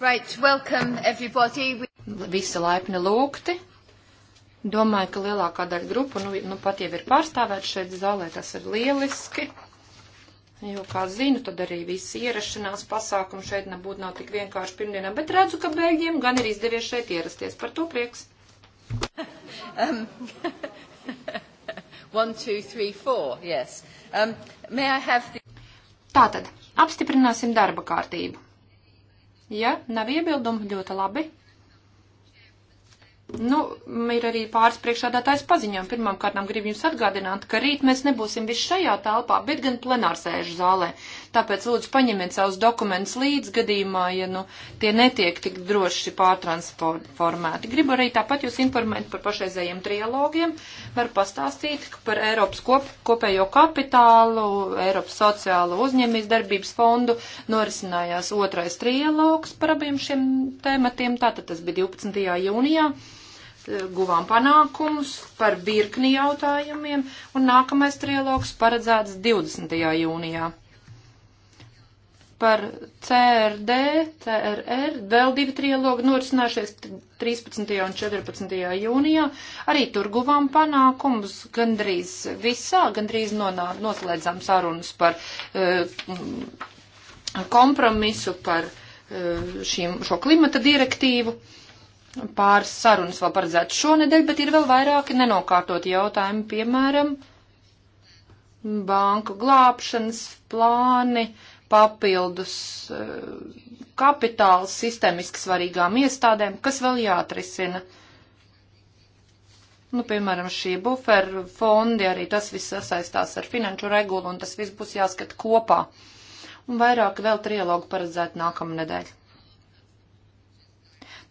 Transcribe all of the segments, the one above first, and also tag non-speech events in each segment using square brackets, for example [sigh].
Right, welcome everybody. Visi laipni lūgti. Domāju, ka lielākā daļa grupu nu, nu pat jau ir pārstāvēta šeit zālē, tas ir lieliski. Jo, kā zinu, tad arī visi ierašanās pasākumi šeit nebūtu nav tik vienkārši pirmdienā, bet redzu, ka bēgļiem gan ir izdevies šeit ierasties. Par to prieks. [laughs] um, [laughs] one, two, three, four, yes. Um, may I have the... Tātad, apstiprināsim darba kārtību. Ja nav iebildumu, ļoti labi. Nu, ir arī pāris priekšādātājs paziņām. Pirmkārt, gribu jums atgādināt, ka rīt mēs nebūsim visi šajā telpā, bet gan plenārsēžu zālē. Tāpēc lūdzu paņemiet savus dokumentus līdz gadījumā, ja nu, tie netiek tik droši pārtransformēti. Gribu arī tāpat jūs informēt par pašreizējiem trialogiem. Var pastāstīt par Eiropas kop, kopējo kapitālu, Eiropas sociālo uzņēmīs darbības fondu. Norisinājās otrais trialogs par abiem šiem tēmatiem. Tātad tas bija 12. jūnijā. Eh, guvām panākumus par virkni jautājumiem, un nākamais trialogs paredzēts 20. jūnijā. Par CRD, CRR vēl divi trialogi norisinājušies 13. un 14. jūnijā. Arī tur guvām panākumus gandrīz visā, gandrīz nonā, noslēdzām sarunas par uh, kompromisu, par uh, šīm, šo klimata direktīvu. Uh, pāris sarunas vēl paredzētas šonedēļ, bet ir vēl vairāki nenokārtoti jautājumi, piemēram, banku glābšanas plāni, papildus eh, kapitāls sistemiski svarīgām iestādēm, kas vēl jāatrisina. Nu, piemēram, šie buferu fondi, arī tas viss sasaistās ar finanšu regulu, un tas viss būs jāskata kopā. Un vairāk vēl trialogu paredzēt nākamnedēļ.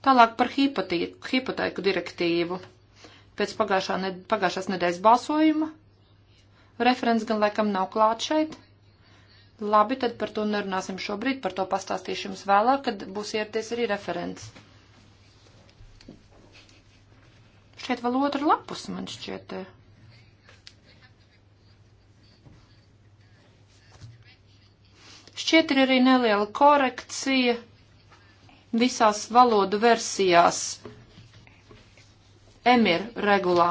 Tālāk par hipotīku, hipotēku direktīvu. Pēc pagājušā ned pagājušās nedēļas balsojuma referents gan laikam nav klāt šeit. Labi, tad par to nerunāsim šobrīd, par to pastāstīšu jums vēlāk, kad būs ierties arī referents. Šeit vēl otra lapus man šķiet. Eh. Šķiet ir arī neliela korekcija visās valodu versijās emir regulā.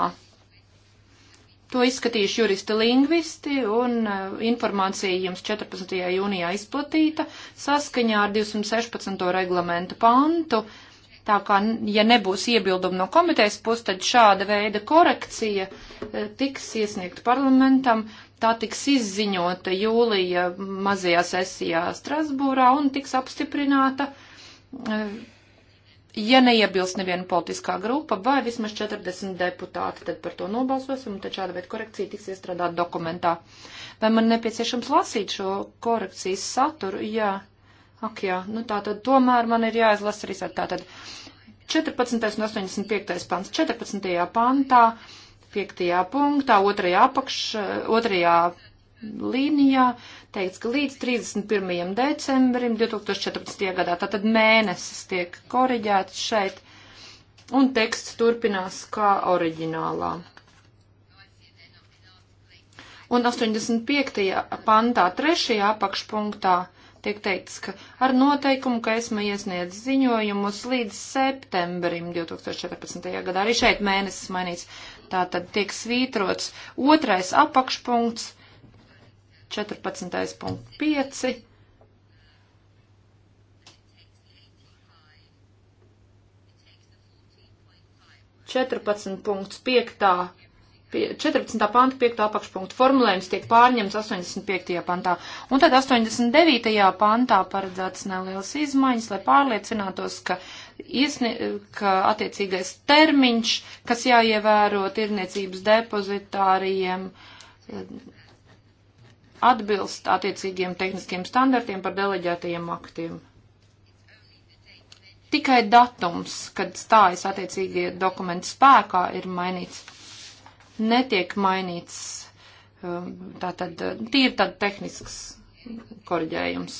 To izskatījuši juristi lingvisti un eh, informācija jums 14. jūnijā izplatīta saskaņā ar 216. reglamentu pantu. Tā kā, ja nebūs iebildumi no komitejas puses, tad šāda veida korekcija eh, tiks iesniegta parlamentam, tā tiks izziņota jūlija mazajā sesijā Strasbūrā un tiks apstiprināta uh, Eh, ja neiebilst neviena politiskā grupa vai vismaz 40 deputāti, tad par to nobalsosim, un tad šāda veida korekcija tiks iestrādāt dokumentā. Vai man nepieciešams lasīt šo korekcijas saturu? Jā, ak jā, nu tā tad tomēr man ir jāizlasa arī tā tad 14. un 85. pants 14. pantā, 5. punktā, 2. apakš, 2 līnijā teikts, ka līdz 31. decembrim 2014. gadā, tātad mēnesis tiek koriģēts šeit, un teksts turpinās kā oriģinālā. Un 85. pantā, 3. apakšpunktā, tiek teikts, ka ar noteikumu, ka esmu iesniedz ziņojumus līdz septembrim 2014. gadā. Arī šeit mēnesis mainīts. Tātad tiek svītrots otrais apakšpunkts 14.5. Četrpadsmit punkts piektā 14. panta 5. apakšpunkta formulējums tiek pārņemts 85. pantā. Un tad 89. pantā paredzēts nelielas izmaiņas, lai pārliecinātos, ka, iesnie, ka attiecīgais termiņš, kas jāievēro tirniecības depozitārijiem, atbilst attiecīgiem tehniskiem standartiem par deleģētajiem aktiem. Tikai datums, kad stājas attiecīgie dokumenti spēkā, ir mainīts. Netiek mainīts. Um, tātad tīri tad tehnisks koriģējums.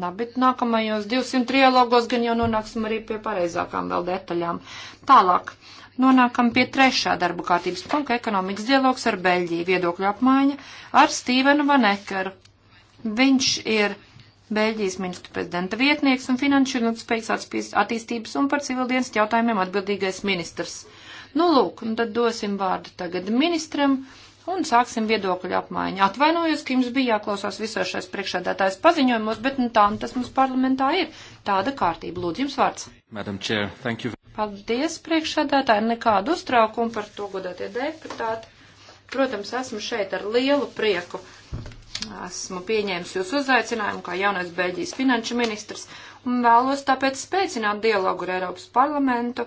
Nā, bet nākamajos 200 trialogos gan jau nonāksim arī pie pareizākām vēl detaļām. Tālāk, Nonākam pie trešā darba kārtības punkta - ekonomikas dialogs ar Beļģiju, viedokļu apmaiņa ar Stīvenu Vanekaru. Viņš ir Beļģijas ministra prezidenta vietnieks un finanšu un spējas attīstības un par civildienas jautājumiem atbildīgais ministrs. Nu, lūk, un tad dosim vārdu tagad ministram un sāksim viedokļu apmaiņu. Atvainojos, ka jums bija jāklausās visos šais priekšādātājs paziņojumos, bet nu, tā un nu, tas mums parlamentā ir. Tāda kārtība. Lūdzu, jums vārds. Madam Chair, thank you. Paldies, priekšsādātāji, nekādu uztraukumu par to, godātie deputāti. Protams, esmu šeit ar lielu prieku. Esmu pieņēmis jūsu uzaicinājumu kā jaunais Beļģijas finanšu ministrs un vēlos tāpēc spēcināt dialogu ar Eiropas parlamentu.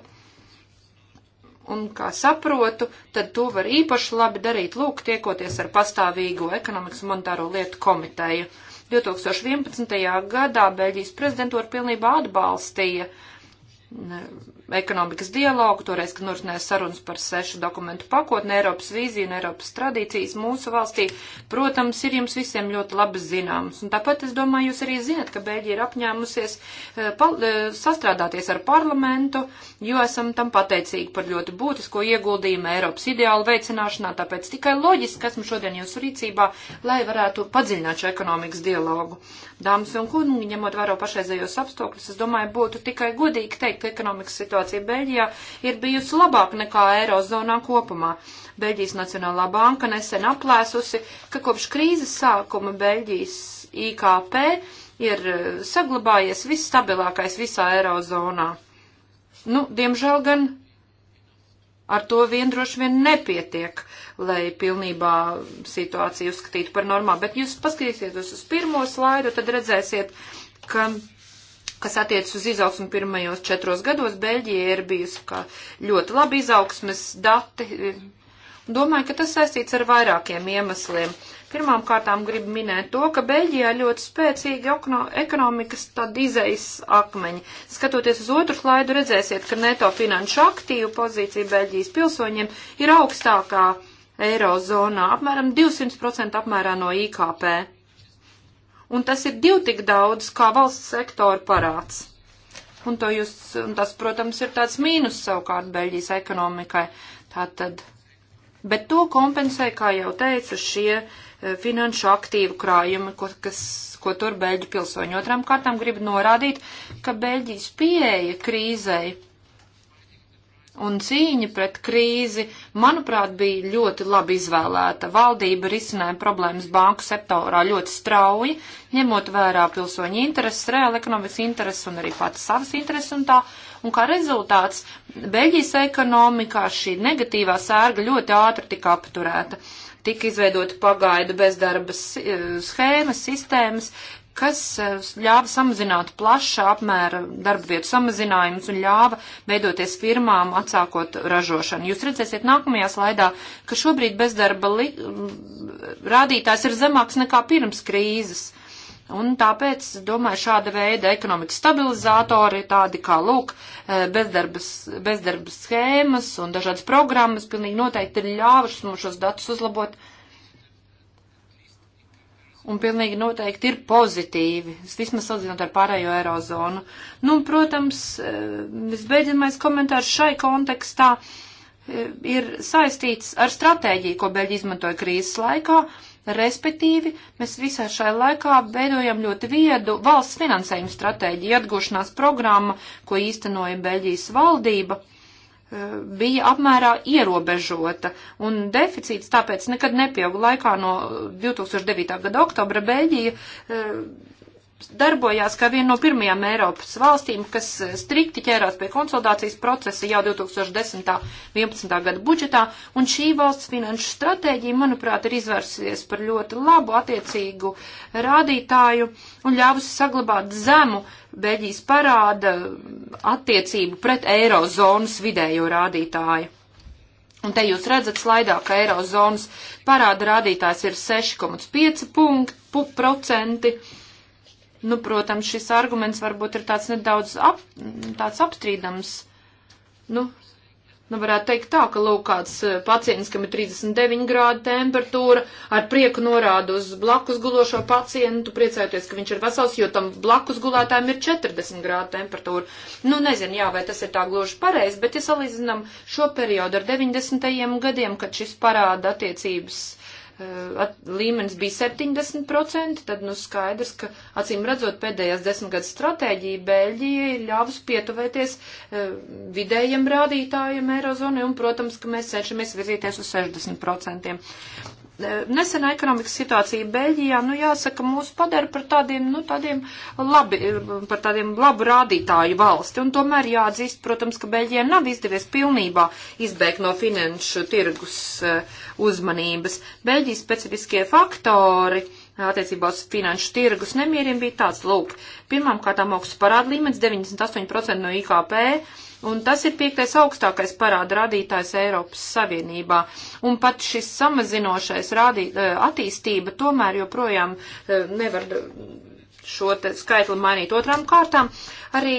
Un, kā saprotu, tad to var īpaši labi darīt, lūk, tiekoties ar pastāvīgo ekonomikas un monetāro lietu komiteju. 2011. gadā Beļģijas prezidentūra pilnībā atbalstīja uh, ekonomikas dialogu, toreiz, kad norisinājās sarunas par sešu dokumentu pakotni, Eiropas vīziju un Eiropas tradīcijas mūsu valstī, protams, ir jums visiem ļoti labi zināms. Un tāpat, es domāju, jūs arī zinat, ka Bēļģija ir apņēmusies eh, pal, eh, sastrādāties ar parlamentu, jo esam tam pateicīgi par ļoti būtisko ieguldījumu Eiropas ideālu veicināšanā, tāpēc tikai loģiski, ka esmu šodien jūsu rīcībā, lai varētu padziļināt šo ekonomikas dialogu. Dāmas un kungi, ņemot vērā pašreizējos apstākļus, es domāju, būtu tikai godīgi teikt, teikt, ka ekonomikas situācija Beļģijā ir bijusi labāka nekā Eirozonā kopumā. Beļģijas Nacionālā banka nesen aplēsusi, ka kopš krīzes sākuma Beļģijas IKP ir eh, saglabājies visstabilākais visā Eirozonā. Nu, diemžēl gan ar to vien droši vien nepietiek, lai pilnībā situāciju uzskatītu par normālu. Bet jūs paskatīsieties uz pirmo slaidu, tad redzēsiet, ka kas attiec uz izaugsmu pirmajos četros gados, Beļģija ir bijusi kā ļoti labi izaugsmes dati. Domāju, ka tas saistīts ar vairākiem iemesliem. Pirmām kārtām gribu minēt to, ka Beļģijā ļoti spēcīga ekonomikas tāda izejas akmeņa. Skatoties uz otru slaidu, redzēsiet, ka neto finanšu aktīvu pozīcija Beļģijas pilsoņiem ir augstākā eirozonā, apmēram 200% apmērā no IKP un tas ir divi tik daudz kā valsts sektora parāds. Un, to jūs, un tas, protams, ir tāds mīnus savukārt Beļģijas ekonomikai. Tātad, bet to kompensē, kā jau teicu, šie e, finanšu aktīvu krājumi, ko, kas, ko tur Beļģu pilsoņi. Otram kārtām gribu norādīt, ka Beļģijas pieeja krīzei un cīņa pret krīzi, manuprāt, bija ļoti labi izvēlēta. Valdība risināja problēmas banku sektorā ļoti strauji, ņemot vērā pilsoņu intereses, reāli ekonomikas intereses un arī pats savas intereses un tā. Un kā rezultāts, Beļģijas ekonomikā šī negatīvā sērga ļoti ātri tika apturēta. Tika izveidota pagaidu bezdarbas eh, schēmas, sistēmas, kas eh, ļāva samazināt plaša apmēra darba vietu samazinājumus un ļāva veidoties firmām atsākot ražošanu. Jūs redzēsiet nākamajā slaidā, ka šobrīd bezdarba mm, rādītājs ir zemāks nekā pirms krīzes. Un tāpēc, domāju, šāda veida ekonomikas stabilizātori, tādi kā, lūk, eh, bezdarbas, bezdarbas schēmas un dažādas programmas, pilnīgi noteikti ir ļāvušas mums šos datus uzlabot un pilnīgi noteikti ir pozitīvi, vismaz salīdzinot ar pārējo eirozonu. Nu, protams, eh, visbeidzamais komentārs šai kontekstā eh, ir saistīts ar stratēģiju, ko Beļģi izmantoja krīzes laikā, respektīvi mēs visā šai laikā veidojam ļoti viedu valsts finansējumu stratēģiju atgūšanās programmu, ko īstenoja Beļģijas valdība bija apmērā ierobežota, un deficīts tāpēc nekad nepieauga laikā no 2009. Eh, gada oktobra Beļģija eh, darbojās kā viena no pirmajām Eiropas valstīm, kas eh, strikti ķērās pie konsolidācijas procesa jau 2010. 11. gada budžetā, un šī valsts finanšu stratēģija, manuprāt, ir izvērsies par ļoti labu attiecīgu rādītāju un ļāvusi saglabāt zemu Beļģijas parāda attiecību pret eirozonas vidējo rādītāju. Un te jūs redzat slaidā, ka eirozonas parāda rādītājs ir 6,5 punkti, Nu, protams, šis arguments varbūt ir tāds nedaudz ap, tāds apstrīdams. Nu, nu, varētu teikt tā, ka lūk kāds eh, pacients, kam ir 39 grādu temperatūra, ar prieku norāda uz blakus gulošo pacientu, priecājoties, ka viņš ir vesels, jo tam blakus gulētājiem ir 40 grādu temperatūra. Nu, nezinu, jā, vai tas ir tā gluži pareizi, bet ja salīdzinām šo periodu ar 90. gadiem, kad šis parāda attiecības Eh, līmenis bija 70%, tad nu skaidrs, ka acīm redzot pēdējās desmitgades stratēģija Bēļģija ir ļāvusi pietuvēties eh, vidējiem rādītājiem Eirozonai un, protams, ka mēs cenšamies virzīties uz 60%. Nesena ekonomikas situācija Beļģijā, nu jāsaka, mūs padara par tādiem, nu, tādiem labi, par tādiem labu rādītāju valsti. Un tomēr jāatzīst, protams, ka Beļģijai nav izdevies pilnībā izbēgt no finanšu tirgus eh, uzmanības. Beļģijas specifiskie faktori attiecībā uz finanšu tirgus nemieriem bija tāds, lūk, pirmām kārtām augsts parāda līmenis 98% no IKP Un tas ir piektais augstākais parāda rādītājs Eiropas Savienībā. Un pat šis samazinošais rādī, e, attīstība tomēr joprojām e, nevar šo skaitli mainīt. Otrām kārtām arī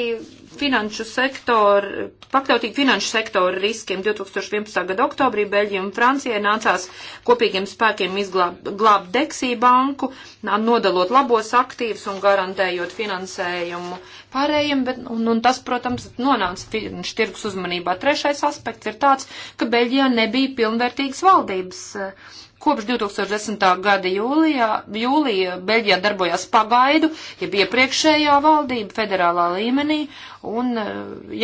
finanšu sektoru, pakļautīgi finanšu sektoru riskiem 2011. gada oktobrī Beļģija un Francija nācās kopīgiem spēkiem izglābt Deksī banku, nodalot labos aktīvus un garantējot finansējumu pārējiem, bet, un, un tas, protams, nonāca finanšu tirgus uzmanībā. Trešais aspekts ir tāds, ka Beļģijā nebija pilnvērtīgas valdības. Kopš 2010. gada jūlijā, jūlijā Beļģijā darbojās pagaidu, ja bija priekšējā valdība federālā līmenī, un eh,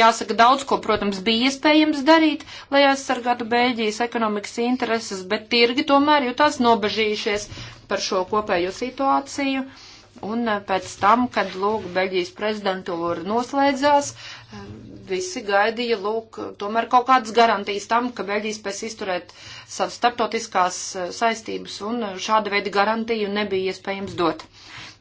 jāsaka daudz, ko, protams, bija iespējams darīt, lai aizsargātu Beļģijas ekonomikas intereses, bet tirgi tomēr jutās nobežījušies par šo kopējo situāciju. Uh, Un eh, pēc tam, kad lūk, Beļģijas prezidentūra noslēdzās, eh, visi gaidīja lūk, tomēr kaut kādas garantijas tam, ka Beļģija spēs izturēt savas starptautiskās eh, saistības, un šāda veida garantiju nebija iespējams dot.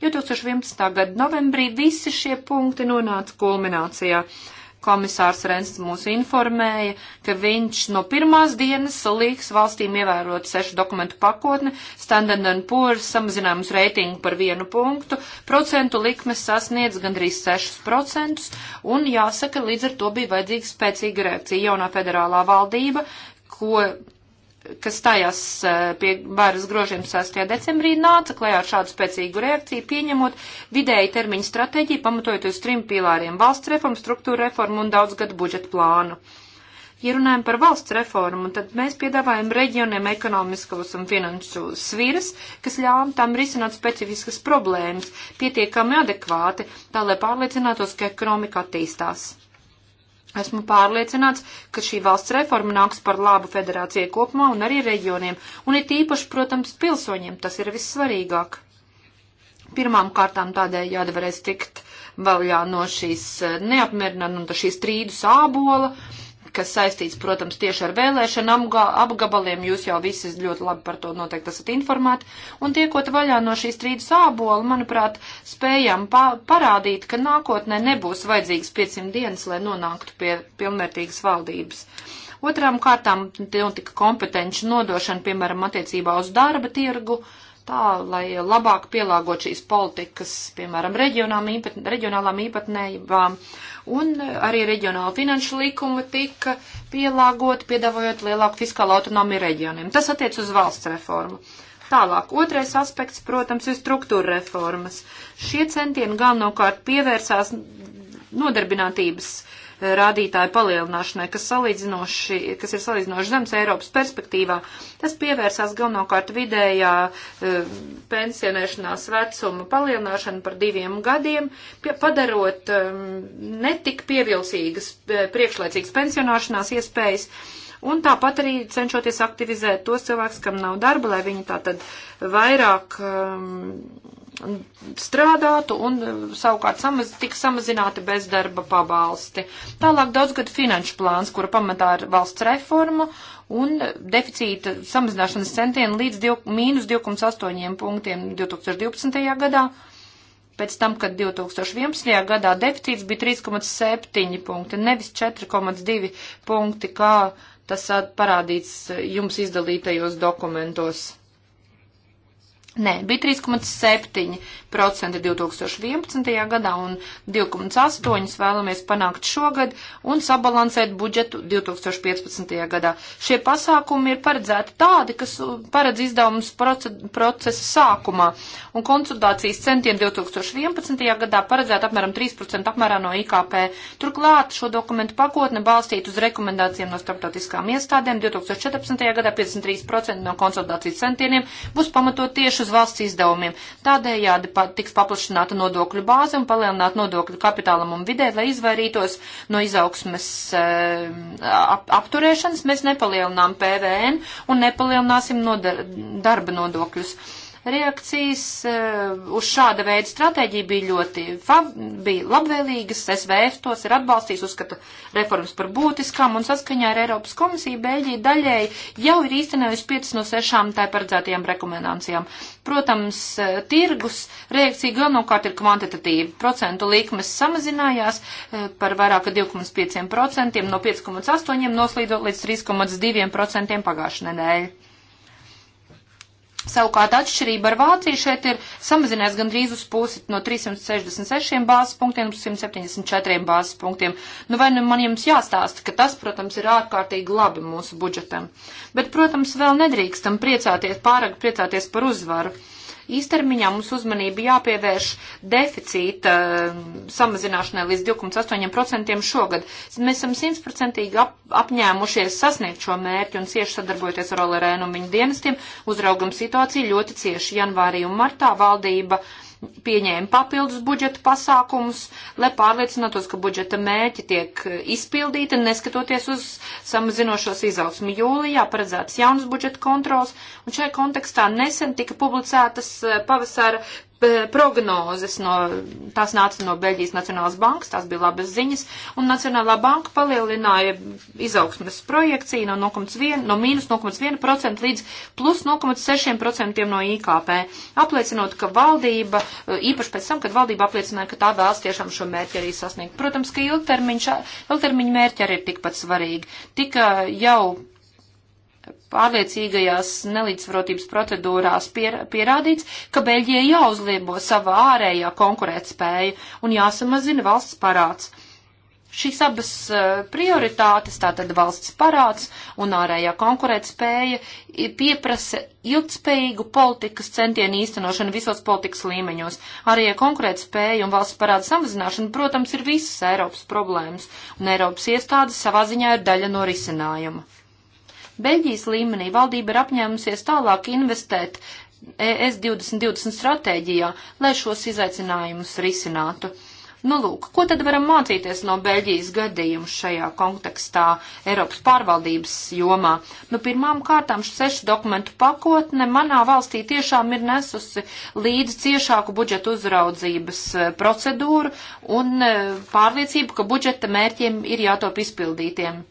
2011. gada novembrī visi šie punkti nonāca kulminācijā. Uh, Komisārs Rensts mūs informēja, ka viņš no pirmās dienas salīgs valstīm ievērot sešu dokumentu pakotni, Standard Poor's samazinājums reitingu par vienu punktu, procentu likmes sasniedz gandrīz 6%, un jāsaka, līdz ar to bija vajadzīga spēcīga reakcija jaunā federālā valdība, ko kas stājās eh, pie varas grožiem 6. decembrī, nāca klajā ar šādu spēcīgu reakciju, pieņemot vidēji termiņu stratēģiju, pamatojot uz trim pīlāriem - valsts reformu, struktūra reformu un daudzgadu budžetu plānu. Ja runājam par valsts reformu, tad mēs piedāvājam reģioniem ekonomiskos un finanšu sviras, kas ļāva tam risināt specifiskas problēmas pietiekami adekvāti, tā lai pārliecinātos, ka ekonomika attīstās. Esmu pārliecināts, ka šī valsts reforma nāks par labu federācijai kopumā un arī reģioniem, un ir tīpaši, protams, pilsoņiem, tas ir vissvarīgāk. Pirmām kārtām tādēļ jādevarēs tikt vaļā no šīs eh, neapmierināšanas un šīs strīdu sābola, kas saistīts, protams, tieši ar vēlēšanu apgabaliem. Jūs jau visi ļoti labi par to noteikti esat informēti. Un tiekot vaļā no šīs strīdus ābola, manuprāt, spējam pa parādīt, ka nākotnē nebūs vajadzīgs 500 dienas, lai nonāktu pie pilnvērtīgas valdības. Otrām kārtām notika nu, kompetenci nodošana, piemēram, attiecībā uz darba tirgu. Uh, tā, lai labāk pielāgot šīs politikas, piemēram, īpat, reģionālām īpatnējībām, un arī reģionāla finanšu likuma tika pielāgot, piedāvojot lielāku fiskālu autonomiju reģioniem. Tas attiec uz valsts reformu. Tālāk, otrais aspekts, protams, ir struktūra reformas. Šie centieni galvenokārt pievērsās nodarbinātības uh, rādītāju palielināšanai, kas, kas ir salīdzinoši zems Eiropas perspektīvā. Tas pievērsās galvenokārt vidējā e, pensionēšanās vecuma palielināšanu par diviem gadiem, padarot e, netik pievilcīgas e, priekšlaicīgas pensionāšanās iespējas un tāpat arī cenšoties aktivizēt tos cilvēkus, kam nav darba, lai viņi tā tad vairāk um, strādātu un eh, savukārt samaz, tika samazināti bezdarba pabalsti. Tālāk daudzgad finanšu plāns, kura pamatā ir valsts reforma un deficīta samazināšanas centieni līdz div, mīnus 2,8 punktiem 2012. gadā. Pēc tam, kad 2011. gadā deficīts bija 3,7 punkti, nevis 4,2 punkti, kā tas parādīts jums izdalītajos dokumentos. Nē, bija 3,7. 2% 2011. gadā un 2,8% vēlamies panākt šogad un sabalansēt budžetu 2015. gadā. Šie pasākumi ir paredzēti tādi, kas paredz izdevumus procesa sākumā un konsultācijas centiem 2011. gadā paredzēt apmēram 3% apmērā no IKP. Turklāt šo dokumentu pakotne balstīt uz rekomendācijām no starptautiskām iestādēm 2014. gadā 53% no konsultācijas centieniem būs pamatot tieši uz valsts izdevumiem. Tādējādi tiks paplašināta nodokļu bāze un palielināt nodokļu kapitālam un vidē, lai izvairītos no izaugsmes ehm, ap, apturēšanas. Mēs nepalielinām PVN un nepalielināsim no darba nodokļus. Reakcijas eh, uz šāda veida stratēģiju bija ļoti bija labvēlīgas, SVF tos ir atbalstījis, uzskata reformas par būtiskām un saskaņā ar Eiropas komisiju Bēļģija daļēji jau ir īstenojusi 5 no 6 tā paredzētajām rekomendācijām. Protams, eh, tirgus reakcija galvenokārt ir kvantitatīva. Procentu likmes samazinājās eh, par vairāk kā 2,5% no 5,8% noslīdot līdz 3,2% pagājušajā nedēļā. Savukārt atšķirība ar Vāciju šeit ir samazinājusi gandrīz uz pusi no 366 bāzes punktiem uz 174 bāzes punktiem. Nu vai nu man jums jāstāsta, ka tas, protams, ir ārkārtīgi labi mūsu budžetam. Bet, protams, vēl nedrīkstam priecāties, pārāk priecāties par uzvaru. Uh, Īstermiņā mums uzmanība jāpievērš deficīta eh, samazināšanai līdz 2,8% šogad. Mēs esam simtprocentīgi ap, apņēmušies sasniegt šo mērķi un cieši sadarbojoties ar Olerēnu un viņa dienestiem, uzraugam situāciju ļoti cieši. Janvārī un martā valdība uh, pieņēma papildus budžeta pasākumus, lai pārliecinātos, ka budžeta mēķi tiek e, izpildīti, neskatoties uz samazinošos izaugsmu. Jūlijā paredzētas jaunas budžeta kontrols, un šai kontekstā nesen tika publicētas e, pavasara prognozes, no, tās nāca no Beļģijas Nacionālās bankas, tās bija labas ziņas, un Nacionālā banka palielināja izaugsmes projekciju no, 0,1, no mīnus 0,1% līdz plus 0,6% no IKP, apliecinot, ka valdība, īpaši pēc tam, kad valdība apliecināja, ka tā vēlas tiešām šo mērķi arī sasniegt. Protams, ka ilgtermiņa mērķi arī ir tikpat svarīgi. Tika jau pārliecīgajās nelīdzsvarotības procedūrās pier, pierādīts, ka Beļģija jāuzliebo savā ārējā konkurētspēja un jāsamazina valsts parāds. Šīs abas eh, prioritātes, tātad valsts parāds un ārējā konkurētspēja, pieprasa ilgspējīgu politikas centienu īstenošanu visos politikas līmeņos. Ārējā konkurētspēja un valsts parāda samazināšana, protams, ir visas Eiropas problēmas, un Eiropas iestādes savā ziņā ir daļa no risinājuma. Beļģijas līmenī valdība ir apņēmusies tālāk investēt e ES 2020 stratēģijā, lai šos izaicinājumus risinātu. Nu, lūk, ko tad varam mācīties no Beļģijas gadījumu šajā kontekstā Eiropas pārvaldības jomā? Nu, pirmām kārtām sešu dokumentu pakotne manā valstī tiešām ir nesusi līdz ciešāku budžeta uzraudzības e, procedūru un e, pārliecību, ka budžeta mērķiem ir jātop izpildītiem.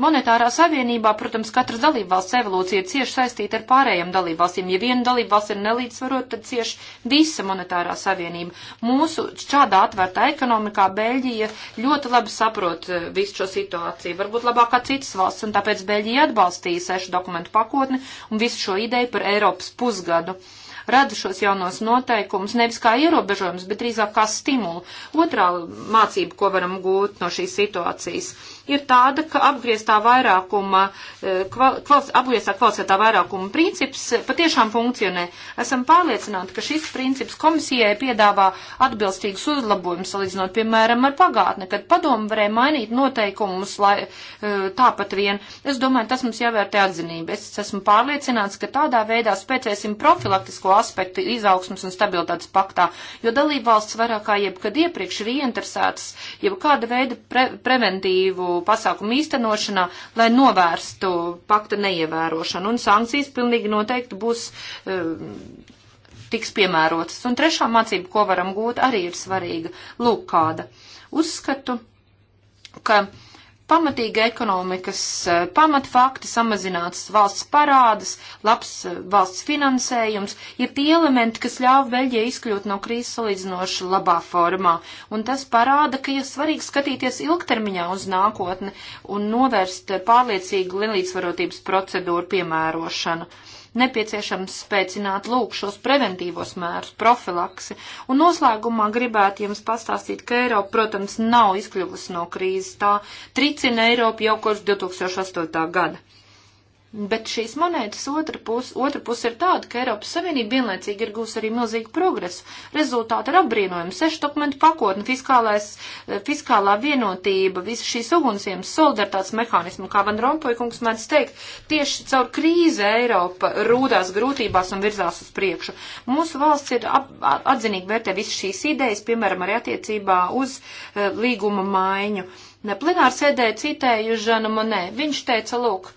Monetārā savienībā, protams, katras dalībvalsts evolūcija ir cieši saistīta ar pārējām dalībvalstīm. Ja viena dalībvalsts ir nelīdzsvarota, tad cieši visa monetārā savienība. Mūsu šādā atvērtā ekonomikā Beļģija ļoti labi saprot eh, visu šo situāciju, varbūt labāk kā citas valsts, un tāpēc Beļģija atbalstīja sešu dokumentu pakotni un visu šo ideju par Eiropas pusgadu rada šos jaunos noteikumus nevis kā ierobežojums, bet drīzāk kā stimulu. Otrā mācība, ko varam gūt no šīs situācijas, ir tāda, ka apgrieztā vairākuma, eh, kvals, apgrieztā kvalificētā vairākuma princips eh, patiešām funkcionē. Esam pārliecināti, ka šis princips komisijai piedāvā atbilstīgus uzlabojumus, salīdzinot, piemēram, ar pagātni, kad padomu varēja mainīt noteikumus, lai eh, tāpat vien. Es domāju, tas mums jāvērtē atzinība. Es esmu pārliecināts, ka tādā veidā spēcēsim profilaktisko aspektu izaugsmas un stabilitātes paktā, jo dalībvalsts vairāk kā jebkad iepriekš ir ieinteresētas jebkāda veida pre preventīvu pasākumu īstenošanā, lai novērstu pakta neievērošanu. Un sankcijas pilnīgi noteikti būs. Uh, tiks piemērotas. Un trešā mācība, ko varam gūt, arī ir svarīga. Lūk, kāda. Uzskatu, ka uh, Pamatīga ekonomikas eh, pamatfakti, samazināts valsts parādas, labs eh, valsts finansējums ir tie elementi, kas ļāva Beļģijai izkļūt no krīzes salīdzinoši labā formā. Un tas parāda, ka ir svarīgi skatīties ilgtermiņā uz nākotni un novērst eh, pārliecīgu līdzvarotības procedūru piemērošanu nepieciešams spēcināt lūk šos preventīvos mērus, profilaksi. Un noslēgumā gribētu jums pastāstīt, ka Eiropa, protams, nav izkļuvusi no krīzes. Tā tricina Eiropu jau kopš 2008. gada. Bet šīs monētas otra puse, otra puse ir tāda, ka Eiropas Savienība vienlaicīgi ir gūs arī milzīgu progresu. Rezultāti ir apbrīnojami. Sešu dokumentu pakotne, fiskālais, eh, fiskālā vienotība, visas šīs ugunsiemas, solidaritātes mehānismu, kā Van Rompuy kungs mēdz teikt, tieši caur krīze Eiropa rūdās grūtībās un virzās uz priekšu. Mūsu valsts ir ap, atzinīgi vērtē visas šīs idejas, piemēram, arī attiecībā uz uh, līguma maiņu. Plenārsēdē citēju Žanu Monē. Viņš teica, lūk,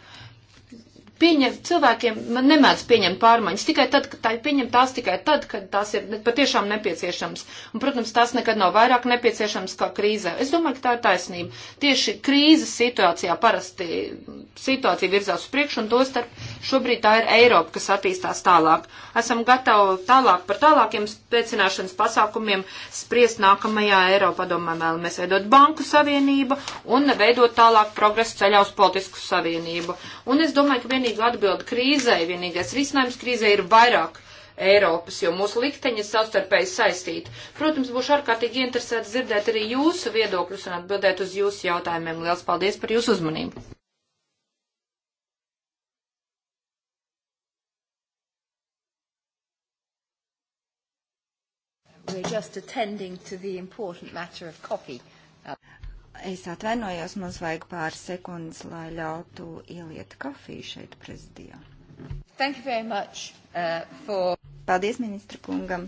pieņem, cilvēkiem nemēdz pieņemt pārmaiņas tikai tad, kad tā ir pieņem tās tikai tad, kad tās ir patiešām nepieciešams. Un, protams, tās nekad nav vairāk nepieciešams kā krīzē. Es domāju, ka tā ir taisnība. Tieši krīzes situācijā parasti situācija virzās uz priekšu, un to starp šobrīd tā ir Eiropa, kas attīstās tālāk. Esam gatavi tālāk par tālākiem spēcināšanas pasākumiem spriest nākamajā Eiropā, domājam, vēlamies veidot banku savienību un veidot tālāk progresu ceļā uz politisku savienību. Un es domāju, ka vien vienīga atbilda krīzai, vienīgais risinājums krīzai ir vairāk Eiropas, jo mūsu likteņi ir savstarpēji saistīti. Protams, būšu ārkārtīgi interesēta dzirdēt arī jūsu viedokļus un atbildēt uz jūsu jautājumiem. Liels paldies par jūsu uzmanību! We're just attending to the important matter of coffee. Es atvainojos, mums vajag pāris sekundes, lai ļautu ieliet kafiju šeit prezidijā. Thank you very much uh, for. Paldies ministra kungam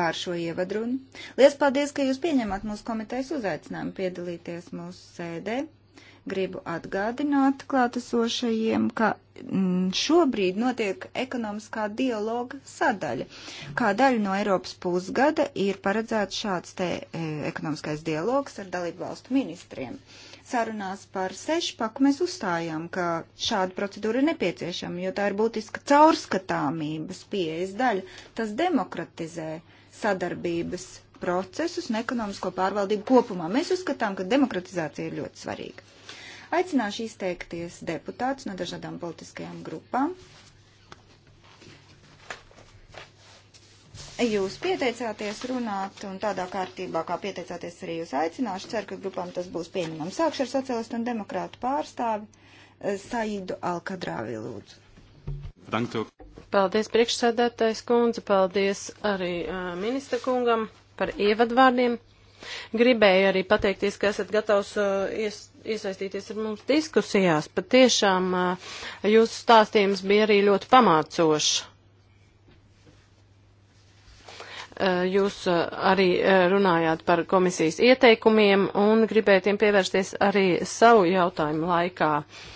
pār šo ievadrunu. Lielas paldies, ka jūs pieņemat mūsu komitejas uzaicinājumu piedalīties mūsu sēdē. Gribu atgādināt klātesošajiem, ka mm, šobrīd notiek ekonomiskā dialoga sadaļa. Kā daļa no Eiropas pusgada ir paredzēts šāds te e, ekonomiskais dialogs ar dalību valstu ministriem. Sarunās par sešpaku mēs uzstājām, ka šāda procedūra ir nepieciešama, jo tā ir būtiska caurskatāmības pieejas daļa. Tas demokratizē sadarbības procesus un ekonomisko pārvaldību kopumā. Mēs uzskatām, ka demokratizācija ir ļoti svarīga. Aicināšu izteikties deputātus no dažādām politiskajām grupām. Jūs pieteicāties runāt, un tādā kārtībā, kā pieteicāties, arī jūs aicināšu. Ceru, ka grupām tas būs pieņemams. Sākšu ar sociālistu un demokrātu pārstāvi eh, Saidu Alkadrāvi lūdzu. Danktu. Paldies priekšsēdētājs kundze, paldies arī uh, ministra kungam par ievadvārdiem. Gribēju arī pateikties, ka esat gatavs uh, ies, iesaistīties ar mums diskusijās. Pat tiešām uh, jūsu stāstījums bija arī ļoti pamācošs. Uh, jūs uh, arī uh, runājāt par komisijas ieteikumiem un gribēju tiem pievērsties arī savu jautājumu laikā. Uh,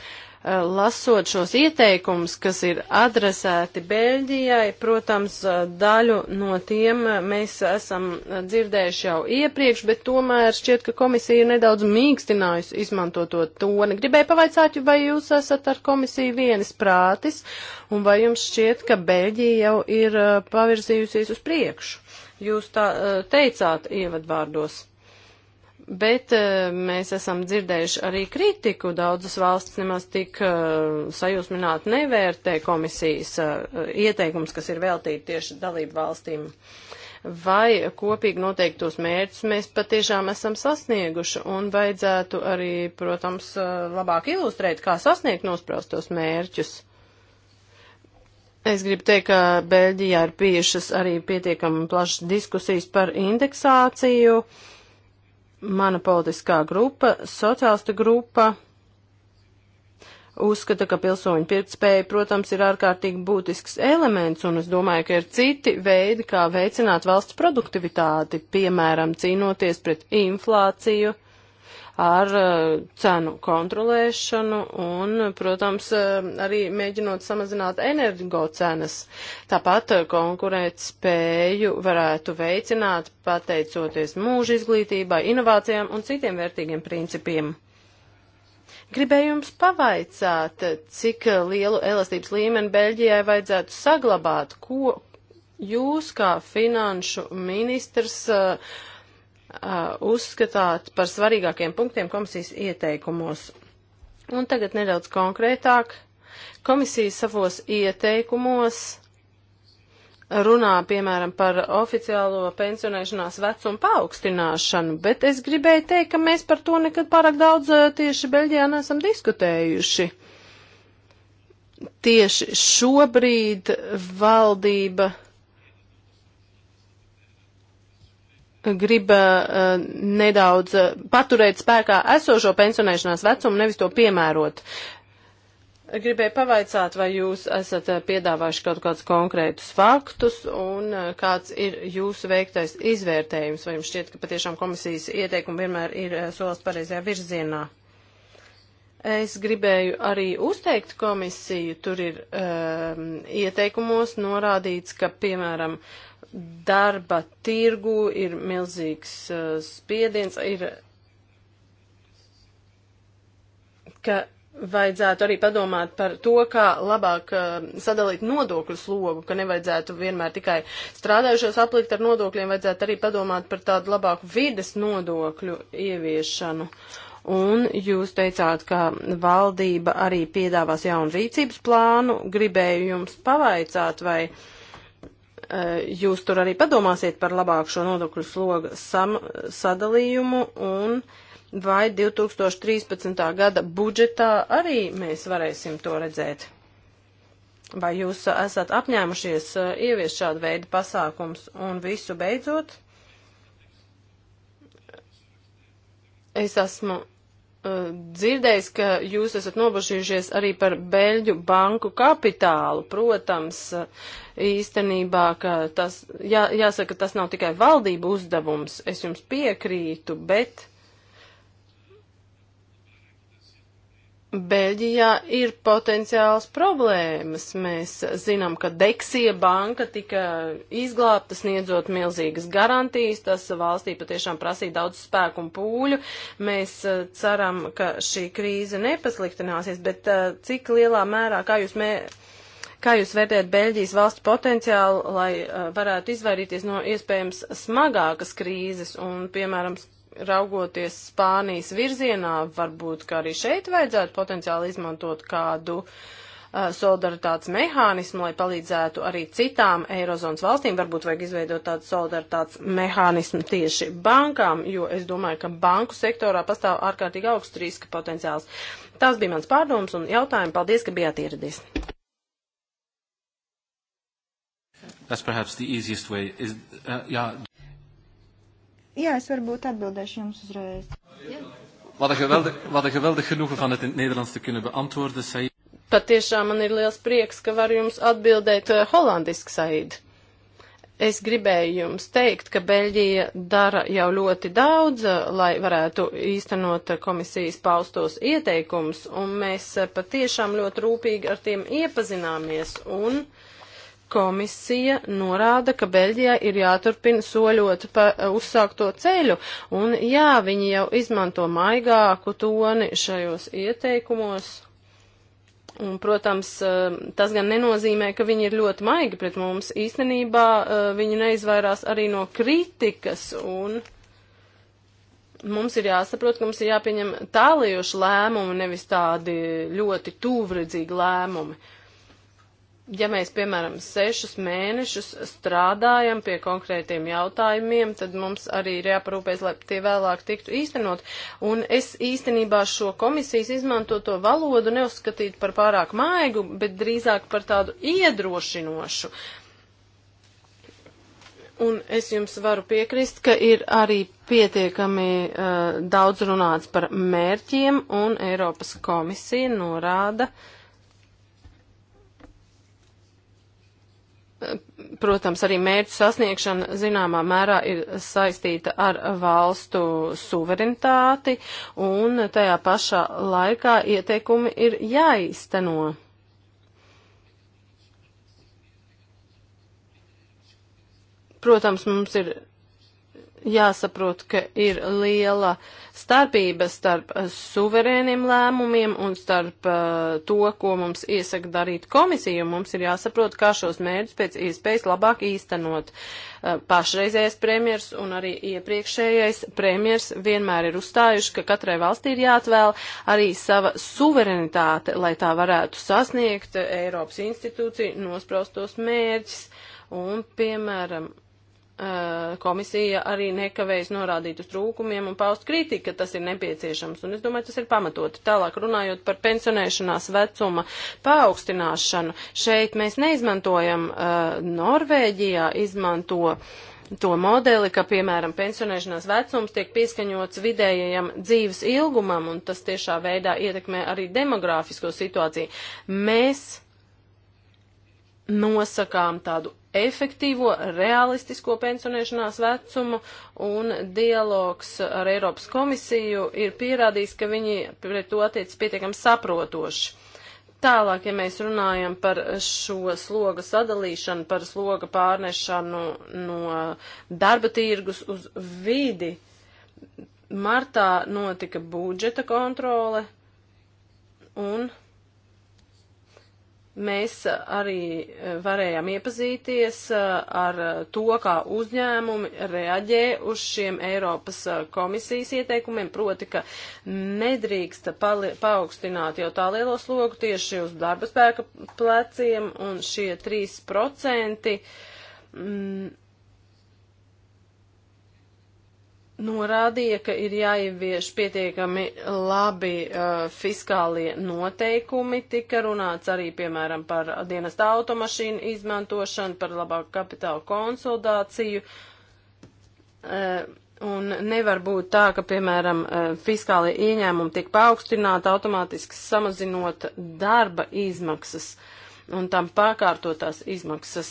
lasot šos ieteikumus, kas ir adresēti Beļģijai, protams, daļu no tiem mēs esam dzirdējuši jau iepriekš, bet tomēr šķiet, ka komisija ir nedaudz mīkstinājusi izmantoto toni. Gribēju pavaicāt, vai jūs esat ar komisiju vienas prātis, un vai jums šķiet, ka Beļģija jau ir uh, pavirzījusies uz priekšu? Jūs tā uh, teicāt ievadvārdos. Bet eh, mēs esam dzirdējuši arī kritiku, daudzas valstis nemaz tik eh, sajūsmināti nevērtē komisijas eh, ieteikums, kas ir veltīti tieši dalību valstīm vai kopīgi noteiktos mērķus mēs patiešām esam sasnieguši, un vajadzētu arī, protams, labāk ilustrēt, kā sasniegt nospraustos mērķus. Es gribu teikt, ka Beļģijā ir bijušas arī pietiekami plašas diskusijas par indeksāciju. Uh, Mana politiskā grupa, sociālista grupa, uzskata, ka pilsoņu pirktspēja, protams, ir ārkārtīgi būtisks elements, un es domāju, ka ir citi veidi, kā veicināt valsts produktivitāti, piemēram, cīnoties pret inflāciju ar eh, cenu kontrolēšanu un, protams, eh, arī mēģinot samazināt energo cenas. Tāpat eh, konkurēt spēju varētu veicināt pateicoties mūža izglītībai, inovācijām un citiem vērtīgiem principiem. Gribēju jums pavaicāt, cik lielu elastības līmeni Beļģijai vajadzētu saglabāt, ko jūs kā finanšu ministrs uh, uzskatāt par svarīgākiem punktiem komisijas ieteikumos. Un tagad nedaudz konkrētāk. Komisija savos ieteikumos runā, piemēram, par oficiālo pensionēšanās vecumu paaugstināšanu, bet es gribēju teikt, ka mēs par to nekad pārāk daudz tieši Beļģijā nesam diskutējuši. Tieši šobrīd valdība grib uh, nedaudz uh, paturēt spēkā esošo pensionēšanās vecumu, nevis to piemērot. Gribēju pavaicāt, vai jūs esat uh, piedāvājuši kaut kādus konkrētus faktus un uh, kāds ir jūsu veiktais izvērtējums, vai jums šķiet, ka patiešām komisijas ieteikumi vienmēr ir uh, solis pareizajā virzienā. Es gribēju arī uzteikt komisiju, tur ir um, ieteikumos norādīts, ka, piemēram, uh, darba tirgu ir milzīgs uh, spiediens, ir, ka vajadzētu arī padomāt par to, kā labāk uh, sadalīt nodokļu slogu, ka nevajadzētu vienmēr tikai strādājušos aplikt ar nodokļiem, vajadzētu arī padomāt par tādu labāku vides nodokļu ieviešanu. Un jūs teicāt, ka valdība arī piedāvās jaunu rīcības plānu. Gribēju jums pavaicāt, vai uh, Eh, jūs tur arī padomāsiet par labāku šo nodokļu slogu sam, sadalījumu un vai 2013. gada budžetā arī mēs varēsim to redzēt? Vai jūs esat apņēmušies eh, ieviest šādu veidu pasākums un visu beidzot? Es esmu eh, dzirdējis, ka jūs esat nobažījušies arī par beļģu banku kapitālu. Protams, īstenībā, ka tas, jā, jāsaka, tas nav tikai valdību uzdevums, es jums piekrītu, bet Beļģijā ir potenciāls problēmas. Mēs zinām, ka Deksija banka tika izglābta sniedzot milzīgas garantijas, tas valstī patiešām prasīja daudz spēku un pūļu. Mēs eh, ceram, ka šī krīze nepasliktināsies, bet eh, cik lielā mērā, kā jūs mē Kā jūs vērtējat Beļģijas valsts potenciālu, lai uh, varētu izvairīties no iespējams smagākas krīzes un, piemēram, raugoties Spānijas virzienā, varbūt, ka arī šeit vajadzētu potenciāli izmantot kādu uh, solidaritātes mehānismu, lai palīdzētu arī citām Eirozonas valstīm. Varbūt vajag izveidot tādu solidaritātes mehānismu tieši bankām, jo es domāju, ka banku sektorā pastāv ārkārtīgi augsts riska potenciāls. Tās bija mans pārdoms un jautājumi. Paldies, ka bijāt ieradies. That's perhaps the easiest way. Is, uh, jā. jā, es varbūt atbildēšu jums uzreiz. Yeah. Wat een geweldig, wat een geweldig genoegen van het in het Nederlands te kunnen beantwoorden, Said. Patiešām man ir liels prieks, ka varu jums atbildēt uh, holandiski, Said. Es gribēju jums teikt, ka Beļģija dara jau ļoti daudz, eh, lai varētu īstenot eh, komisijas paustos ieteikumus, un mēs patiešām ļoti rūpīgi ar tiem iepazināmies. Un, uh, komisija norāda, ka Beļģijā ir jāturpina soļot pa eh, uzsākto ceļu, un jā, viņi jau izmanto maigāku toni šajos ieteikumos. Un, protams, eh, tas gan nenozīmē, ka viņi ir ļoti maigi pret mums. Īstenībā eh, viņi neizvairās arī no kritikas un mums ir jāsaprot, ka mums ir jāpieņem tālējoši lēmumi, nevis tādi ļoti tūvredzīgi lēmumi. Uh, ja mēs, piemēram, sešus mēnešus strādājam pie konkrētiem jautājumiem, tad mums arī ir jāparūpēs, lai tie vēlāk tiktu īstenot. Un es īstenībā šo komisijas izmantoto valodu neuzskatītu par pārāk maigu, bet drīzāk par tādu iedrošinošu. Un es jums varu piekrist, ka ir arī pietiekami uh, daudz runāts par mērķiem, un Eiropas komisija norāda, uh, Protams, arī mērķu sasniegšana zināmā mērā ir saistīta ar valstu suverenitāti, un tajā pašā laikā ieteikumi ir jāizteno. Protams, mums ir jāsaprot, ka ir liela starpība starp eh, suverēniem lēmumiem un starp uh, to, ko mums iesaka darīt komisija. Mums ir jāsaprot, kā šos mērķus pēc iespējas labāk īstenot. Uh, pašreizējais premjers un arī iepriekšējais premjers vienmēr ir uzstājuši, ka katrai valstī ir jāatvēl arī sava suverenitāte, lai tā varētu sasniegt Eiropas institūciju nospraustos mērķus. Un, piemēram, Eh, komisija arī nekavējas norādīt uz trūkumiem un paust kritiku, ka tas ir nepieciešams. Un es domāju, tas ir pamatoti. Tālāk runājot par pensionēšanās vecuma paaugstināšanu, šeit mēs neizmantojam uh, Norvēģijā, izmanto to modeli, ka, piemēram, pensionēšanās vecums tiek pieskaņots vidējajam dzīves ilgumam, un tas tiešā veidā ietekmē arī demogrāfisko situāciju. Mēs nosakām tādu efektīvo, realistisko pensionēšanās vecumu, un dialogs ar Eiropas komisiju ir pierādījis, ka viņi pret to attiec pietiekam saprotoši. Tālāk, ja mēs runājam par šo sloga sadalīšanu, par sloga pārnešanu no darba tirgus uz vidi, martā notika budžeta kontrole un mēs arī eh, varējām iepazīties eh, ar eh, to, kā uzņēmumi reaģē uz šiem Eiropas komisijas ieteikumiem, proti, ka nedrīkst paaugstināt jau tā lielo slogu tieši uz darba spēka pleciem un šie 3% norādīja, ka ir jāievieš pietiekami labi uh, fiskālie noteikumi. Tika runāts arī, piemēram, par dienesta automašīnu izmantošanu, par labāku kapitālu konsolidāciju. Uh, Un nevar būt tā, ka, piemēram, uh, fiskālie ieņēmumi tiek paaugstināti automātiski samazinot darba izmaksas un tam pārkārtotās izmaksas,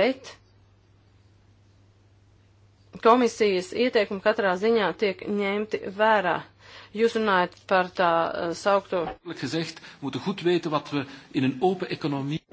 bet komisijas ieteikumi katrā ziņā tiek ņemti vērā. Jūs runājat par tā eh, saukto.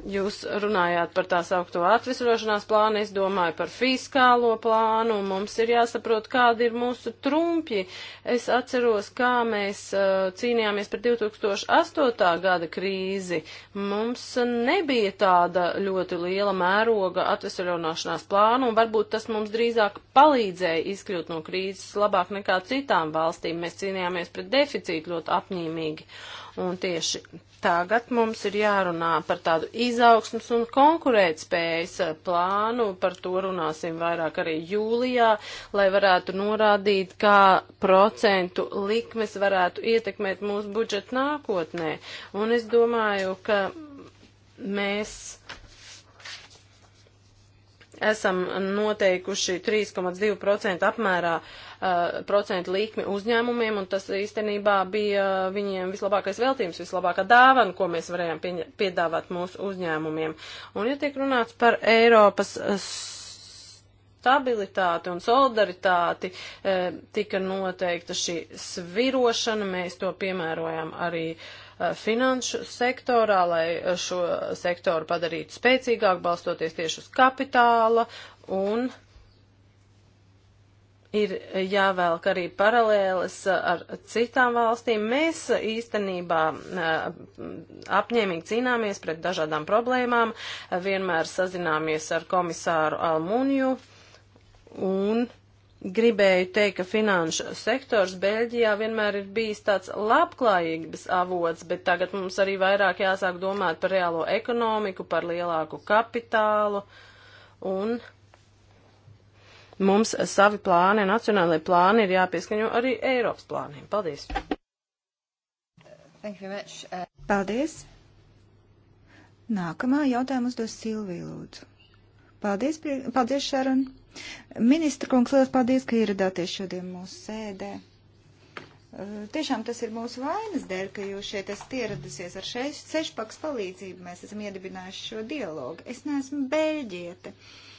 Jūs runājāt par tā saukto atvesļošanās plānu, es domāju par fiskālo plānu, un mums ir jāsaprot, kādi ir mūsu trumpi. Es atceros, kā mēs uh, cīnījāmies par 2008. gada krīzi. Mums nebija tāda ļoti liela mēroga atvesļošanās plānu, un varbūt tas mums drīzāk palīdzēja izkļūt no krīzes labāk nekā citām valstīm. Mēs cīnījāmies cīnāmies pret deficītu ļoti apņēmīgi. Un tieši tagad mums ir jārunā par tādu izaugsmas un konkurētspējas eh, plānu, par to runāsim vairāk arī jūlijā, lai varētu norādīt, kā procentu likmes varētu ietekmēt mūsu budžetu nākotnē. Un es domāju, ka mēs esam noteikuši 3,2% apmērā uh, Uh, procentu likmi uzņēmumiem, un tas īstenībā bija uh, viņiem vislabākais veltījums, vislabākā dāvana, ko mēs varējām piedāvāt mūsu uzņēmumiem. Un, ja tiek runāts par Eiropas uh, stabilitāti un solidaritāti e, tika noteikta šī svirošana. Mēs to piemērojam arī e, finanšu sektorā, lai šo sektoru padarītu spēcīgāk, balstoties tieši uz kapitāla un e, ir jāvelk arī paralēles ar citām valstīm. Mēs īstenībā apņēmīgi cīnāmies pret dažādām problēmām, vienmēr sazināmies ar komisāru Almuniju un gribēju teikt, ka finanšu sektors Beļģijā vienmēr ir bijis tāds labklājības avots, bet tagad mums arī vairāk jāsāk domāt par reālo ekonomiku, par lielāku kapitālu un Mums savi plāni, nacionālai plāni ir jāpieskaņo arī Eiropas plāniem. Paldies! Uh, paldies! Nākamā jautājuma uzdos Silvija Lūdzu. Paldies, paldies Šaron. Ministra kungs, liels paldies, ka ieradāties šodien mūsu sēdē. Uh, tiešām tas ir mūsu vainas dēļ, ka jūs šeit esat ieradusies ar šeš, sešpaks palīdzību. Mēs esam iedibinājuši šo dialogu. Es neesmu beļģiete. Uh,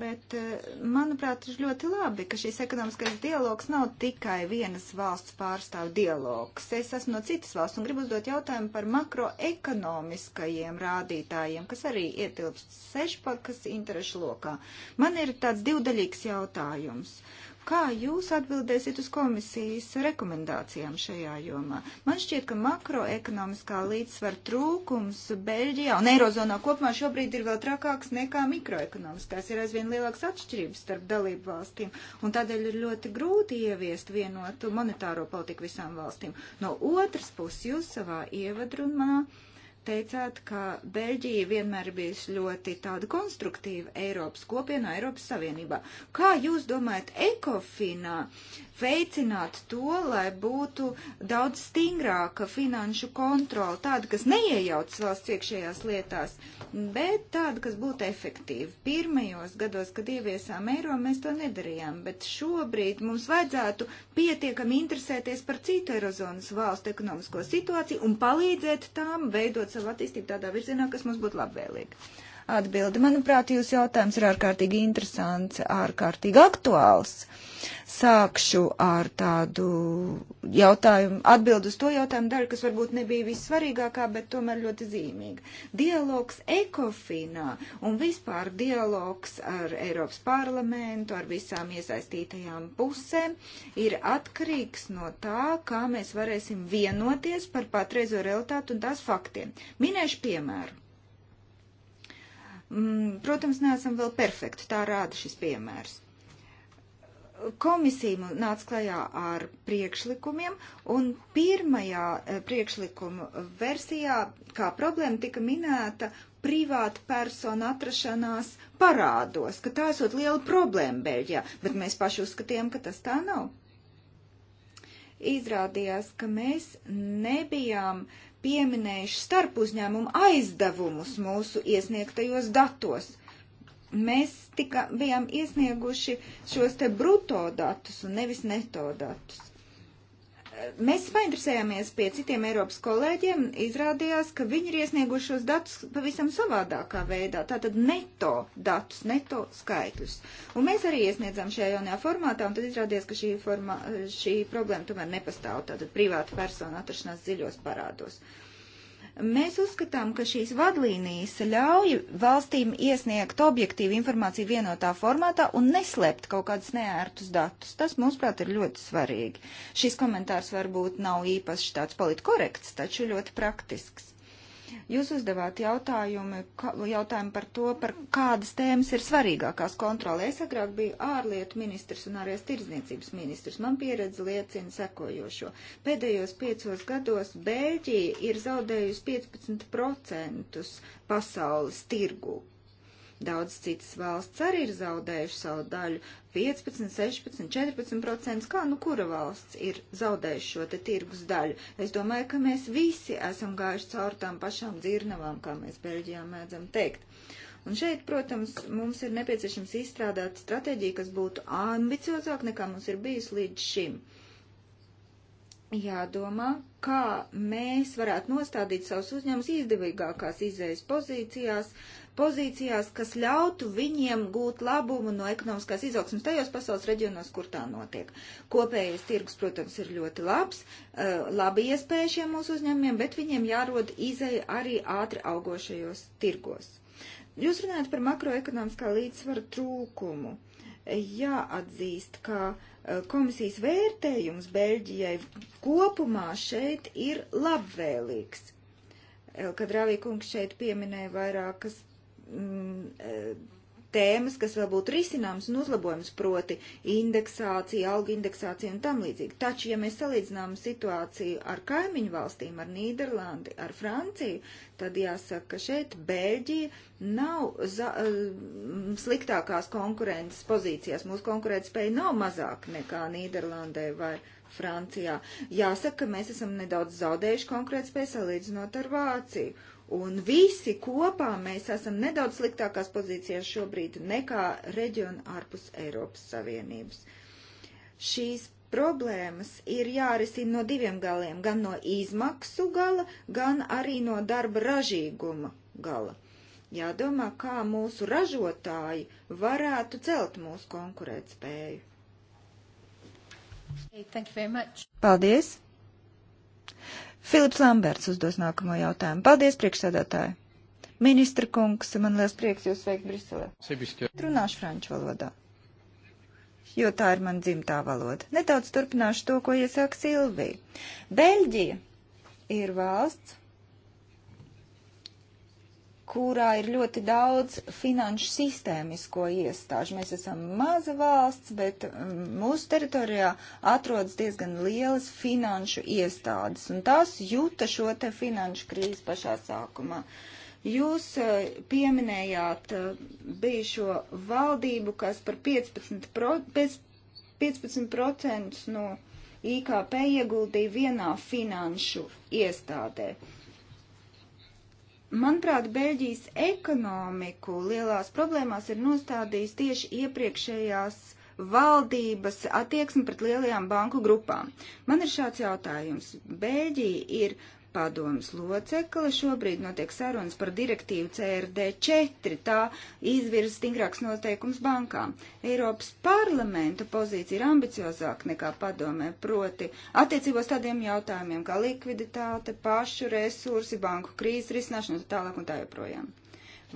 Bet, eh, manuprāt, ir ļoti labi, ka šīs ekonomiskais dialogs nav tikai vienas valsts pārstāvu dialogs. Es esmu no citas valsts un gribu uzdot jautājumu par makroekonomiskajiem rādītājiem, kas arī ietilpst sešpakas interešu lokā. Man ir tāds divdaļīgs jautājums. Uh, Kā jūs atbildēsiet uz komisijas rekomendācijām šajā jomā? Man šķiet, ka makroekonomiskā līdzsvara trūkums Beļģijā un Eirozonā kopumā šobrīd ir vēl trakāks nekā mikroekonomiskās. Ir aizvien lielāks atšķirības starp dalību valstīm, un tādēļ ir ļoti grūti ieviest vienotu monetāro politiku visām valstīm. No otras puses, jūs savā ievadrunā. Man teicāt, ka Beļģija vienmēr bijusi ļoti tāda konstruktīva Eiropas kopienā, Eiropas Savienībā. Kā jūs domājat, ekofinā veicināt to, lai būtu daudz stingrāka finanšu kontrola, tāda, kas neiejaucas valsts iekšējās lietās, bet tāda, kas būtu efektīva. Pirmajos gados, kad ieviesām eiro, mēs to nedarījām, bet šobrīd mums vajadzētu pietiekami interesēties par citu eirozonas valstu ekonomisko situāciju un palīdzēt tām veidot savu attīstību tādā virzienā, kas mums būtu labvēlīga atbildi. Manuprāt, jūs jautājums ir ārkārtīgi interesants, ārkārtīgi aktuāls. Sākšu ar tādu jautājumu, atbildu uz to jautājumu daļu, kas varbūt nebija vissvarīgākā, bet tomēr ļoti zīmīga. Dialogs ekofinā un vispār dialogs ar Eiropas parlamentu, ar visām iesaistītajām pusēm ir atkarīgs no tā, kā mēs varēsim vienoties par patreizo realitātu un tās faktiem. Minēšu piemēru. Mm, protams, neesam vēl perfekti, tā rāda šis piemērs komisija nāca klajā ar priekšlikumiem, un pirmajā e, priekšlikuma versijā kā problēma tika minēta privāta persona atrašanās parādos, ka tā esot liela problēma Beļģijā, bet mēs paši uzskatījām, ka tas tā nav. Izrādījās, ka mēs nebijām pieminējuši starp uzņēmumu aizdevumus mūsu iesniegtajos datos. Mēs tika, bijām iesnieguši šos te bruto datus un nevis neto datus. Mēs painteresējāmies pie citiem Eiropas kolēģiem, izrādījās, ka viņi ir iesnieguši šos datus pavisam savādākā veidā, tātad neto datus, neto skaitļus. Un mēs arī iesniedzām šajā jaunajā formātā, un tad izrādījās, ka šī, formā, šī problēma tomēr nepastāv, tātad privāta persona atrašanās dziļos parādos. Uh, Mēs uzskatām, ka šīs vadlīnijas ļauj valstīm iesniegt objektīvu informāciju vienotā formātā un neslēpt kaut kādus neērtus datus. Tas, mūsuprāt, ir ļoti svarīgi. Šis komentārs varbūt nav īpaši tāds politkorekts, taču ļoti praktisks. Jūs uzdevāt jautājumu, jautājumu par to, par kādas tēmas ir svarīgākās kontrolē. Es agrāk biju ārlietu ministrs un ārējās tirdzniecības ministrs. Man pieredze liecina sekojošo. Pēdējos piecos gados Bēļģija ir zaudējusi 15% pasaules tirgu Daudz citas valsts arī ir zaudējuši savu daļu - 15, 16, 14 procentus. Kā nu kura valsts ir zaudējuši šo te tirgus daļu? Es domāju, ka mēs visi esam gājuši cauri tām pašām dzirnavām, kā mēs Beļģijā mēdzam teikt. Un šeit, protams, mums ir nepieciešams izstrādāt stratēģiju, kas būtu ambiciozāk nekā mums ir bijis līdz šim. Jādomā, kā mēs varētu nostādīt savus uzņēmumus izdevīgākās izējas pozīcijās, uh, pozīcijās, kas ļautu viņiem gūt labumu no ekonomiskās izaugsmas tajos pasaules reģionos, kur tā notiek. Kopējais tirgus, protams, ir ļoti labs, eh, labi iespēja šiem mūsu uzņēmumiem, bet viņiem jārod izeja arī ātri augošajos tirgos. Jūs runājat par makroekonomiskā līdzsvara trūkumu. Jāatzīst, ka eh, komisijas vērtējums Beļģijai kopumā šeit ir labvēlīgs. Elkadrāvī kungs šeit pieminēja vairākas Mm, tēmas, kas vēl būtu risināmas un uzlabojamas, proti indeksācija, algu indeksācija un tam līdzīgi. Taču, ja mēs salīdzinām situāciju ar kaimiņu valstīm, ar Nīderlandi, ar Franciju, tad jāsaka, ka šeit Bēļģija nav za, mm, sliktākās konkurences pozīcijās. Mūsu konkurētspēja nav mazāk nekā Nīderlandē vai Francijā. Jāsaka, ka mēs esam nedaudz zaudējuši konkurētspēju salīdzinot ar Vāciju Un visi kopā mēs esam nedaudz sliktākās pozīcijās šobrīd nekā reģiona ārpus Eiropas Savienības. Šīs problēmas ir jārisina no diviem galiem, gan no izmaksu gala, gan arī no darba ražīguma gala. Jādomā, kā mūsu ražotāji varētu celt mūsu konkurētspēju. Hey, Paldies! Filips Lamberts uzdos nākamo jautājumu. Paldies, priekšsēdētāji! Ministra kungs, man liels prieks jūs veikt Briselē. Runāšu franču valodā, jo tā ir man dzimtā valoda. Nedaudz turpināšu to, ko iesāk Silvija. Beļģija ir valsts, kurā ir ļoti daudz finanšu sistēmisko iestāžu. Mēs esam maza valsts, bet mm, mūsu teritorijā atrodas diezgan lielas finanšu iestādes, un tās jūta šo te finanšu krīzi pašā sākumā. Jūs eh, pieminējāt eh, bijušo valdību, kas par 15%, pro, 15 no IKP ieguldīja vienā finanšu iestādē. Uh, Manuprāt, Bēļģijas ekonomiku lielās problēmās ir nostādījis tieši iepriekšējās valdības attieksme pret lielajām banku grupām. Man ir šāds jautājums. Bēļģija ir padomas locekle. Šobrīd notiek sarunas par direktīvu CRD4, tā izvirza stingrāks noteikums bankām. Eiropas parlamenta pozīcija ir ambiciozāka nekā padomē, proti attiecībos tādiem jautājumiem kā likviditāte, pašu resursi, banku krīzes risināšana un tā tālāk un tā joprojām.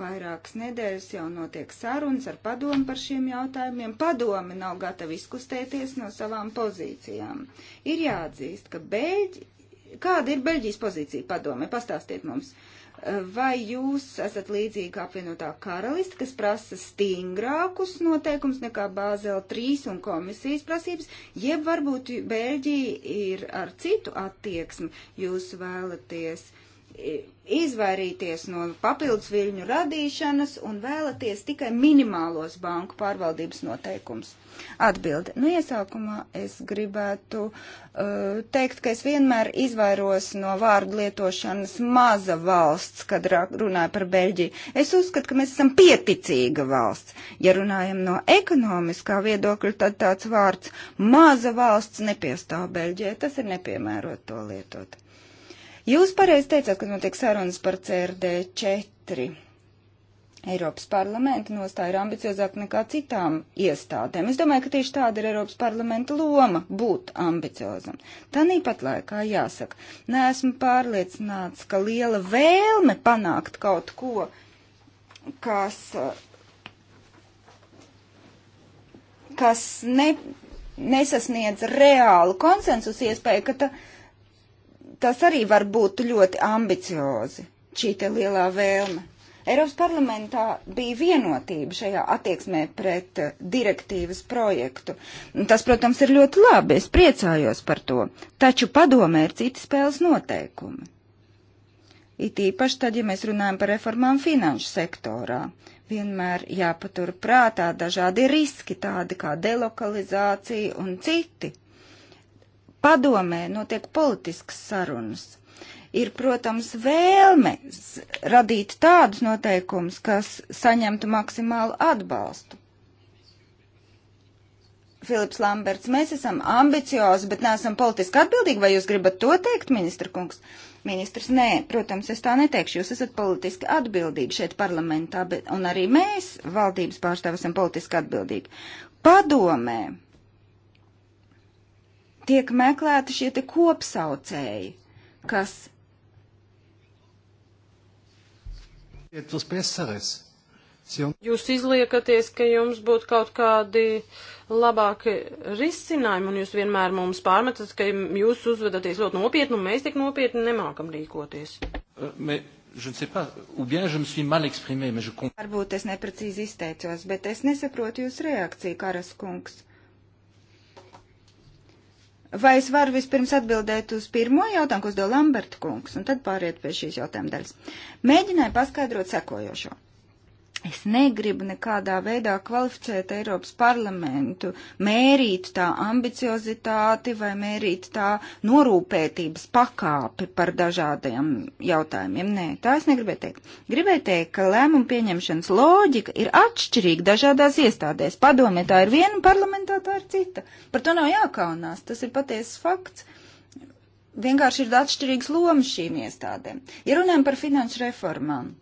Vairākas nedēļas jau notiek sarunas ar padomu par šiem jautājumiem. Padomi nav gatavi izkustēties no savām pozīcijām. Ir jāatzīst, ka Beļģi, Kāda ir Beļģijas pozīcija padomē? Pastāstiet mums. Vai jūs esat līdzīgi apvienotā karalista, kas prasa stingrākus noteikums nekā Bāzela 3 un komisijas prasības, jeb varbūt Beļģija ir ar citu attieksmi, jūs vēlaties uh, izvairīties no papildus viļņu radīšanas un vēlaties tikai minimālos banku pārvaldības noteikums? Atbilde. Nu, iesākumā es gribētu uh, teikt, ka es vienmēr izvairos no vārdu lietošanas maza valsts, kad runāju par Beļģiju. Es uzskatu, ka mēs esam pieticīga valsts. Ja runājam no ekonomiskā viedokļa, tad tāds vārds maza valsts nepiestāv Beļģijai. Tas ir nepiemērot to lietot. Jūs pareizi teicāt, ka notiek sarunas par CRD4. Eiropas parlamenta nostāja ir ambiciozāka nekā citām iestādēm. Es domāju, ka tieši tāda ir Eiropas parlamenta loma - būt ambiciozam. Tanīpat laikā jāsaka, neesmu pārliecināts, ka liela vēlme panākt kaut ko, kas, kas ne, nesasniedz reālu konsensus iespēju, ka ta, tas arī var būt ļoti ambiciozi, šī te lielā vēlme. Eiropas parlamentā bija vienotība šajā attieksmē pret eh, direktīvas projektu. Tas, protams, ir ļoti labi, es priecājos par to, taču padomē ir citi spēles noteikumi. It īpaši tad, ja mēs runājam par reformām finanšu sektorā, vienmēr jāpatur prātā dažādi riski, tādi kā delokalizācija un citi padomē notiek politiskas sarunas. Ir, protams, vēlme radīt tādus noteikumus, kas saņemtu maksimālu atbalstu. Filips Lamberts, mēs esam ambiciozi, bet neesam politiski atbildīgi, vai jūs gribat to teikt, ministra kungs? Ministrs, nē, protams, es tā neteikšu, jūs esat politiski atbildīgi šeit parlamentā, bet, un arī mēs, valdības pārstāvis, esam politiski atbildīgi. Padomē, tiek meklēti šie te kopsaucēji, kas. Etwas Besseres. Jūs izliekaties, ka jums būtu kaut kādi labāki risinājumi, un jūs vienmēr mums pārmetat, ka jūs uzvedaties ļoti nopietni, un mēs tik nopietni nemākam rīkoties. Uh, Varbūt es neprecīzi izteicos, bet es nesaprotu jūsu reakciju, Karas kungs. Vai es varu vispirms atbildēt uz pirmo jautājumu, ko uzdeva Lamberta kungs, un tad pāriet pie šīs jautājuma daļas? Mēģināju paskaidrot sekojošo. Es negribu nekādā veidā kvalificēt Eiropas parlamentu, mērīt tā ambiciozitāti vai mērīt tā norūpētības pakāpi par dažādiem jautājumiem. Nē, tā es negribēju teikt. Gribēju teikt, ka lēmumu pieņemšanas loģika ir atšķirīga dažādās iestādēs. Padomē, tā ir viena, parlamentā tā ir cita. Par to nav jākaunās, tas ir patiesas fakts vienkārši ir atšķirīgs lomas šīm iestādēm. Ja runājam par finanšu reformām,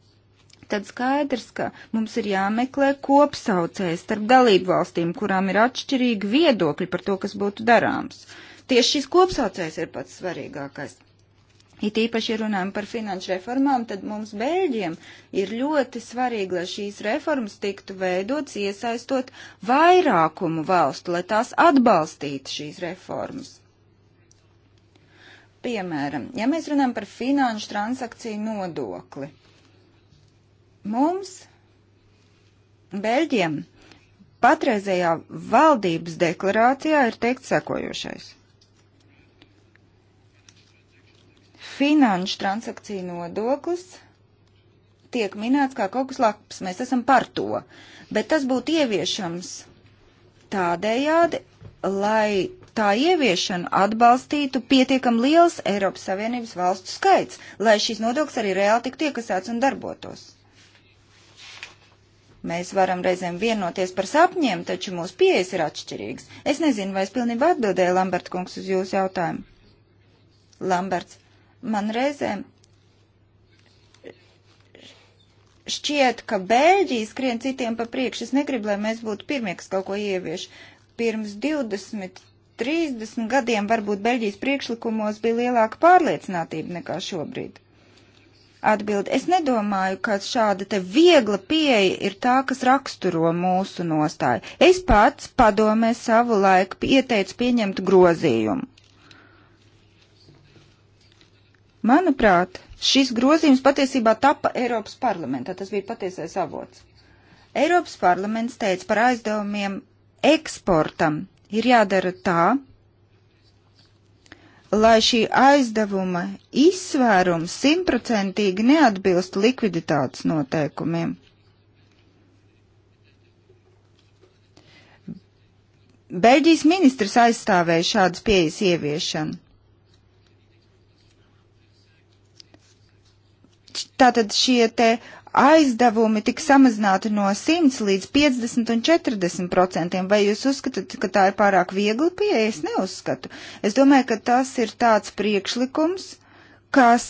tad skaidrs, ka mums ir jāmeklē kopsaucējs starp dalību valstīm, kurām ir atšķirīgi viedokļi par to, kas būtu darāms. Tieši šis kopsaucējs ir pats svarīgākais. It īpaši, ja runājam par finanšu reformām, tad mums Bēļģiem ir ļoti svarīgi, lai šīs reformas tiktu veidotas iesaistot vairākumu valstu, lai tās atbalstītu šīs reformas. Piemēram, ja mēs runājam par finanšu transakciju nodokli, Mums, Beļģiem, patreizējā valdības deklarācijā ir teikt sekojošais. Finanšu transakciju nodoklis tiek minēts kā kaut kas labs, mēs esam par to, bet tas būtu ieviešams tādējādi, lai tā ieviešanu atbalstītu pietiekam liels Eiropas Savienības valstu skaits, lai šīs nodoklis arī reāli tiktu iekasēts un darbotos. Mēs varam reizēm vienoties par sapņiem, taču mūsu pieejas ir atšķirīgas. Es nezinu, vai es pilnībā atbildēju Lamberta kungs uz jūsu jautājumu. Lamberts, man reizēm šķiet, ka Bēļģija skrien citiem pa priekšu. Es negribu, lai mēs būtu pirmie, kas kaut ko ievieš. Pirms 20, 30 gadiem varbūt Beļģijas priekšlikumos bija lielāka pārliecinātība nekā šobrīd. Atbildi. Es nedomāju, ka šāda te viegla pieeja ir tā, kas raksturo mūsu nostāju. Es pats padomē savu laiku ieteicu pieņemt grozījumu. Manuprāt, šis grozījums patiesībā tapa Eiropas parlamentā. Tas bija patiesais avots. Eiropas parlaments teica par aizdevumiem eksportam ir jādara tā, lai šī aizdevuma izsvērums simtprocentīgi neatbilst likviditātes noteikumiem. Beļģijas ministrs aizstāvēja šādas pieejas ieviešanu. Tātad šie te aizdevumi tik samazināti no 100 līdz 50 un 40 procentiem. Vai jūs uzskatāt, ka tā ir pārāk viegli pieeja? Es neuzskatu. Es domāju, ka tas ir tāds priekšlikums, kas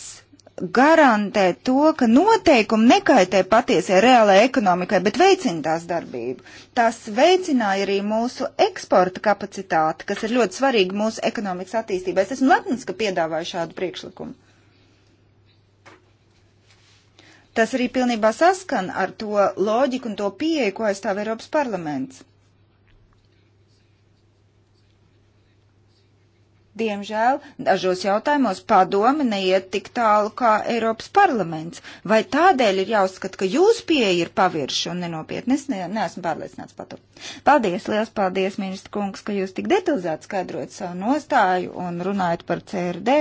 garantē to, ka noteikumi nekaitē patiesai reālajai ekonomikai, bet veicina tās darbību. Tas veicināja arī mūsu eksporta kapacitāti, kas ir ļoti svarīga mūsu ekonomikas attīstībai. Es esmu lepns, ka piedāvāju šādu priekšlikumu. Tas arī pilnībā saskan ar to loģiku un to pieeju, ko aizstāv Eiropas parlaments. Diemžēl dažos jautājumos padome neiet tik tālu kā Eiropas parlaments. Vai tādēļ ir jāuzskata, ka jūsu pieeja ir pavirša un nenopietna? Es ne, neesmu pārliecināts par to. Paldies, liels paldies, ministra kungs, ka jūs tik detalizēti skaidrot savu nostāju un runājat par CRD,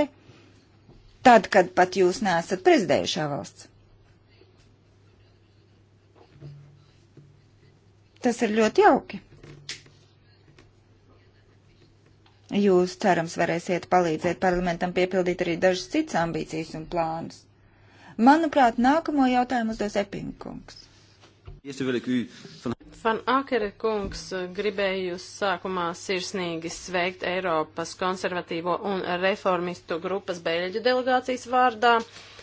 tad, kad pat jūs neesat prezidējušā valsts. Tas ir ļoti jauki. Jūs, cerams, varēsiet palīdzēt parlamentam piepildīt arī dažas citas ambīcijas un plānus. Manuprāt, nākamo jautājumu uzdos Epinkungs. Fan Akere kungs eh, gribēja jūs sākumā sirsnīgi sveikt Eiropas konservatīvo un reformistu grupas Beļģu delegācijas vārdā. Uh,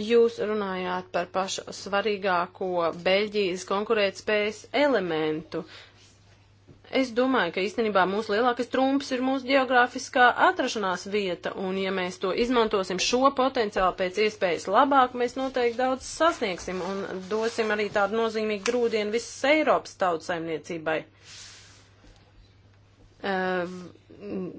Jūs runājāt par pašu svarīgāko Beļģijas konkurētspējas elementu. Es domāju, ka īstenībā mūsu lielākais trumps ir mūsu geogrāfiskā atrašanās vieta, un ja mēs to izmantosim šo potenciālu pēc iespējas labāk, mēs noteikti daudz sasniegsim un dosim arī tādu nozīmīgu grūdienu visas Eiropas tautas saimniecībai. Uh, ehm,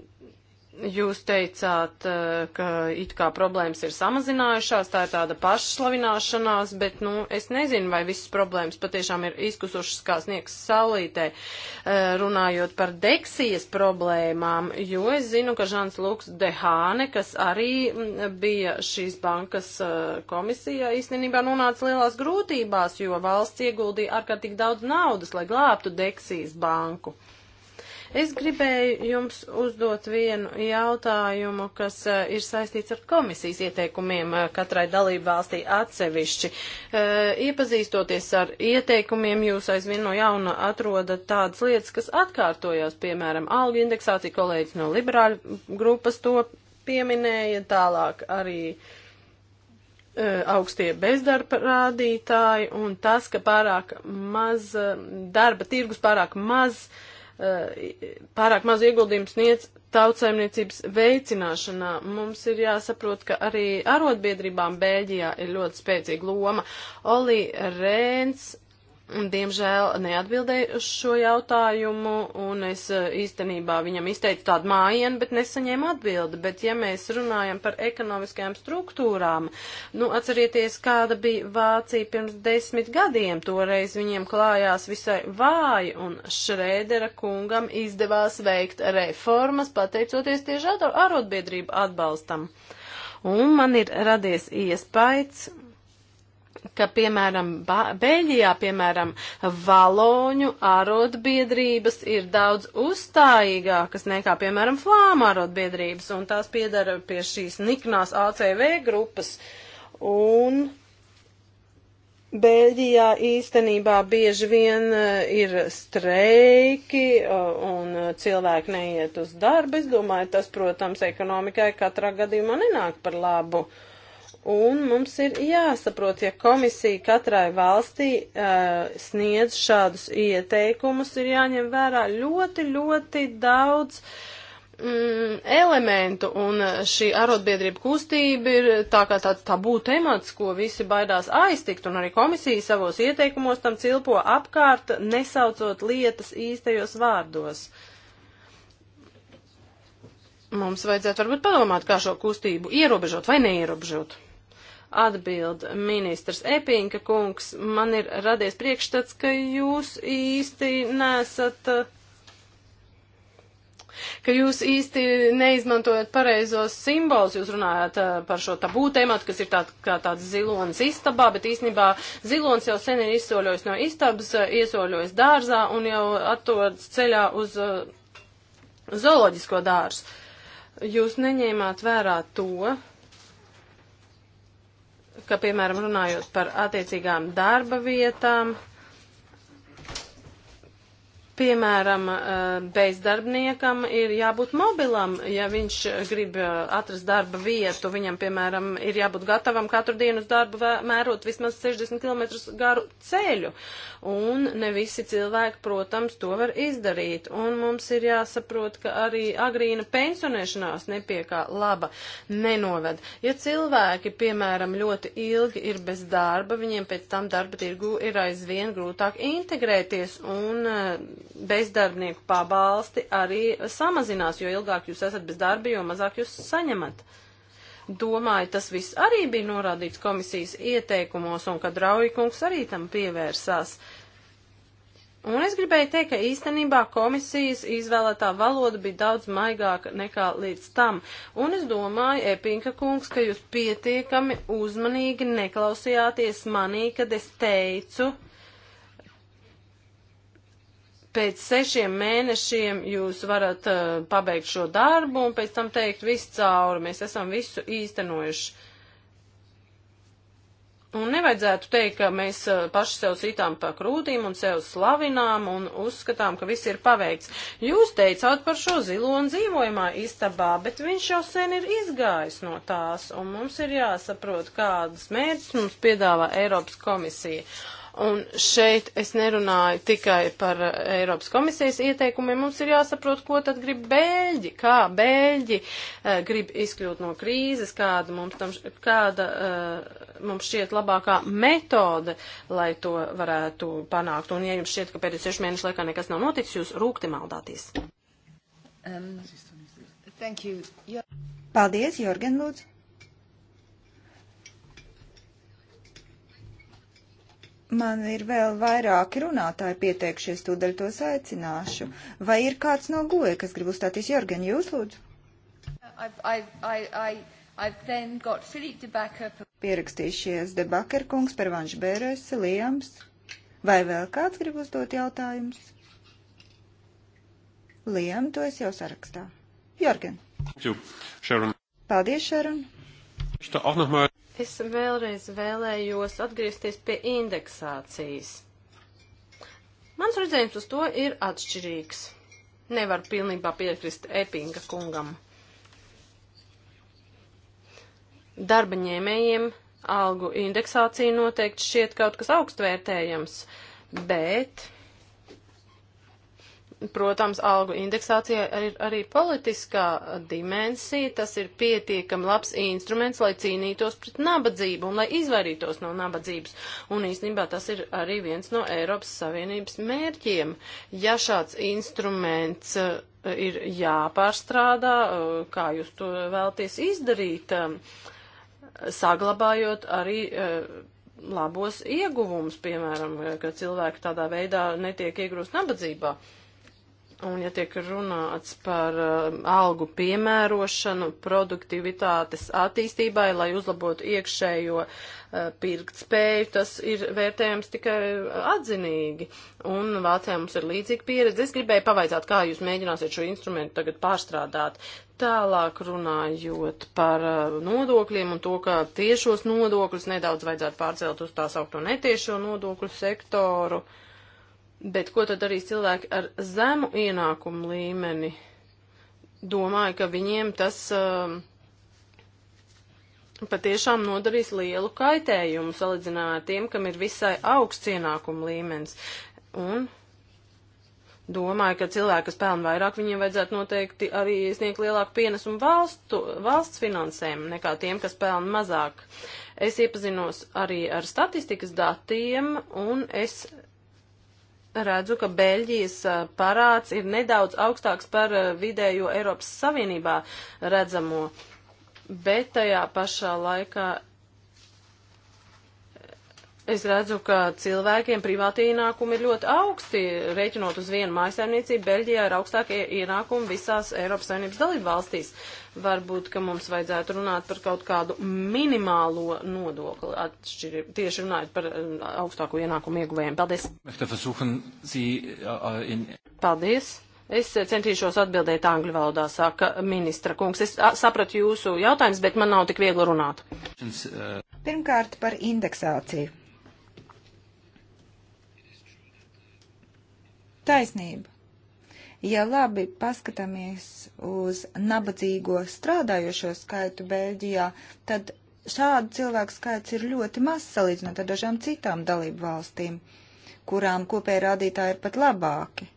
Jūs teicāt, eh, ka it kā problēmas ir samazinājušās, tā ir tāda pašslavināšanās, bet, nu, es nezinu, vai visas problēmas patiešām ir izkusušas kā sniegs salītē, eh, runājot par deksijas problēmām, jo es zinu, ka Žans Luks Dehāne, kas arī mm, bija šīs bankas eh, komisijā, īstenībā nonāca lielās grūtībās, jo valsts ieguldīja ārkārtīgi daudz naudas, lai glābtu deksijas banku. Es gribēju jums uzdot vienu jautājumu, kas eh, ir saistīts ar komisijas ieteikumiem eh, katrai dalību valstī atsevišķi. Eh, iepazīstoties ar ieteikumiem, jūs aizvien no jauna atrodat tādas lietas, kas atkārtojās, piemēram, algu indeksācija kolēģis no liberāļu grupas to pieminēja, tālāk arī augstie bezdarba rādītāji un tas, ka pārāk maz darba tirgus, pārāk maz uh, Uh, pārāk maz ieguldījums sniedz tautsaimniecības veicināšanā. Mums ir jāsaprot, ka arī arotbiedrībām Bēļģijā ir ļoti spēcīga loma. Oli Rēns diemžēl neatbildēju uz šo jautājumu, un es eh, īstenībā viņam izteicu tādu mājienu, bet nesaņēmu atbildi. Bet, ja mēs runājam par ekonomiskajām struktūrām, nu, atcerieties, kāda bija Vācija pirms desmit gadiem. Toreiz viņiem klājās visai vāji, un Šrēdera kungam izdevās veikt reformas, pateicoties tieši arotbiedrību atbalstam. Un man ir radies iespējas, ka, piemēram, Beļģijā, piemēram, valoņu arotbiedrības ir daudz uzstājīgākas nekā, piemēram, flāma arotbiedrības, un tās piedara pie šīs niknās ACV grupas. Un Beļģijā īstenībā bieži vien eh, ir streiki un cilvēki neiet uz darbu. Es domāju, tas, protams, ekonomikai katrā gadījumā nenāk par labu. Uh, Un mums ir jāsaprot, ja komisija katrai valstī uh, sniedz šādus ieteikumus, ir jāņem vērā ļoti, ļoti daudz mm, elementu, un šī arotbiedrība kustība ir tā kā tāds tabū temats, ko visi baidās aiztikt, un arī komisija savos ieteikumos tam cilpo apkārt, nesaucot lietas īstajos vārdos. Mums vajadzētu varbūt padomāt, kā šo kustību ierobežot vai neierobežot. Atbild ministrs Epinka kungs, man ir radies priekšstats, ka jūs īsti nesat ka jūs īsti neizmantojat pareizos simbolus. Jūs runājat eh, par šo tabū tēmatu, kas ir tā, kā tāds zilonis istabā, bet īstenībā zilonis jau sen ir izsoļojis no istabas, eh, iesoļojis dārzā un jau atrodas ceļā uz eh, zooloģisko dārzu. Jūs neņēmāt vērā to, ka, piemēram, runājot par attiecīgām darba vietām, Piemēram, eh, bezdarbniekam ir jābūt mobilam, ja viņš grib eh, atrast darba vietu. Viņam, piemēram, ir jābūt gatavam katru dienu uz darbu mērot vismaz 60 km garu ceļu. Un ne visi cilvēki, protams, to var izdarīt. Un mums ir jāsaprot, ka arī agrīna pensionēšanās nepiekā laba nenoved. Ja cilvēki, piemēram, ļoti ilgi ir bez darba, viņiem pēc tam darba tirgu ir aizvien grūtāk integrēties un eh, bezdarbnieku pabalsti arī samazinās, jo ilgāk jūs esat bez darba, jo mazāk jūs saņemat. Domāju, tas viss arī bija norādīts komisijas ieteikumos, un kad Raujikungs arī tam pievērsās. Un es gribēju teikt, ka īstenībā komisijas izvēlētā valoda bija daudz maigāka nekā līdz tam. Un es domāju, Epinka kungs, ka jūs pietiekami uzmanīgi neklausījāties manī, kad es teicu, uh, pēc sešiem mēnešiem jūs varat uh, pabeigt šo darbu un pēc tam teikt viss cauri, mēs esam visu īstenojuši. Un nevajadzētu teikt, ka mēs uh, paši sev sitām pa krūtīm un sev slavinām un uzskatām, ka viss ir paveikts. Jūs teicāt par šo zilo un dzīvojumā istabā, bet viņš jau sen ir izgājis no tās, un mums ir jāsaprot, kādas mērķis mums piedāvā Eiropas komisija. Uh, Un šeit es nerunāju tikai par eh, Eiropas komisijas ieteikumiem. Mums ir jāsaprot, ko tad grib Bēļģi, kā Bēļģi uh, grib izkļūt no krīzes, kāda mums, tam, kāda, uh, mums šķiet labākā metode, lai to varētu panākt. Un ja jums šķiet, ka pēdējos sešu mēnešu laikā nekas nav noticis, jūs rūkti maldāties. Um, thank you. Yeah. Paldies, Jorgen Lūdzu. Man ir vēl vairāki runātāji pieteikšies, tūdaļ tos aicināšu. Vai ir kāds no goja, kas grib uzstāties? Jorgen, jūs lūdzu. I've, I've, I, I've Pierakstījušies Debaker kungs, Pervanš Bērēs, Liams. Vai vēl kāds grib uzdot jautājumus? Liam, to es jau sarakstā. Jorgen. Paldies, Šarun. Es vēlreiz vēlējos atgriezties pie indeksācijas. Mans redzējums uz to ir atšķirīgs. Nevar pilnībā piekrist Epinga kungam. Darba ņēmējiem algu indeksācija noteikti šķiet kaut kas augstvērtējams, bet Protams, algu indeksācija ir arī politiskā dimensija. Tas ir pietiekami labs instruments, lai cīnītos pret nabadzību un lai izvairītos no nabadzības. Un īstenībā tas ir arī viens no Eiropas Savienības mērķiem. Ja šāds instruments uh, ir jāpārstrādā, uh, kā jūs to vēlties izdarīt, um, saglabājot arī uh, labos ieguvumus, piemēram, ka cilvēki tādā veidā netiek iegrūst nabadzībā. Uh, Un, ja tiek runāts par uh, algu piemērošanu produktivitātes attīstībai, lai uzlabotu iekšējo uh, pirktspēju, tas ir vērtējams tikai uh, atzinīgi. Un Vācijā mums ir līdzīga pieredze. Es gribēju pavaicāt, kā jūs mēģināsiet šo instrumentu tagad pārstrādāt. Tālāk runājot par uh, nodokļiem un to, ka tiešos nodokļus nedaudz vajadzētu pārcelt uz tā saukto netiešo nodokļu sektoru. Uh, Bet ko tad darīs cilvēki ar zemu ienākumu līmeni? Domāju, ka viņiem tas uh, patiešām nodarīs lielu kaitējumu salīdzinājumā ar tiem, kam ir visai augsts ienākumu līmenis. Un domāju, ka cilvēki, kas pelna vairāk, viņiem vajadzētu noteikti arī sniegt lielāku pienesumu valstu, valsts finansēm nekā tiem, kas pelna mazāk. Es iepazinos arī ar statistikas datiem un es redzu, ka Beļģijas parāds ir nedaudz augstāks par vidējo Eiropas Savienībā redzamo, bet tajā pašā laikā es redzu, ka cilvēkiem privātie ienākumi ir ļoti augsti, reiķinot uz vienu mājasēmniecību, Beļģijā ir augstākie ienākumi visās Eiropas Savienības dalību valstīs. Uh, Varbūt, ka mums vajadzētu runāt par kaut kādu minimālo nodokli, atšķiri, tieši runājot par um, augstāko ienākumu ieguvējiem. Paldies! Äh, äh, Paldies! Es äh, centīšos atbildēt angļu valodā, saka ministra kungs. Es sapratu jūsu jautājumus, bet man nav tik viegli runāt. Pirmkārt par indeksāciju. Taisnība. Ja labi paskatāmies uz nabadzīgo strādājošo skaitu Beļģijā, tad šādu cilvēku skaits ir ļoti maz salīdzinot ar dažām citām dalību valstīm, kurām kopēja rādītāji ir pat labāki.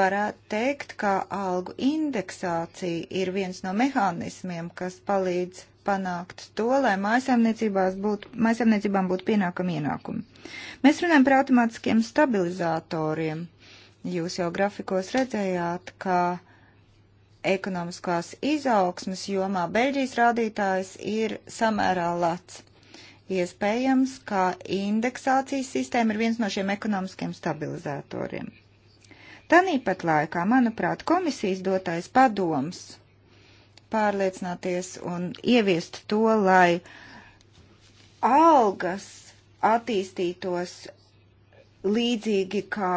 varētu teikt, ka algu indeksācija ir viens no mehānismiem, kas palīdz panākt to, lai būtu, mājasemniecībām būtu pienākami ienākumi. Mēs runājam par automātiskiem stabilizatoriem. Jūs jau grafikos redzējāt, ka ekonomiskās izaugsmas jomā Beļģijas rādītājs ir samērā lats. Iespējams, ka indeksācijas sistēma ir viens no šiem ekonomiskiem stabilizatoriem. Tanīpat laikā, manuprāt, komisijas dotais padoms pārliecināties un ieviest to, lai algas attīstītos līdzīgi kā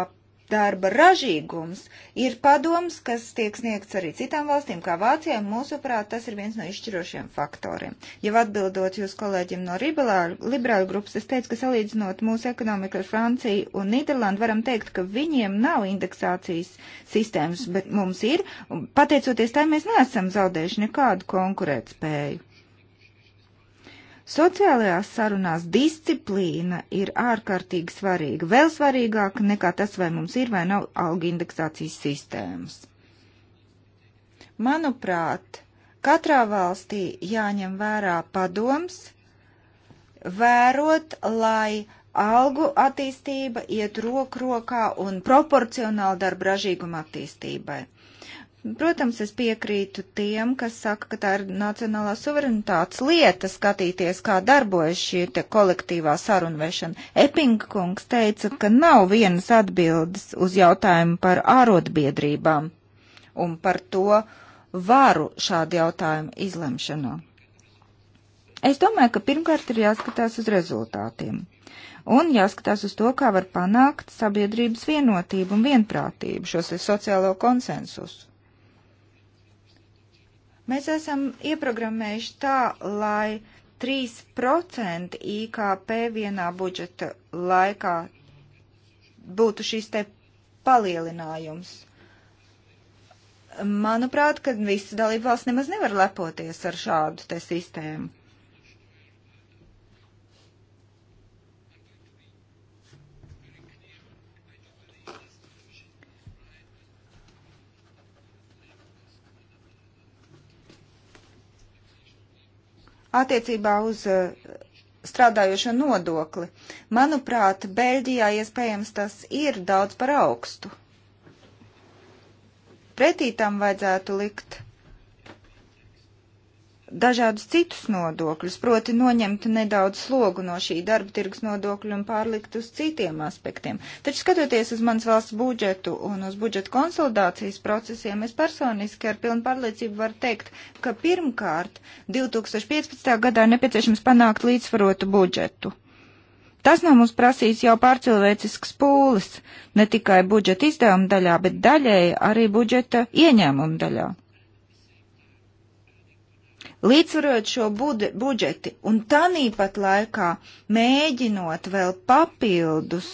Darba ražīgums ir padoms, kas tiek sniegts arī citām valstīm, kā Vācijai, un mūsuprāt, tas ir viens no izšķirošiem faktoriem. Jau atbildot jūs kolēģiem no liberāļu grupas, es teicu, ka salīdzinot mūsu ekonomiku ar Franciju un Nīderlandu, varam teikt, ka viņiem nav indeksācijas sistēmas, bet mums ir, un pateicoties tai mēs neesam zaudējuši nekādu konkurētspēju. Sociālajās sarunās disciplīna ir ārkārtīgi svarīga, vēl svarīgāka nekā tas, vai mums ir vai nav alga indeksācijas sistēmas. Manuprāt, katrā valstī jāņem vērā padoms, vērot, lai algu attīstība iet roku rokā un proporcionāli darba ražīguma attīstībai. Protams, es piekrītu tiem, kas saka, ka tā ir nacionālā suverenitātes lieta skatīties, kā darbojas šī te kolektīvā sarunvešana. Epinga kungs teica, ka nav vienas atbildes uz jautājumu par ārotbiedrībām un par to varu šādu jautājumu izlemšanu. Es domāju, ka pirmkārt ir jāskatās uz rezultātiem un jāskatās uz to, kā var panākt sabiedrības vienotību un vienprātību, šo sociālo konsensusu. Mēs esam ieprogrammējuši tā, lai 3% IKP vienā budžeta laikā būtu šis te palielinājums. Manuprāt, ka visas dalībvalsts nemaz nevar lepoties ar šādu te sistēmu. Attiecībā uz eh, strādājošo nodokli, manuprāt, Beļģijā iespējams tas ir daudz par augstu. Pretī tam vajadzētu likt dažādus citus nodokļus, proti noņemt nedaudz slogu no šī darba tirgus nodokļu un pārlikt uz citiem aspektiem. Taču skatoties uz manas valsts budžetu un uz budžeta konsolidācijas procesiem, es personiski ar pilnu pārliecību varu teikt, ka pirmkārt 2015. gadā ir nepieciešams panākt līdzsvarotu budžetu. Tas no mums prasīs jau pārcilvēcisks pūles, ne tikai budžeta izdevuma daļā, bet daļēji arī budžeta ieņēmuma daļā līdzsvarot šo budžeti un tanīpat laikā mēģinot vēl papildus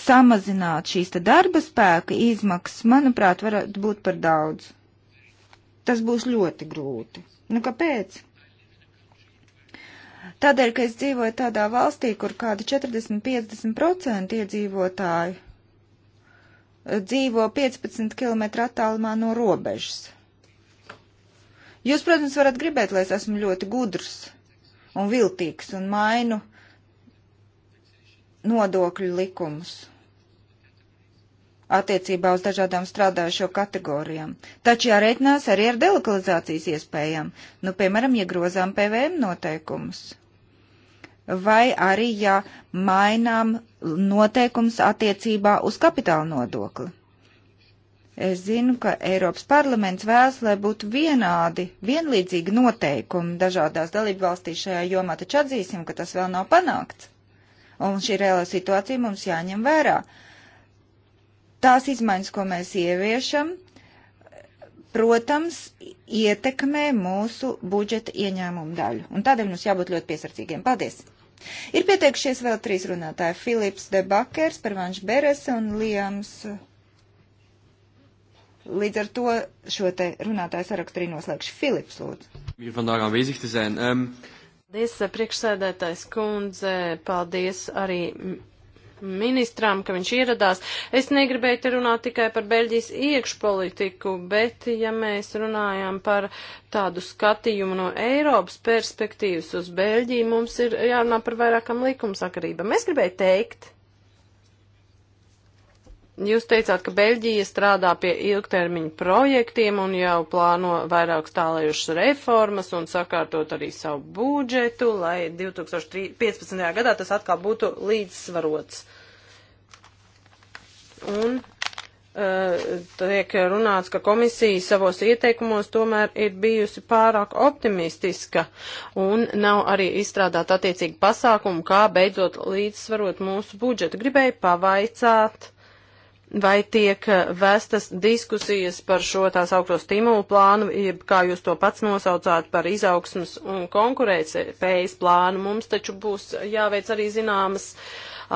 samazināt šīs darba spēka izmaksas, manuprāt, varētu būt par daudz. Tas būs ļoti grūti. Nu, kāpēc? Tādēļ, ka es dzīvoju tādā valstī, kur kādi 40-50% iedzīvotāju eh, dzīvo 15 km attālumā no robežas. Jūs, protams, varat gribēt, lai es esmu ļoti gudrs un viltīgs un mainu nodokļu likumus attiecībā uz dažādām strādājušo kategorijām. Taču jārēķinās arī ar delokalizācijas iespējām, nu, piemēram, ja grozām PVM noteikumus. Vai arī, ja mainām noteikums attiecībā uz kapitāla nodokli. Es zinu, ka Eiropas parlaments vēlas, lai būtu vienādi, vienlīdzīgi noteikumi dažādās dalību valstīs šajā jomā, taču atzīsim, ka tas vēl nav panākts. Un šī reāla situācija mums jāņem vērā. Tās izmaiņas, ko mēs ieviešam, protams, ietekmē mūsu budžeta ieņēmumu daļu. Un tādēļ mums jābūt ļoti piesardzīgiem. Paldies! Ir pieteikušies vēl trīs runātāji - Filips de Bakers, Pervanš Beres un Liams. Līdz ar to šo te runātāju sarakstu arī noslēgšu Filips Lūdzu. Ir vandārā vēzīgi te zēn. Um... Ehm, paldies, eh, priekšsēdētājs kundze, paldies arī ministram, ka viņš ieradās. Es negribēju te runāt tikai par Beļģijas iekšpolitiku, bet ja mēs runājam par tādu skatījumu no Eiropas perspektīvas uz Beļģiju, mums ir jārunā par vairākam likumsakarībam. Es gribēju teikt, Jūs teicāt, ka Beļģija strādā pie ilgtermiņa projektiem un jau plāno vairāk stālējušas reformas un sakārtot arī savu budžetu, lai 2015. gadā tas atkal būtu līdzsvarots. Un uh, tiek runāts, ka komisija savos ieteikumos tomēr ir bijusi pārāk optimistiska un nav arī izstrādāt attiecīgi pasākumu, kā beidzot līdzsvarot mūsu budžetu. Gribēju pavaicāt vai tiek eh, vestas diskusijas par šo tās augsto stimulu plānu, jeb kā jūs to pats nosaucāt par izaugsmas un konkurētspējas plānu. Mums taču būs jāveic arī zināmas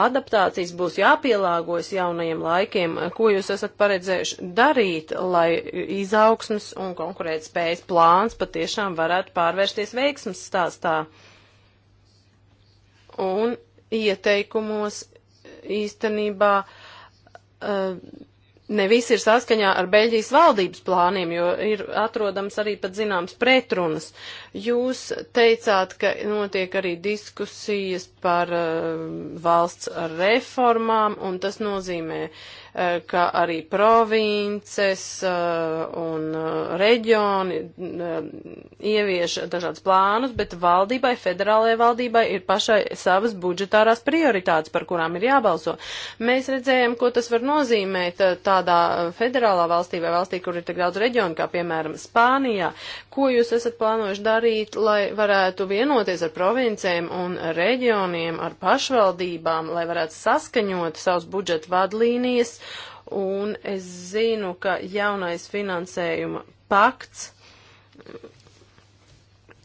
adaptācijas, būs jāpielāgojas jaunajiem laikiem. Ko jūs esat paredzējuši darīt, lai izaugsmas un konkurētspējas plāns patiešām varētu pārvērsties veiksmas stāstā? Un ieteikumos īstenībā uh, Uh, ne viss ir saskaņā ar Beļģijas valdības plāniem, jo ir atrodams arī pat zināms pretrunas. Jūs teicāt, ka notiek arī diskusijas par uh, valsts reformām, un tas nozīmē uh, Eh, kā arī provinces eh, un eh, reģioni ievieš dažādas plānus, bet valdībai, federālajai valdībai ir pašai savas budžetārās prioritātes, par kurām ir jābalso. Mēs redzējām, ko tas var nozīmēt tādā federālā valstī vai valstī, kur ir tik daudz reģionu, kā piemēram Spānijā, Ko jūs esat plānojuši darīt, lai varētu vienoties ar provincēm un reģioniem, ar pašvaldībām, lai varētu saskaņot savus budžeta vadlīnijas? Un es zinu, ka jaunais finansējuma pakts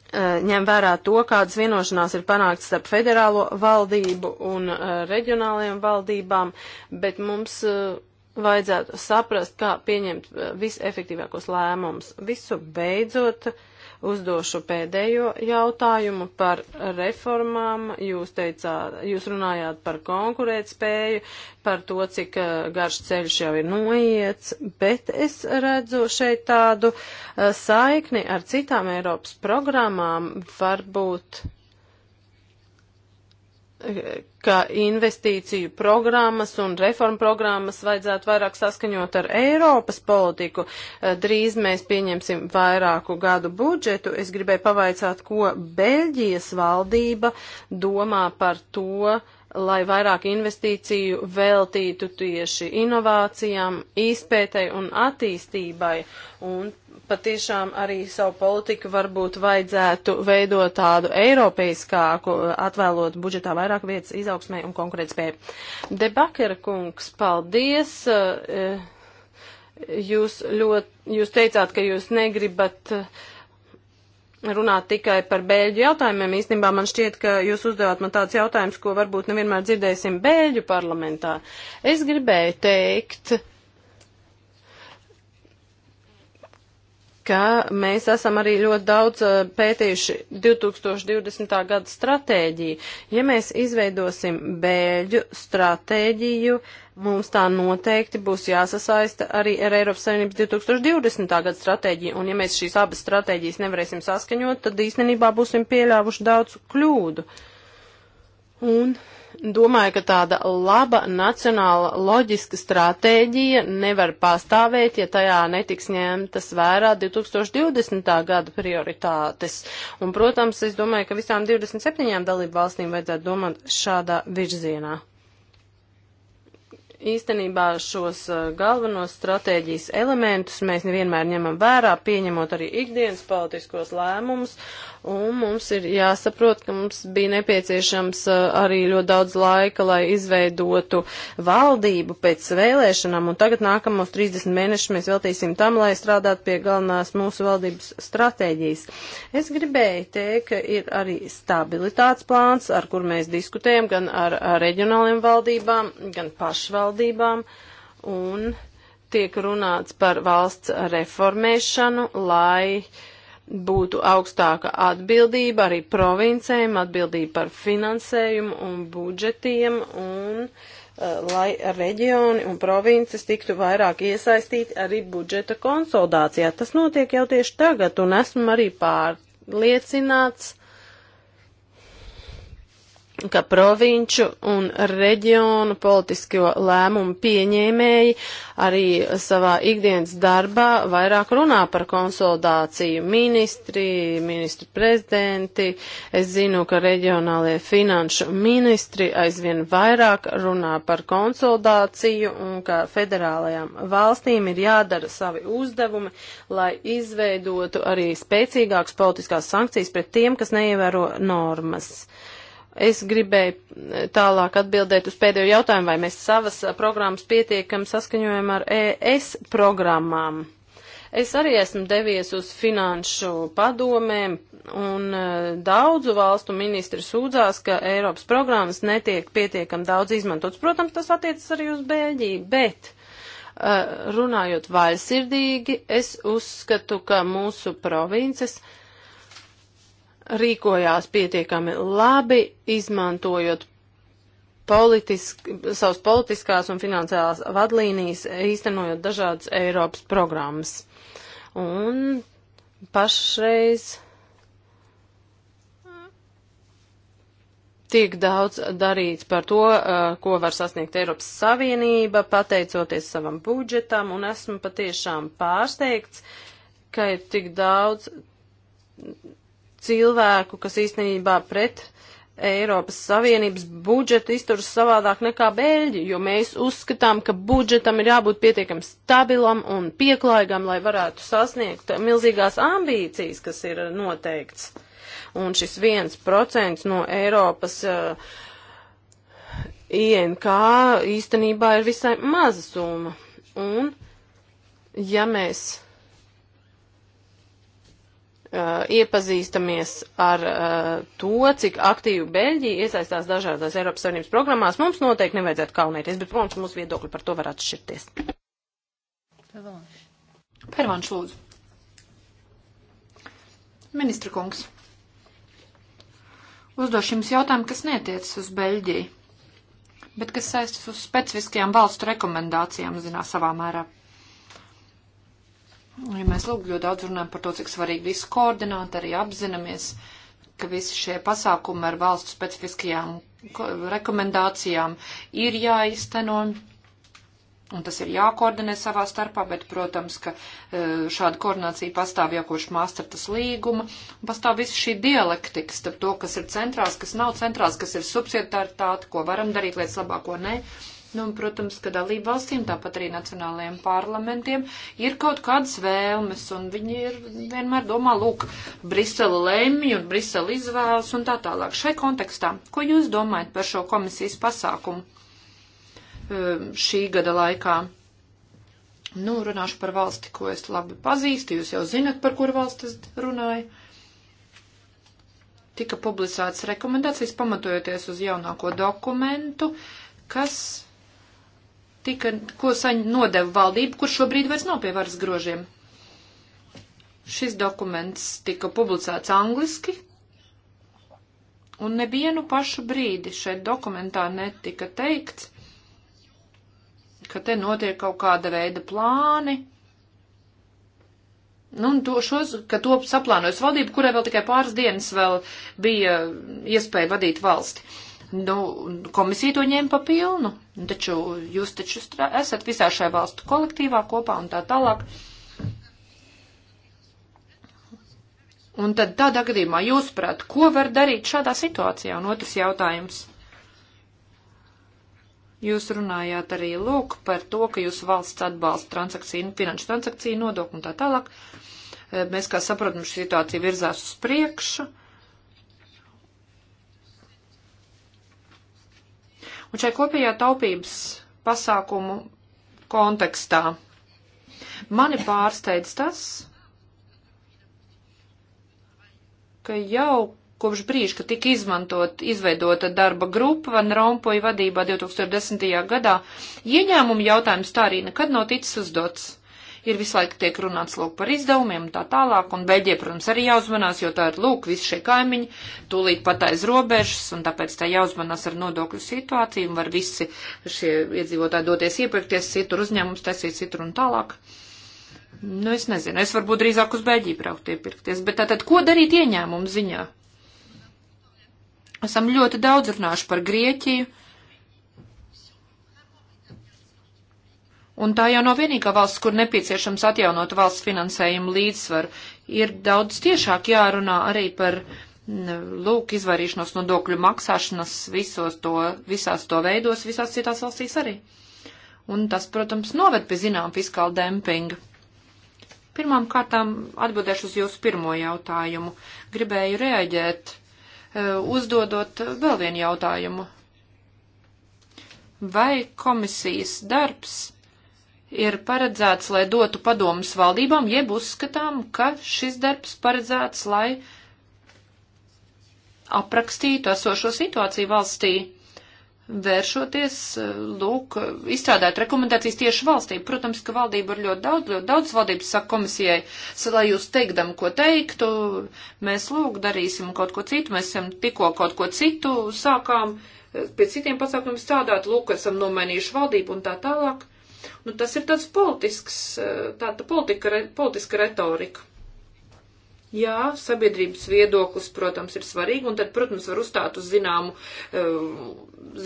eh, ņem vērā to, kādas vienošanās ir panāktas starp federālo valdību un eh, reģionālajām valdībām, bet mums uh, vajadzētu saprast, kā pieņemt eh, visefektīvākos lēmumus. Visu beidzot, uzdošu pēdējo jautājumu par reformām. Jūs teicāt, jūs runājāt par konkurētspēju, par to, cik eh, garš ceļš jau ir noiets, bet es redzu šeit tādu eh, saikni ar citām Eiropas programmām, varbūt ka investīciju programmas un reformu programmas vajadzētu vairāk saskaņot ar Eiropas politiku. Eh, drīz mēs pieņemsim vairāku gadu budžetu. Es gribēju pavaicāt, ko Beļģijas valdība domā par to, lai vairāk investīciju veltītu tieši inovācijām, izpētei un attīstībai. Un patiešām arī savu politiku varbūt vajadzētu veidot tādu eiropeiskāku, atvēlot budžetā vairāk vietas izaugsmē un konkurētspēju. Debakera kungs, paldies! Eh, jūs, ļoti, jūs teicāt, ka jūs negribat eh, runāt tikai par bēļu jautājumiem. Īstenībā man šķiet, ka jūs uzdevāt man tāds jautājums, ko varbūt nevienmēr dzirdēsim bēļu parlamentā. Es gribēju teikt, ka mēs esam arī ļoti daudz eh, pētījuši 2020. gada stratēģiju. Ja mēs izveidosim bēļu stratēģiju, mums tā noteikti būs jāsasaista arī ar Eiropas Savienības 2020. gada stratēģiju, un ja mēs šīs abas stratēģijas nevarēsim saskaņot, tad īstenībā būsim pieļāvuši daudz kļūdu. Un domāju, ka tāda laba nacionāla loģiska stratēģija nevar pastāvēt, ja tajā netiks ņemtas vērā 2020. gada prioritātes. Un, protams, es domāju, ka visām 27 dalību valstīm vajadzētu domāt šādā virzienā. Īstenībā šos uh, galvenos stratēģijas elementus mēs nevienmēr ņemam vērā, pieņemot arī ikdienas politiskos lēmumus, Un mums ir jāsaprot, ka mums bija nepieciešams uh, arī ļoti daudz laika, lai izveidotu valdību pēc vēlēšanām, un tagad nākamos 30 mēnešus mēs veltīsim tam, lai strādātu pie galvenās mūsu valdības stratēģijas. Es gribēju teikt, ka ir arī stabilitātes plāns, ar kur mēs diskutējam gan ar, ar reģionāliem valdībām, gan pašvaldībām, un tiek runāts par valsts reformēšanu, lai uh, būtu augstāka atbildība arī provincēm, atbildība par finansējumu un budžetiem un eh, lai reģioni un provinces tiktu vairāk iesaistīti arī budžeta konsolidācijā. Tas notiek jau tieši tagad un esmu arī pārliecināts, ka provinču un reģionu politisko lēmumu pieņēmēji arī savā ikdienas darbā vairāk runā par konsolidāciju ministri, ministru prezidenti. Es zinu, ka reģionālie finanšu ministri aizvien vairāk runā par konsolidāciju un ka federālajām valstīm ir jādara savi uzdevumi, lai izveidotu arī spēcīgākas politiskās sankcijas pret tiem, kas neievēro normas. Es gribēju eh, tālāk atbildēt uz pēdējo jautājumu, vai mēs savas eh, programmas pietiekam saskaņojam ar ES programmām. Es arī esmu devies uz finanšu padomēm, un eh, daudzu valstu ministri sūdzās, ka Eiropas programmas netiek pietiekam daudz izmantotas. Protams, tas attiecas arī uz Bēļģiju, bet runājot vaļsirdīgi, es uzskatu, ka mūsu provinces uh, rīkojās pietiekami labi, izmantojot politisk, savas politiskās un finansiālās vadlīnijas, īstenojot dažādas Eiropas programmas. Un pašreiz tiek daudz darīts par to, ko var sasniegt Eiropas Savienība, pateicoties savam budžetam, un esmu patiešām pārsteigts, ka ir tik daudz cilvēku, kas īstenībā pret Eiropas Savienības budžetu izturas savādāk nekā Bēļģi, jo mēs uzskatām, ka budžetam ir jābūt pietiekam stabilam un pieklājīgam, lai varētu sasniegt milzīgās ambīcijas, kas ir noteikts. Un šis viens procents no Eiropas uh, INK īstenībā ir visai maza summa. Un, ja mēs uh, iepazīstamies ar uh, to, cik aktīvi Beļģija iesaistās dažādās Eiropas Savienības programmās, mums noteikti nevajadzētu kaunēties, bet, protams, mūsu viedokļi par to var atšķirties. Pervanš, lūdzu. Ministra kungs. Uzdošu jums jautājumu, kas netiecas uz Beļģiju, bet kas saistas uz specifiskajām valstu rekomendācijām, zinā, savā mērā Ja mēs lūk ļoti daudz runājam par to, cik svarīgi visu koordināt, arī apzināmies, ka visi šie pasākumi ar valstu specifiskajām rekomendācijām ir jāizteno. Un tas ir jākoordinē savā starpā, bet, protams, ka e, šāda koordinācija pastāv jau kopš māstartas līguma. Pastāv visi šī dialektika starp to, kas ir centrās, kas nav centrās, kas ir subsidiaritāte, ko varam darīt lietas labāk, ko nē. Ne Nu, un, protams, ka dalību valstīm, tāpat arī nacionālajiem parlamentiem, ir kaut kādas vēlmes, un viņi ir vienmēr domā, lūk, Brisele lemj un Brisele izvēlas un tā tālāk. Šai kontekstā, ko jūs domājat par šo komisijas pasākumu um, šī gada laikā? Nu, runāšu par valsti, ko es labi pazīstu, jūs jau zinat, par kuru valsti es runāju tika publicētas rekomendācijas pamatojoties uz jaunāko dokumentu, kas tika, ko saņ, nodeva valdība, kur šobrīd vairs nav pie varas grožiem. Šis dokuments tika publicēts angliski, un nevienu pašu brīdi šeit dokumentā netika teikts, ka te notiek kaut kāda veida plāni, Nu, un to šos, ka to saplānojas valdība, kurai vēl tikai pāris dienas vēl bija iespēja vadīt valsti. Nu, komisija to ņēma pa pilnu, taču jūs taču strā, esat visā šai valstu kolektīvā kopā un tā tālāk. Un tad tādā gadījumā jūs prāt, ko var darīt šādā situācijā? Un otrs jautājums. Jūs runājāt arī lūk par to, ka jūsu valsts atbalsta transakciju, finanšu transakciju nodokli un tā tālāk. Mēs, kā saprotam, šī situācija virzās uz priekšu. Uh, Un šai kopējā taupības pasākumu kontekstā mani pārsteidz tas, ka jau kopš brīža, kad tika izmantot, izveidota darba grupa Van Rompuja vadībā 2010. gadā, ieņēmumu jautājums tā arī nekad nav ticis uzdots ir visu laiku tiek runāts lūk par izdevumiem un tā tālāk, un Beļģija, protams, arī jāuzmanās, jo tā ir lūk, visi šie kaimiņi tūlīt pat aiz robežas, un tāpēc tā jāuzmanās ar nodokļu situāciju, un var visi šie iedzīvotāji doties iepirkties citur uzņēmums, taisīt citur un tālāk. Nu, es nezinu, es varbūt drīzāk uz Beļģiju braukt iepirkties, bet tātad, ko darīt ieņēmumu ziņā? Esam ļoti daudz runājuši par Grieķiju Un tā jau nav vienīgā valsts, kur nepieciešams atjaunot valsts finansējumu līdzsvaru. Ir daudz tiešāk jārunā arī par, mm, lūk, izvairīšanos no dokļu maksāšanas visos to, visās to veidos, visās citās valstīs arī. Un tas, protams, noved pie zinām fiskāla dempinga. Pirmām kārtām atbildēšu uz jūsu pirmo jautājumu. Gribēju reaģēt, eh, uzdodot vēl vienu jautājumu. Vai komisijas darbs ir paredzēts, lai dotu padomus valdībām, jeb uzskatām, ka šis darbs paredzēts, lai aprakstītu esošo situāciju valstī, vēršoties, lūk, izstrādāt rekomendācijas tieši valstī. Protams, ka valdība ir ļoti daudz, ļoti daudz valdības saka komisijai, lai jūs teikdam, ko teiktu, mēs lūk, darīsim kaut ko citu, mēs esam tikko kaut ko citu sākām, pie citiem pasākumiem strādāt, lūk, esam nomainījuši valdību un tā tālāk. Nu, tas ir tāds politisks, eh, tāda politika, politiska retorika. Jā, sabiedrības viedoklis, protams, ir svarīgi, un tad, protams, var uzstāt uz zināmu, eh,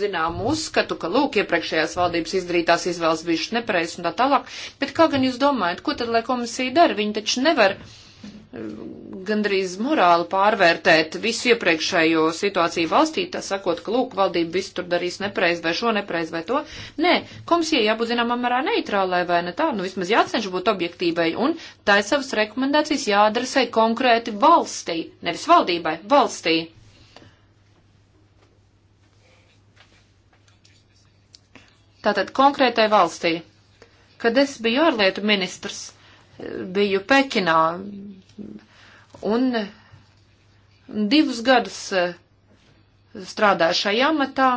zināmu uzskatu, ka, lūk, iepriekšējās valdības izdarītās izvēles bijušas nepareizas un tā tālāk. Bet kā gan jūs domājat, ko tad, lai komisija dara? Viņi taču nevar uh, gandrīz morāli pārvērtēt visu iepriekšējo situāciju valstī, tā sakot, ka lūk, valdība visu tur darīs nepreiz vai šo nepreiz vai to. Nē, komisija jābūt zināmā mērā neitrālai vai ne tā, nu vismaz jācenš būt objektīvai un tā ir savas rekomendācijas jāadresē konkrēti valstī, nevis valdībai, valstī. Tātad konkrētai valstī. Kad es biju ārlietu ministrs, biju Pekinā un divus gadus eh, strādāju šajā amatā.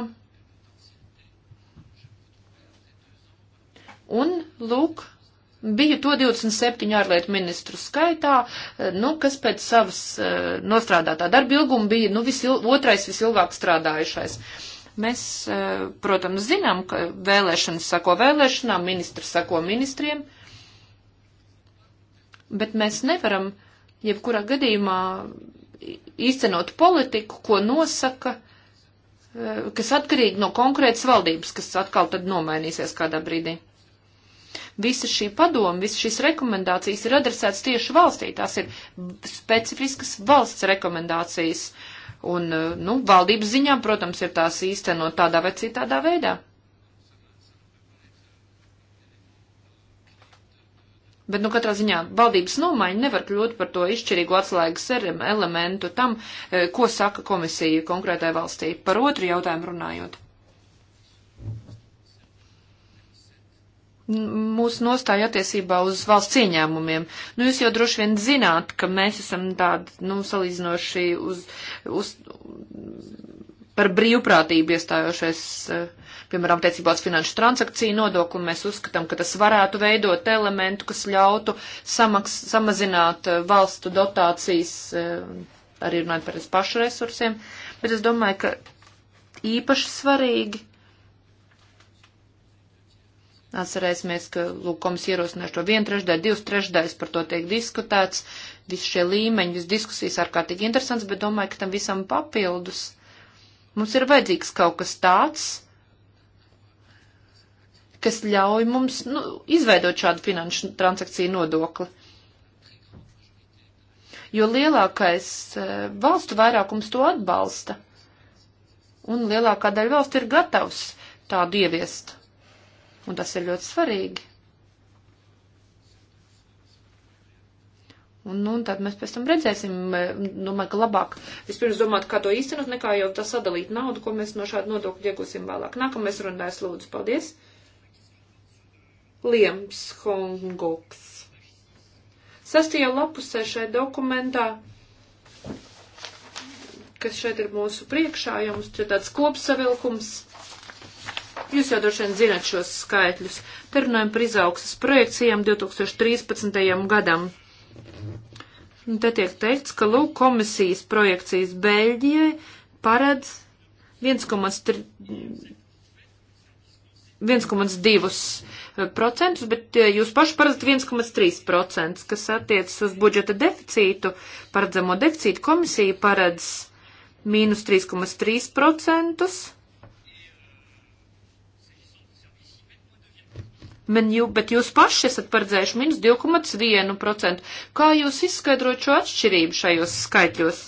Un, lūk, Biju to 27 ārlietu ministru skaitā, eh, nu, kas pēc savas uh, nostrādātā darba ilguma bija nu, visil, otrais visilgāk strādājušais. Mēs, uh, protams, zinām, ka vēlēšanas sako vēlēšanām, ministri sako ministriem. Uh, bet mēs nevaram jebkurā gadījumā īstenot politiku, ko nosaka, eh, kas atkarīgi no konkrētas valdības, kas atkal tad nomainīsies kādā brīdī. Visa šī padoma, visas šīs rekomendācijas ir adresētas tieši valstī. Tās ir specifiskas valsts rekomendācijas. Un, eh, nu, valdības ziņā, protams, ir tās īstenot tādā vai citādā veidā. Bet, nu, katrā ziņā valdības nomaiņa nevar kļūt par to izšķirīgu atslēgas elementu tam, e, ko saka komisija konkrētai valstī. Par otru jautājumu runājot. Mūsu nostāja attiecībā uz valsts ieņēmumiem. Nu, jūs jau droši vien zināt, ka mēs esam tādi, nu, salīdzinoši uz, uz par brīvprātību iestājošais, eh, piemēram, tiecībā uz finanšu transakciju nodokli, mēs uzskatām, ka tas varētu veidot elementu, kas ļautu samaks, samazināt eh, valstu dotācijas, eh, arī runājot par pašu resursiem, bet es domāju, ka īpaši svarīgi Atcerēsimies, ka lūkums ierosināšu to vienu trešdaļu, divas trešdaļas par to tiek diskutēts, visi šie līmeņi, visas diskusijas ārkārtīgi interesants, bet domāju, ka tam visam papildus Mums ir vajadzīgs kaut kas tāds, kas ļauj mums nu, izveidot šādu finanšu transakciju nodokli. Jo lielākais eh, valstu vairākums to atbalsta, un lielākā daļa valstu ir gatavs tādu ieviest. Un tas ir ļoti svarīgi. Un, nu, un tad mēs pēc tam redzēsim, domāju, ka labāk vispirms domāt, kā to īstenot, nekā jau tā sadalīt naudu, ko mēs no šāda nodokļa iegūsim vēlāk. Nākamais runājs lūdzu, paldies. Liems Hongoks. Sastajā lapusē šai dokumentā, kas šeit ir mūsu priekšā, jums ir tāds kopsavilkums. Jūs jau droši vien zinat šos skaitļus. Te runājam par izaugsmas projekcijām 2013. gadam. Un te tiek teikts, ka lūk komisijas projekcijas Beļģijai paredz 1,2%, eh, bet eh, jūs paši paredzat 1,3%, kas attiecas uz budžeta deficītu. Paredzamo deficītu komisija paredz mīnus 3,3%. men jū, bet jūs paši esat paredzējuši minus 2,1%. Kā jūs izskaidrot šo atšķirību šajos skaitļos?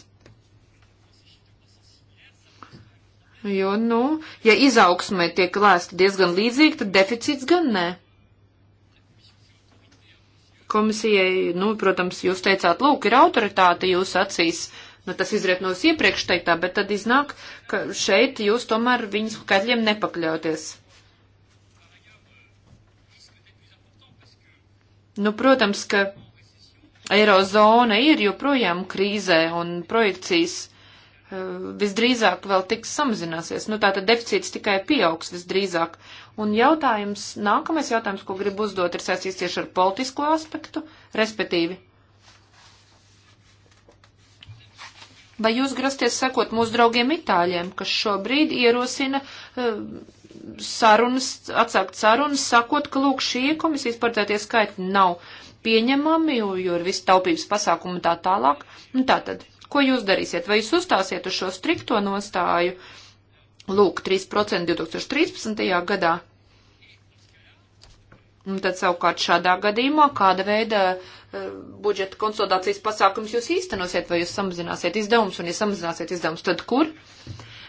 Jo, nu, ja izaugsmē tiek lēsta diezgan līdzīgi, tad deficīts gan nē. Komisijai, nu, protams, jūs teicāt, lūk, ir autoritāte jūs acīs, nu, tas izriet no iepriekš teiktā, bet tad iznāk, ka šeit jūs tomēr viņas skaitļiem nepakļauties. Nu, protams, ka Eirozona ir joprojām krīzē un projekcijas eh, visdrīzāk vēl tiks samazināsies. Nu, tātad deficīts tikai pieaugs visdrīzāk. Un jautājums, nākamais jautājums, ko gribu uzdot, ir saistīts tieši ar politisko aspektu, respektīvi. Vai jūs grasties sekot mūsu draugiem itāļiem, kas šobrīd ierosina uh, sarunas, atsākt sarunas, sakot, ka lūk šie komisijas paredzētie skaitļi nav pieņemami, jo, jo ir visi taupības pasākumi un tā tālāk. Un nu, tā tad, ko jūs darīsiet? Vai jūs uzstāsiet uz šo strikto nostāju? Lūk, 3% 2013. gadā. Un tad savukārt šādā gadījumā kāda veida uh, budžeta konsolidācijas pasākums jūs īstenosiet, vai jūs samazināsiet izdevumus, un ja samazināsiet izdevumus, tad kur?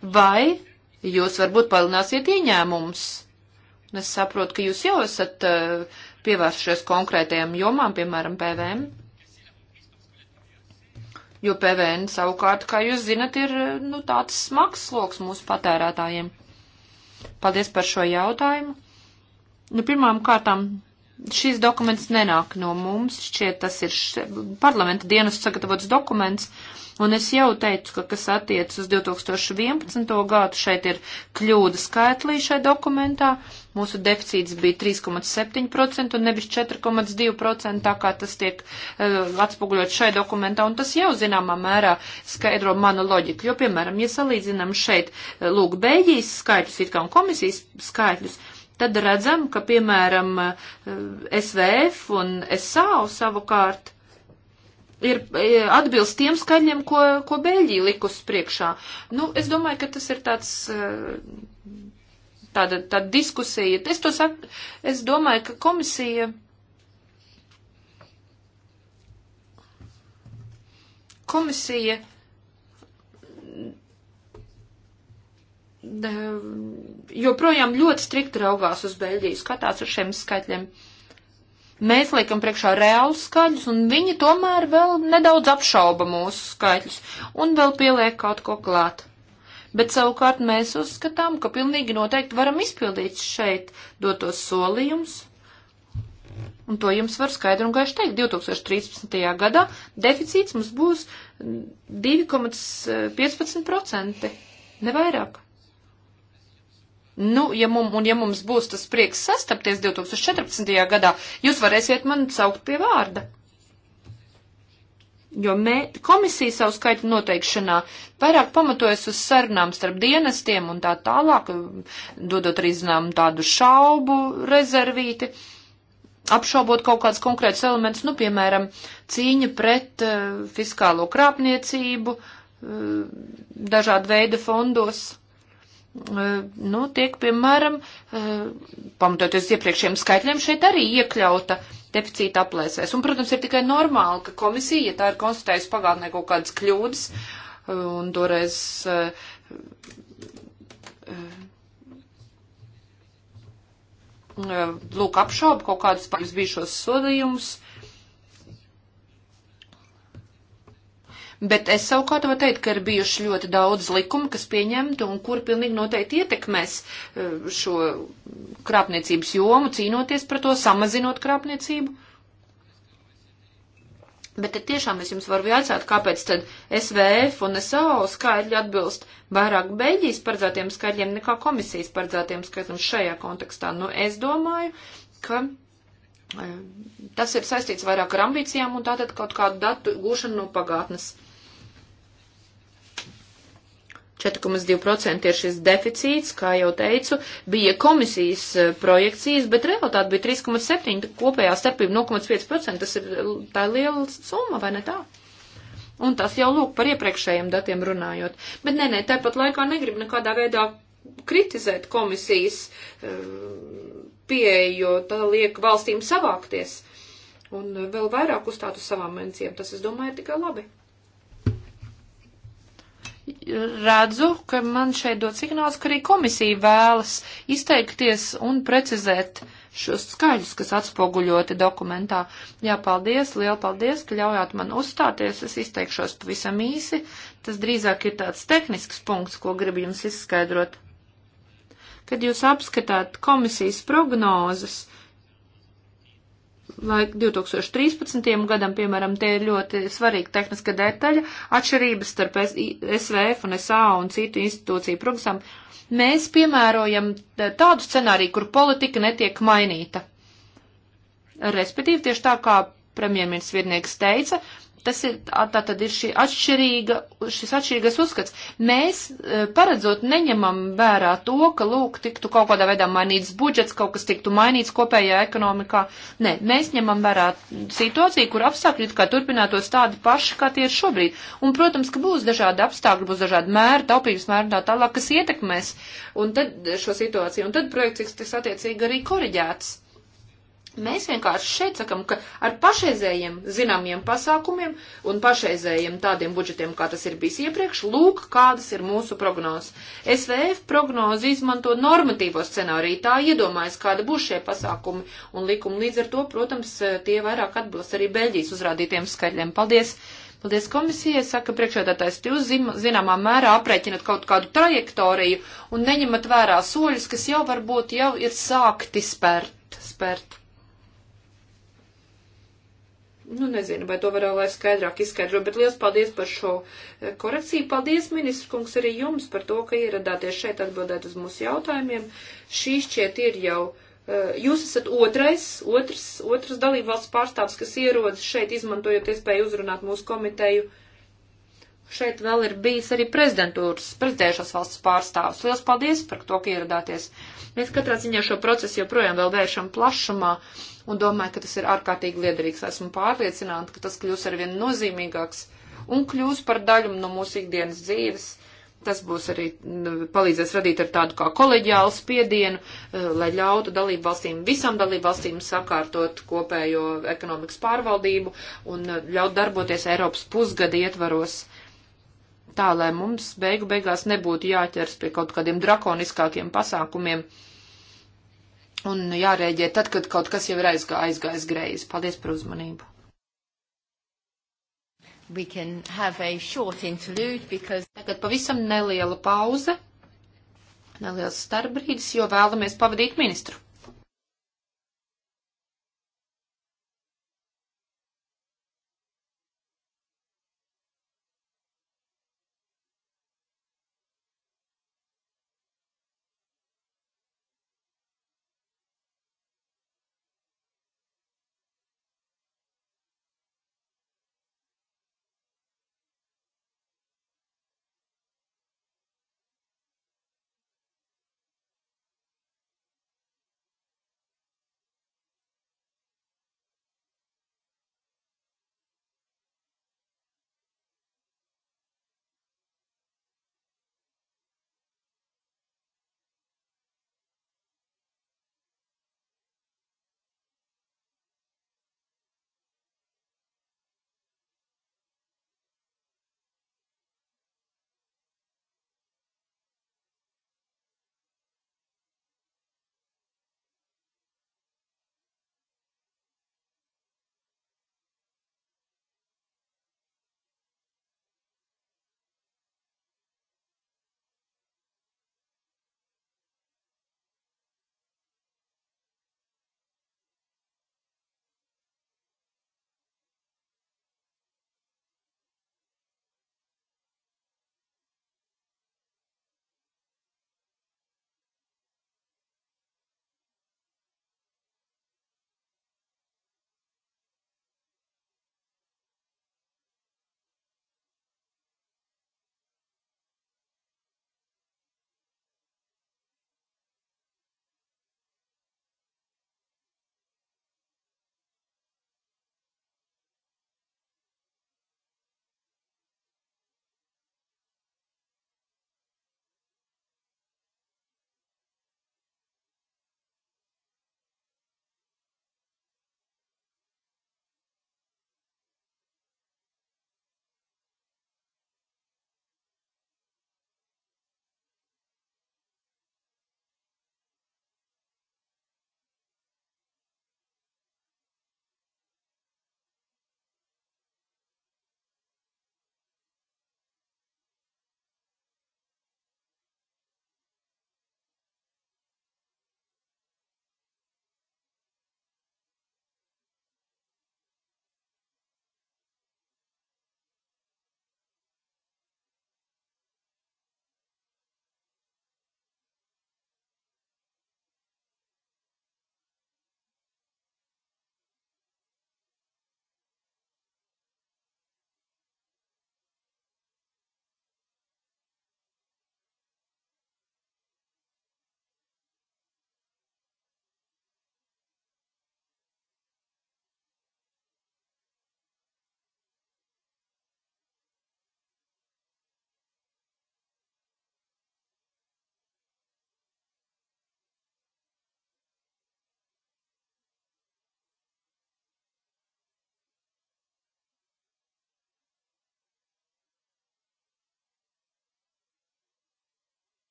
Vai jūs varbūt palielināsiet ieņēmumus. Es saprotu, ka jūs jau esat eh, pievērsušies konkrētajām jomām, piemēram, PVM. Jo PVN savukārt, kā jūs zinat, ir eh, nu, tāds smags sloks mūsu patērētājiem. Paldies par šo jautājumu. Nu, pirmām kārtām šis dokuments nenāk no mums, šķiet tas ir še, parlamenta dienas sagatavots dokuments, Un es jau teicu, ka kas attiec uz 2011. gadu, šeit ir kļūda skaitlī šai dokumentā. Mūsu deficīts bija 3,7% un nevis 4,2%, tā kā tas tiek uh, e, atspoguļot šai dokumentā. Un tas jau zināmā mērā skaidro manu loģiku. Jo, piemēram, ja salīdzinām šeit, e, lūk, Beļģijas skaitļus, it kā un komisijas skaitļus, tad redzam, ka, piemēram, e, SVF un SAU savukārt ir e, atbilst tiem skaļiem, ko, ko Beļģija likus priekšā. Nu, es domāju, ka tas ir tāds. E, tāda, tāda diskusija. Es, to saku, es domāju, ka komisija komisija joprojām ļoti strikt raugās uz Beļģiju, skatās uz šiem skaitļiem. Uh, Mēs liekam priekšā reālus skaļus, un viņi tomēr vēl nedaudz apšauba mūsu skaļus, un vēl pieliek kaut ko klāt. Bet savukārt mēs uzskatām, ka pilnīgi noteikti varam izpildīt šeit dotos solījums, un to jums var skaidri un gaiši teikt. 2013. gadā deficīts mums būs 2,15%, eh, nevairāk. Nu, ja mum, un ja mums būs tas prieks sastapties 2014. gadā, jūs varēsiet mani saukt pie vārda. Jo mē, komisija savu skaitu noteikšanā vairāk pamatojas uz sarunām starp dienestiem un tā tālāk, dodot arī zinām tādu šaubu rezervīti, apšaubot kaut kāds konkrēts elements, nu, piemēram, cīņa pret uh, fiskālo krāpniecību uh, dažādu veidu fondos. Eh, nu, tiek, piemēram, eh, pamatoties iepriekšējiem skaitļiem, šeit arī iekļauta deficīta aplēsēs. Un, protams, ir tikai normāli, ka komisija, ja tā ir konstatējusi pagātnē kaut kādas kļūdas, eh, un toreiz lūk apšauba kaut kādus pašus bijušos sodījumus, uh, Bet es savukārt varu teikt, ka ir bijuši ļoti daudz likumu, kas pieņemti un kur pilnīgi noteikti ietekmēs e, šo krāpniecības jomu, cīnoties par to, samazinot krāpniecību. Bet tad tiešām es jums varu jautāt, kāpēc tad SVF un SAO skaidri atbilst vairāk Beļģijas paredzētiem skaidriem nekā komisijas paredzētiem skaidriem šajā kontekstā. Nu, es domāju, ka e, tas ir saistīts vairāk ar ambīcijām un tātad kaut kādu datu gūšanu no pagātnes. 4,2% ir šis deficīts, kā jau teicu, bija komisijas eh, projekcijas, bet realitāte bija 3,7%, kopējā starpība 0,5%, tas ir tā liela summa, vai ne tā? Un tas jau lūk par iepriekšējiem datiem runājot. Bet nē, nē, tāpat laikā negribu nekādā veidā kritizēt komisijas eh, pieeju, jo tā liek valstīm savākties. Un eh, vēl vairāk uzstāt uz savām mencijām, tas, es domāju, ir tikai labi redzu, ka man šeit dod signāls, ka arī komisija vēlas izteikties un precizēt šos skaļus, kas atspoguļoti dokumentā. Jā, paldies, liela paldies, ka ļaujāt man uzstāties. Es izteikšos pavisam īsi. Tas drīzāk ir tāds tehnisks punkts, ko gribu jums izskaidrot. Kad jūs apskatāt komisijas prognozes, uh, laik 2013. gadam, piemēram, tie ir ļoti svarīga tehniska detaļa, atšķirības starp SVF un SA un citu institūciju programmām. Mēs piemērojam tādu scenāriju, kur politika netiek mainīta. Respektīvi, tieši tā kā premjerministrs Virnieks teica, Tas ir, tā tad ir šī atšķirīga, šis atšķirīgais uzskats. Mēs, e, paredzot, neņemam vērā to, ka, lūk, tiktu kaut kādā veidā mainīts budžets, kaut kas tiktu mainīts kopējā ekonomikā. Nē, mēs ņemam vērā situāciju, kur apstākļi kā turpinātos tādi paši, kā tie ir šobrīd. Un, protams, ka būs dažādi apstākļi, būs dažādi mēri, taupības mēri un tā tālāk, kas ietekmēs un tad, šo situāciju. Un tad projekts tiks attiecīgi arī koriģēts Mēs vienkārši šeit sakam, ka ar pašreizējiem zināmiem pasākumiem un pašreizējiem tādiem budžetiem, kā tas ir bijis iepriekš, lūk, kādas ir mūsu prognozes. SVF prognozi izmanto normatīvo scenāriju, tā iedomājas, kāda būs šie pasākumi un likumi. Līdz ar to, protams, tie vairāk atbilst arī Beļģijas uzrādītiem skaļiem. Paldies! Paldies komisijai, saka priekšādātājs, jūs zin, zināmā mērā aprēķinat kaut kādu trajektoriju un neņemat vērā soļus, kas jau varbūt jau ir sākti spērt. spērt. Nu, nezinu, vai to varēja lai skaidrāk izskaidro, bet liels paldies par šo eh, korekciju. Paldies, ministrs kungs, arī jums par to, ka ieradāties šeit atbildēt uz mūsu jautājumiem. Šī šķiet ir jau, eh, jūs esat otrais, otrs, otrs dalībvalsts pārstāvs, kas ierodas šeit, izmantojot iespēju uzrunāt mūsu komiteju. Šeit vēl ir bijis arī prezidentūras, prezidējušās valsts pārstāvs. Liels paldies par to, ka ieradāties. Mēs katrā ziņā šo procesu joprojām vēl vēršam plašumā un domāju, ka tas ir ārkārtīgi liederīgs. Esmu pārliecināta, ka tas kļūs arvien nozīmīgāks un kļūs par daļu no mūsu ikdienas dzīves. Tas būs arī palīdzēs radīt ar tādu kā koleģiālu spiedienu, eh, lai ļautu dalību valstīm, visām dalību valstīm sakārtot kopējo ekonomikas pārvaldību un eh, ļaut darboties Eiropas pusgada ietvaros. Tā, lai mums beigu beigās nebūtu jāķers pie kaut kādiem drakoniskākiem pasākumiem, uh, un jārēģē tad, kad kaut kas jau ir aizgā, aizgājis greizi. Paldies par uzmanību. Because... Tagad pavisam neliela pauze, neliels starpbrīdis, jo vēlamies pavadīt ministru.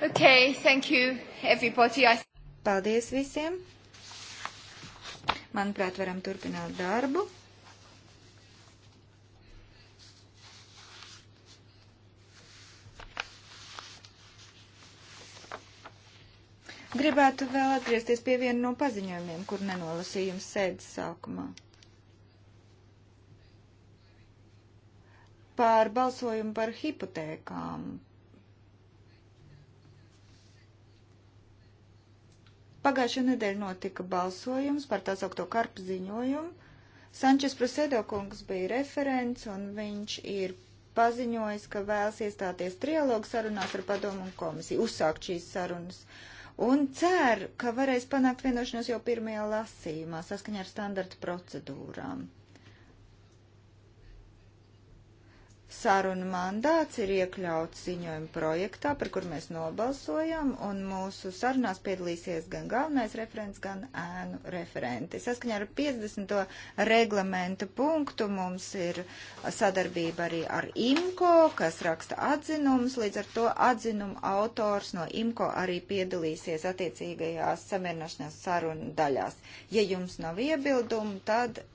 Okay, thank you everybody. I... Paldies visiem. Manuprāt, varam turpināt darbu. Gribētu vēl atgriezties pie viena no paziņojumiem, kur nenolasījums sēdes sākumā. Pār balsojumu par hipotēkām, Pagājušajā nedēļā notika balsojums par tā saukto karpu ziņojumu. Sančes Prusēdo kungs bija referents, un viņš ir paziņojis, ka vēlas iestāties trialogu sarunās ar padomu un komisiju, uzsākt šīs sarunas. Un cer, ka varēs panākt vienošanos jau pirmajā lasījumā saskaņā ar standarta procedūrām. Saruna mandāts ir iekļauts ziņojuma projektā, par kur mēs nobalsojam, un mūsu sarunās piedalīsies gan galvenais referents, gan ēnu referenti. Saskaņā ar 50. reglamentu punktu mums ir sadarbība arī ar IMCO, kas raksta atzinumus, līdz ar to atzinumu autors no IMCO arī piedalīsies attiecīgajās samierināšanās sarunu daļās. Ja jums nav iebildumu, tad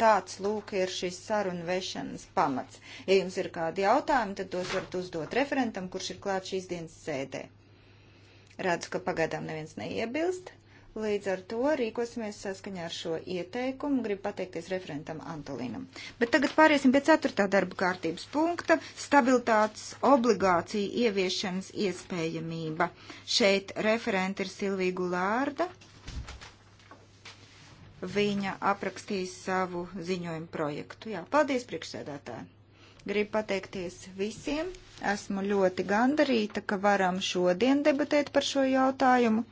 Tāds lūk ir šis sarunu vešanas pamats. Ja jums ir kādi jautājumi, tad tos varat uzdot referentam, kurš ir klāt šīs dienas sēdē. Redzu, ka pagaidām neviens neiebilst. Līdz ar to rīkosimies saskaņā ar šo ieteikumu. Gribu pateikties referentam Antolīnam. Bet tagad pāriesim pie ceturtā darba kārtības punkta - stabilitātes obligācija ieviešanas iespējamība. Šeit referenti ir Silvija Gulārda viņa aprakstīs savu ziņojumu projektu. Jā, paldies priekšsēdētāji! Gribu pateikties visiem. Esmu ļoti gandarīta, ka varam šodien debatēt par šo jautājumu.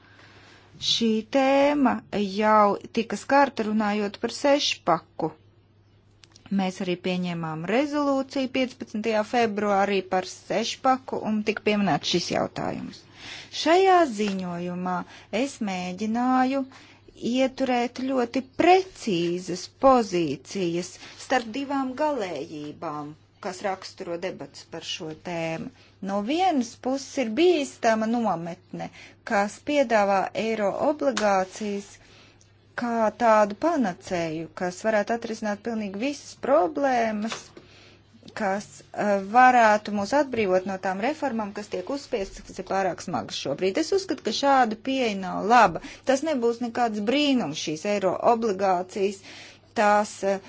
Šī tēma jau tika skārta runājot par sešpaku. Mēs arī pieņēmām rezolūciju 15. februārī par sešpaku un tik pieminēt šis jautājums. Šajā ziņojumā es mēģināju uh, ieturēt ļoti precīzas pozīcijas starp divām galējībām, kas raksturo debats par šo tēmu. No vienas puses ir bīstama nometne, kas piedāvā eiro obligācijas kā tādu panacēju, kas varētu atrisināt pilnīgi visas problēmas, kas eh, varētu mūs atbrīvot no tām reformām, kas tiek uzspiestas, kas ir pārāk smagas šobrīd. Es uzskatu, ka šāda pieeja nav laba. Tas nebūs nekāds brīnums šīs eiro obligācijas. Tās eh,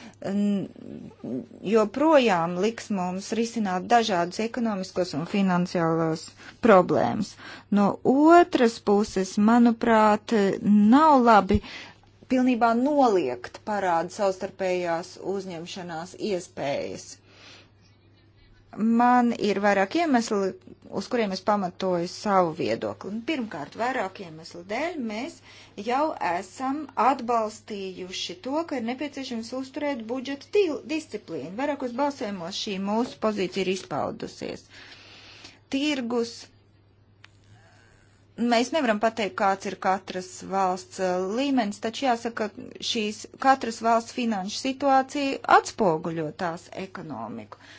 joprojām liks mums risināt dažādus ekonomiskos un finansiālos problēmas. No otras puses, manuprāt, nav labi pilnībā noliegt parādu savstarpējās uzņemšanās iespējas man ir vairāk iemesli, uz kuriem es pamatoju savu viedokli. Un pirmkārt, vairāk iemeslu dēļ mēs jau esam atbalstījuši to, ka ir nepieciešams uzturēt budžeta disciplīnu. Vairākos balsējumos šī mūsu pozīcija ir izpaudusies. Tirgus. Mēs nevaram pateikt, kāds ir katras valsts uh, līmenis, taču jāsaka, šīs katras valsts finanšu situācija atspoguļo tās ekonomiku. Uh,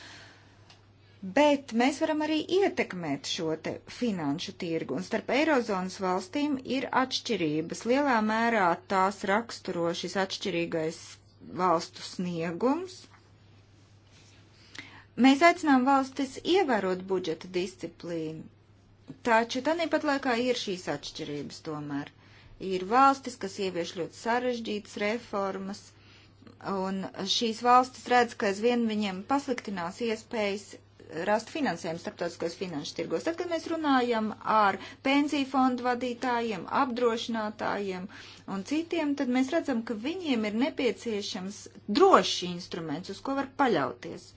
Bet mēs varam arī ietekmēt šo te finanšu tirgu, un starp Eirozonas valstīm ir atšķirības. Lielā mērā tās raksturo šis atšķirīgais valstu sniegums. Mēs aicinām valstis ievērot budžeta disciplīnu, taču tāpat laikā ir šīs atšķirības tomēr. Ir valstis, kas ievieš ļoti sarežģītas reformas, un šīs valstis redz, ka aizvien viņiem pasliktinās iespējas rast finansējumu starptautiskos finanšu tirgos. Tad, kad mēs runājam ar pensiju fondu vadītājiem, apdrošinātājiem un citiem, tad mēs redzam, ka viņiem ir nepieciešams drošs instruments, uz ko var paļauties.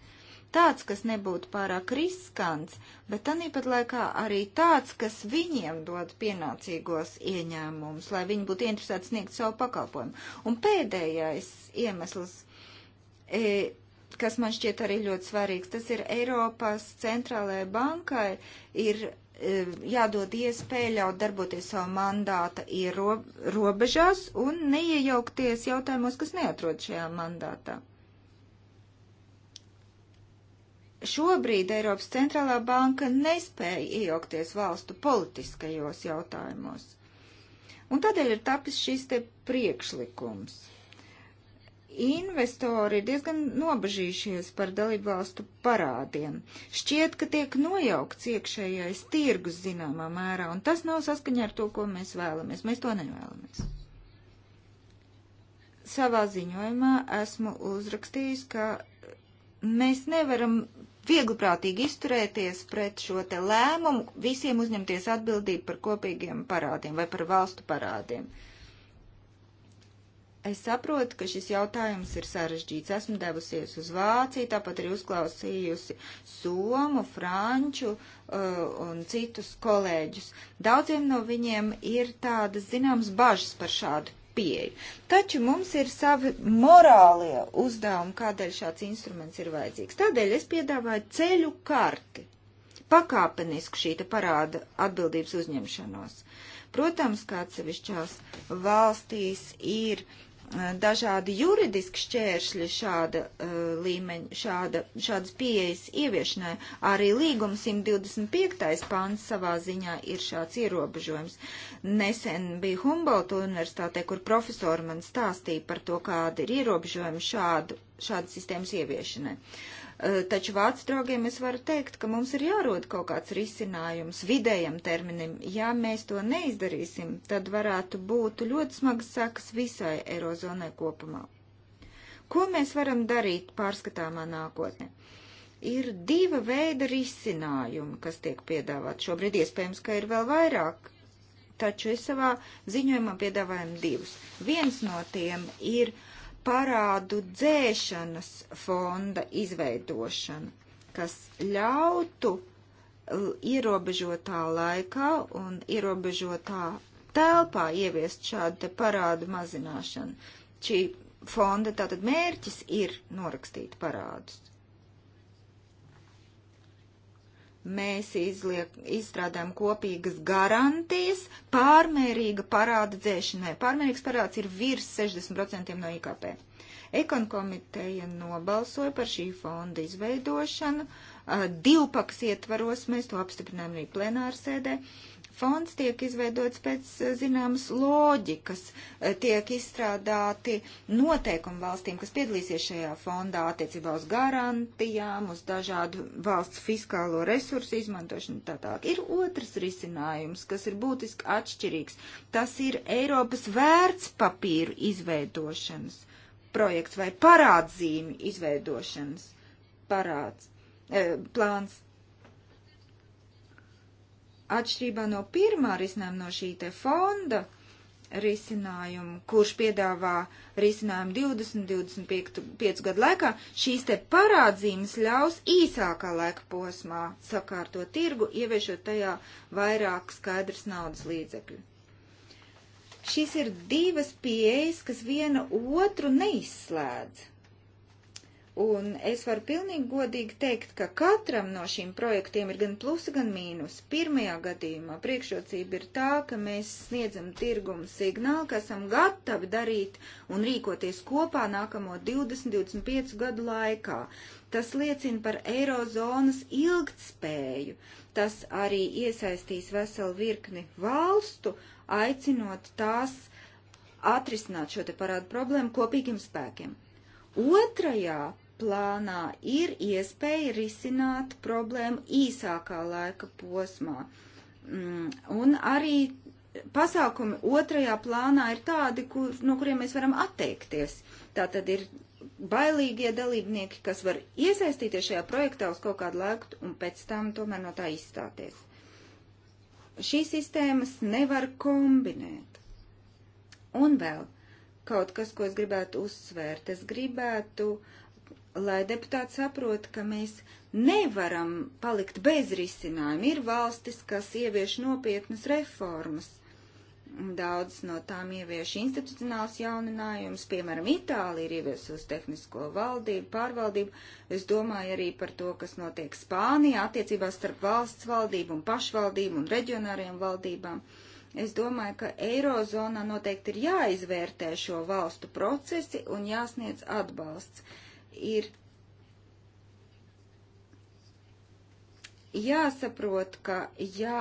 Tāds, kas nebūtu pārāk riskants, bet tāpat laikā arī tāds, kas viņiem dod pienācīgos ieņēmumus, lai viņi būtu interesēti sniegt savu pakalpojumu. Un pēdējais iemesls. E, kas man šķiet arī ļoti svarīgs, tas ir Eiropas centrālajai bankai ir e, jādod iespēja ļaut darboties savu mandāta robežās un neiejaukties jautājumos, kas neatrod šajā mandātā. Šobrīd Eiropas centrālā banka nespēja iejaukties valstu politiskajos jautājumos. Un tādēļ ir tapis šis te priekšlikums – investori ir diezgan nobežījušies par dalību valstu parādiem. Šķiet, ka tiek nojaukts iekšējais tirgus zināmā mērā, un tas nav saskaņā ar to, ko mēs vēlamies. Mēs to nevēlamies. Savā ziņojumā esmu uzrakstījis, ka mēs nevaram viegliprātīgi izturēties pret šo te lēmumu visiem uzņemties atbildību par kopīgiem parādiem vai par valstu parādiem. Uh, Es saprotu, ka šis jautājums ir sarežģīts. Esmu devusies uz Vāciju, tāpat arī uzklausījusi Somu, Franču uh, un citus kolēģus. Daudziem no viņiem ir tādas zināmas bažas par šādu pieeju. Taču mums ir savi morālie uzdevumi, kādēļ šāds instruments ir vajadzīgs. Tādēļ es piedāvāju ceļu karti, pakāpenisku šīta parāda atbildības uzņemšanos. Protams, kā atsevišķās valstīs ir dažādi juridiski šķēršļi šāda uh, līmeņa, šāda, šādas pieejas ieviešanai. Arī līguma 125. pāns savā ziņā ir šāds ierobežojums. Nesen bija Humboldt universitātē, kur profesori man stāstīja par to, kāda ir ierobežojuma šādu, šādas sistēmas ieviešanai. Uh, Eh, taču vācu draugiem es varu teikt, ka mums ir jārod kaut kāds risinājums vidējam terminim. Ja mēs to neizdarīsim, tad varētu būt ļoti smagas sekas visai Eirozonai kopumā. Ko mēs varam darīt pārskatāmā nākotnē? Ir diva veida risinājumi, kas tiek piedāvāt. Šobrīd iespējams, ka ir vēl vairāk, taču es savā ziņojumā piedāvājumu divus. Viens no tiem ir uh, parādu dzēšanas fonda izveidošana, kas ļautu ierobežotā laikā un ierobežotā telpā ieviest šādu parādu mazināšanu. Šī fonda tātad mērķis ir norakstīt parādus. Mēs izliek, izstrādājam kopīgas garantijas pārmērīga parāda dzēšanai. Pārmērīgs parāds ir virs 60% no IKP. Ekonkomiteja nobalsoja par šī fonda izveidošanu. Divpaks ietvaros mēs to apstiprinājām arī plenārsēdē. Ar Fonds tiek izveidots pēc eh, zināmas loģikas, eh, tiek izstrādāti noteikumi valstīm, kas piedalīsies šajā fondā attiecībā uz garantijām, uz dažādu valsts fiskālo resursu izmantošanu un tā tālāk. Ir otrs risinājums, kas ir būtiski atšķirīgs. Tas ir Eiropas vērtspapīru izveidošanas projekts vai parādzīmi izveidošanas parāds, e, plāns. Atšķirībā no pirmā risinājuma no šī te fonda risinājumu, kurš piedāvā risinājumu 20, 25 gadu laikā, šīs te parādzīmes ļaus īsākā laika posmā sakārtot tirgu, ieviešot tajā vairāk skaidrs naudas līdzekļu. Šīs ir divas pieejas, kas viena otru neizslēdz. Un es varu pilnīgi godīgi teikt, ka katram no šīm projektiem ir gan plusi, gan mīnus. Pirmajā gadījumā priekšrocība ir tā, ka mēs sniedzam tirgumu signālu, ka esam gatavi darīt un rīkoties kopā nākamo 20-25 gadu laikā. Tas liecina par eirozonas ilgtspēju. Tas arī iesaistīs veselu virkni valstu, aicinot tās atrisināt šo te parādu problēmu kopīgiem spēkiem. Otrajā plānā ir iespēja risināt problēmu īsākā laika posmā. Mm, un arī pasākumi otrajā plānā ir tādi, kur, no kuriem mēs varam atteikties. Tā tad ir bailīgie dalībnieki, kas var iesaistīties šajā projektā uz kaut kādu laiku un pēc tam tomēr no tā izstāties. Šīs sistēmas nevar kombinēt. Un vēl kaut kas, ko es gribētu uzsvērt. Es gribētu uh, lai deputāti saprot, ka mēs nevaram palikt bez risinājuma. Ir valstis, kas ievieš nopietnas reformas. Daudz no tām ievieš institucionāls jauninājums, piemēram, Itālija ir ieviesusi tehnisko valdību, pārvaldību. Es domāju arī par to, kas notiek Spānijā attiecībās starp valsts valdību un pašvaldību un reģionāriem valdībām. Es domāju, ka Eirozonā noteikti ir jāizvērtē šo valstu procesi un jāsniedz atbalsts ir jāsaprot, ka ja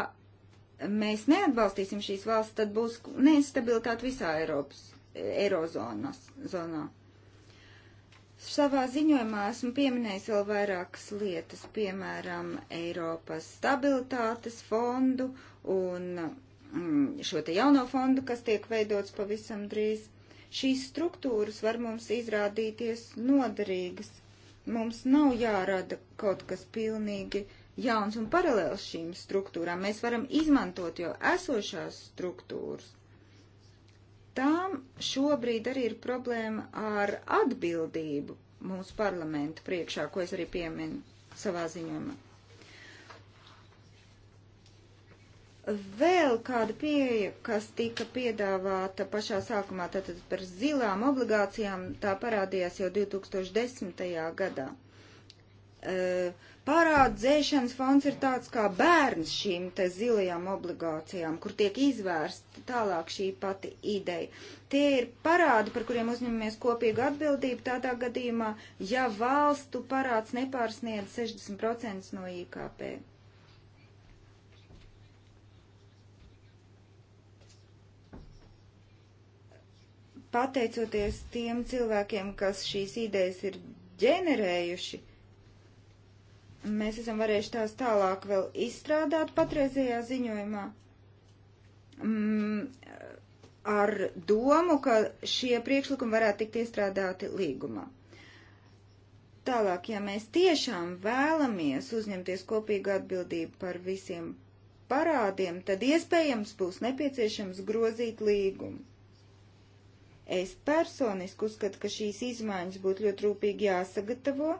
mēs neatbalstīsim šīs valsts, tad būs nestabilitāte visā Eiropas, Eirozonas zonā. Savā ziņojumā esmu pieminējis vēl vairākas lietas, piemēram, Eiropas stabilitātes fondu un mm, šo te jauno fondu, kas tiek veidots pavisam drīz. Šīs struktūras var mums izrādīties noderīgas. Mums nav jārada kaut kas pilnīgi jauns un paralēls šīm struktūrām. Mēs varam izmantot jau esošās struktūras. Tām šobrīd arī ir problēma ar atbildību mūsu parlamentu priekšā, ko es arī pieminu savā ziņojumā. Vēl kāda pieeja, kas tika piedāvāta pašā sākumā, tātad par zilām obligācijām, tā parādījās jau 2010. gadā. E, Parādzēšanas fonds ir tāds kā bērns šīm te zilajām obligācijām, kur tiek izvērsta tālāk šī pati ideja. Tie ir parādi, par kuriem uzņemamies kopīgu atbildību tādā gadījumā, ja valstu parāds nepārsniedz 60% no IKP. pateicoties tiem cilvēkiem, kas šīs idejas ir ģenerējuši, mēs esam varējuši tās tālāk vēl izstrādāt patreizajā ziņojumā. Mm, ar domu, ka šie priekšlikumi varētu tikt iestrādāti līgumā. Tālāk, ja mēs tiešām vēlamies uzņemties kopīgu atbildību par visiem parādiem, tad iespējams būs nepieciešams grozīt līgumu Es personiski uzskatu, ka šīs izmaiņas būtu ļoti rūpīgi jāsagatavo.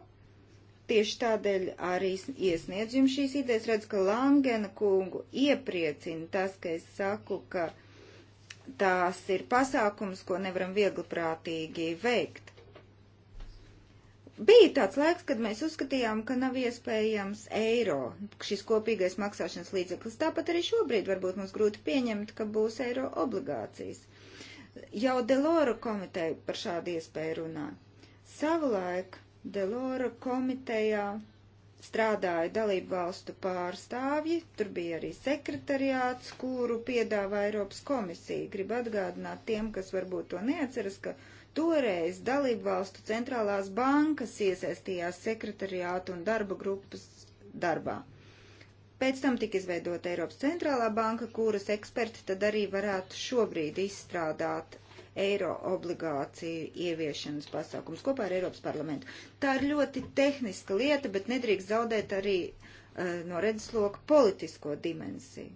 Tieši tādēļ arī iesniedzu jums šīs idejas. Redzu, ka Langena kungu iepriecina tas, ka es saku, ka tās ir pasākums, ko nevaram viegli prātīgi veikt. Bija tāds laiks, kad mēs uzskatījām, ka nav iespējams eiro, šis kopīgais maksāšanas līdzeklis. Tāpat arī šobrīd varbūt mums grūti pieņemt, ka būs eiro obligācijas. Jau Delora komiteja par šādu iespēju runā. Savulaik Delora komitejā strādāja dalību valstu pārstāvji, tur bija arī sekretariāts, kuru piedāvā Eiropas komisija. Gribu atgādināt tiem, kas varbūt to neatceras, ka toreiz dalību valstu centrālās bankas iesaistījās sekretariātu un darba grupas darbā. Pēc tam tika izveidota Eiropas centrālā banka, kuras eksperti tad arī varētu šobrīd izstrādāt eiro obligāciju ieviešanas pasākums kopā ar Eiropas parlamentu. Tā ir ļoti tehniska lieta, bet nedrīkst zaudēt arī uh, no redzesloka politisko dimensiju.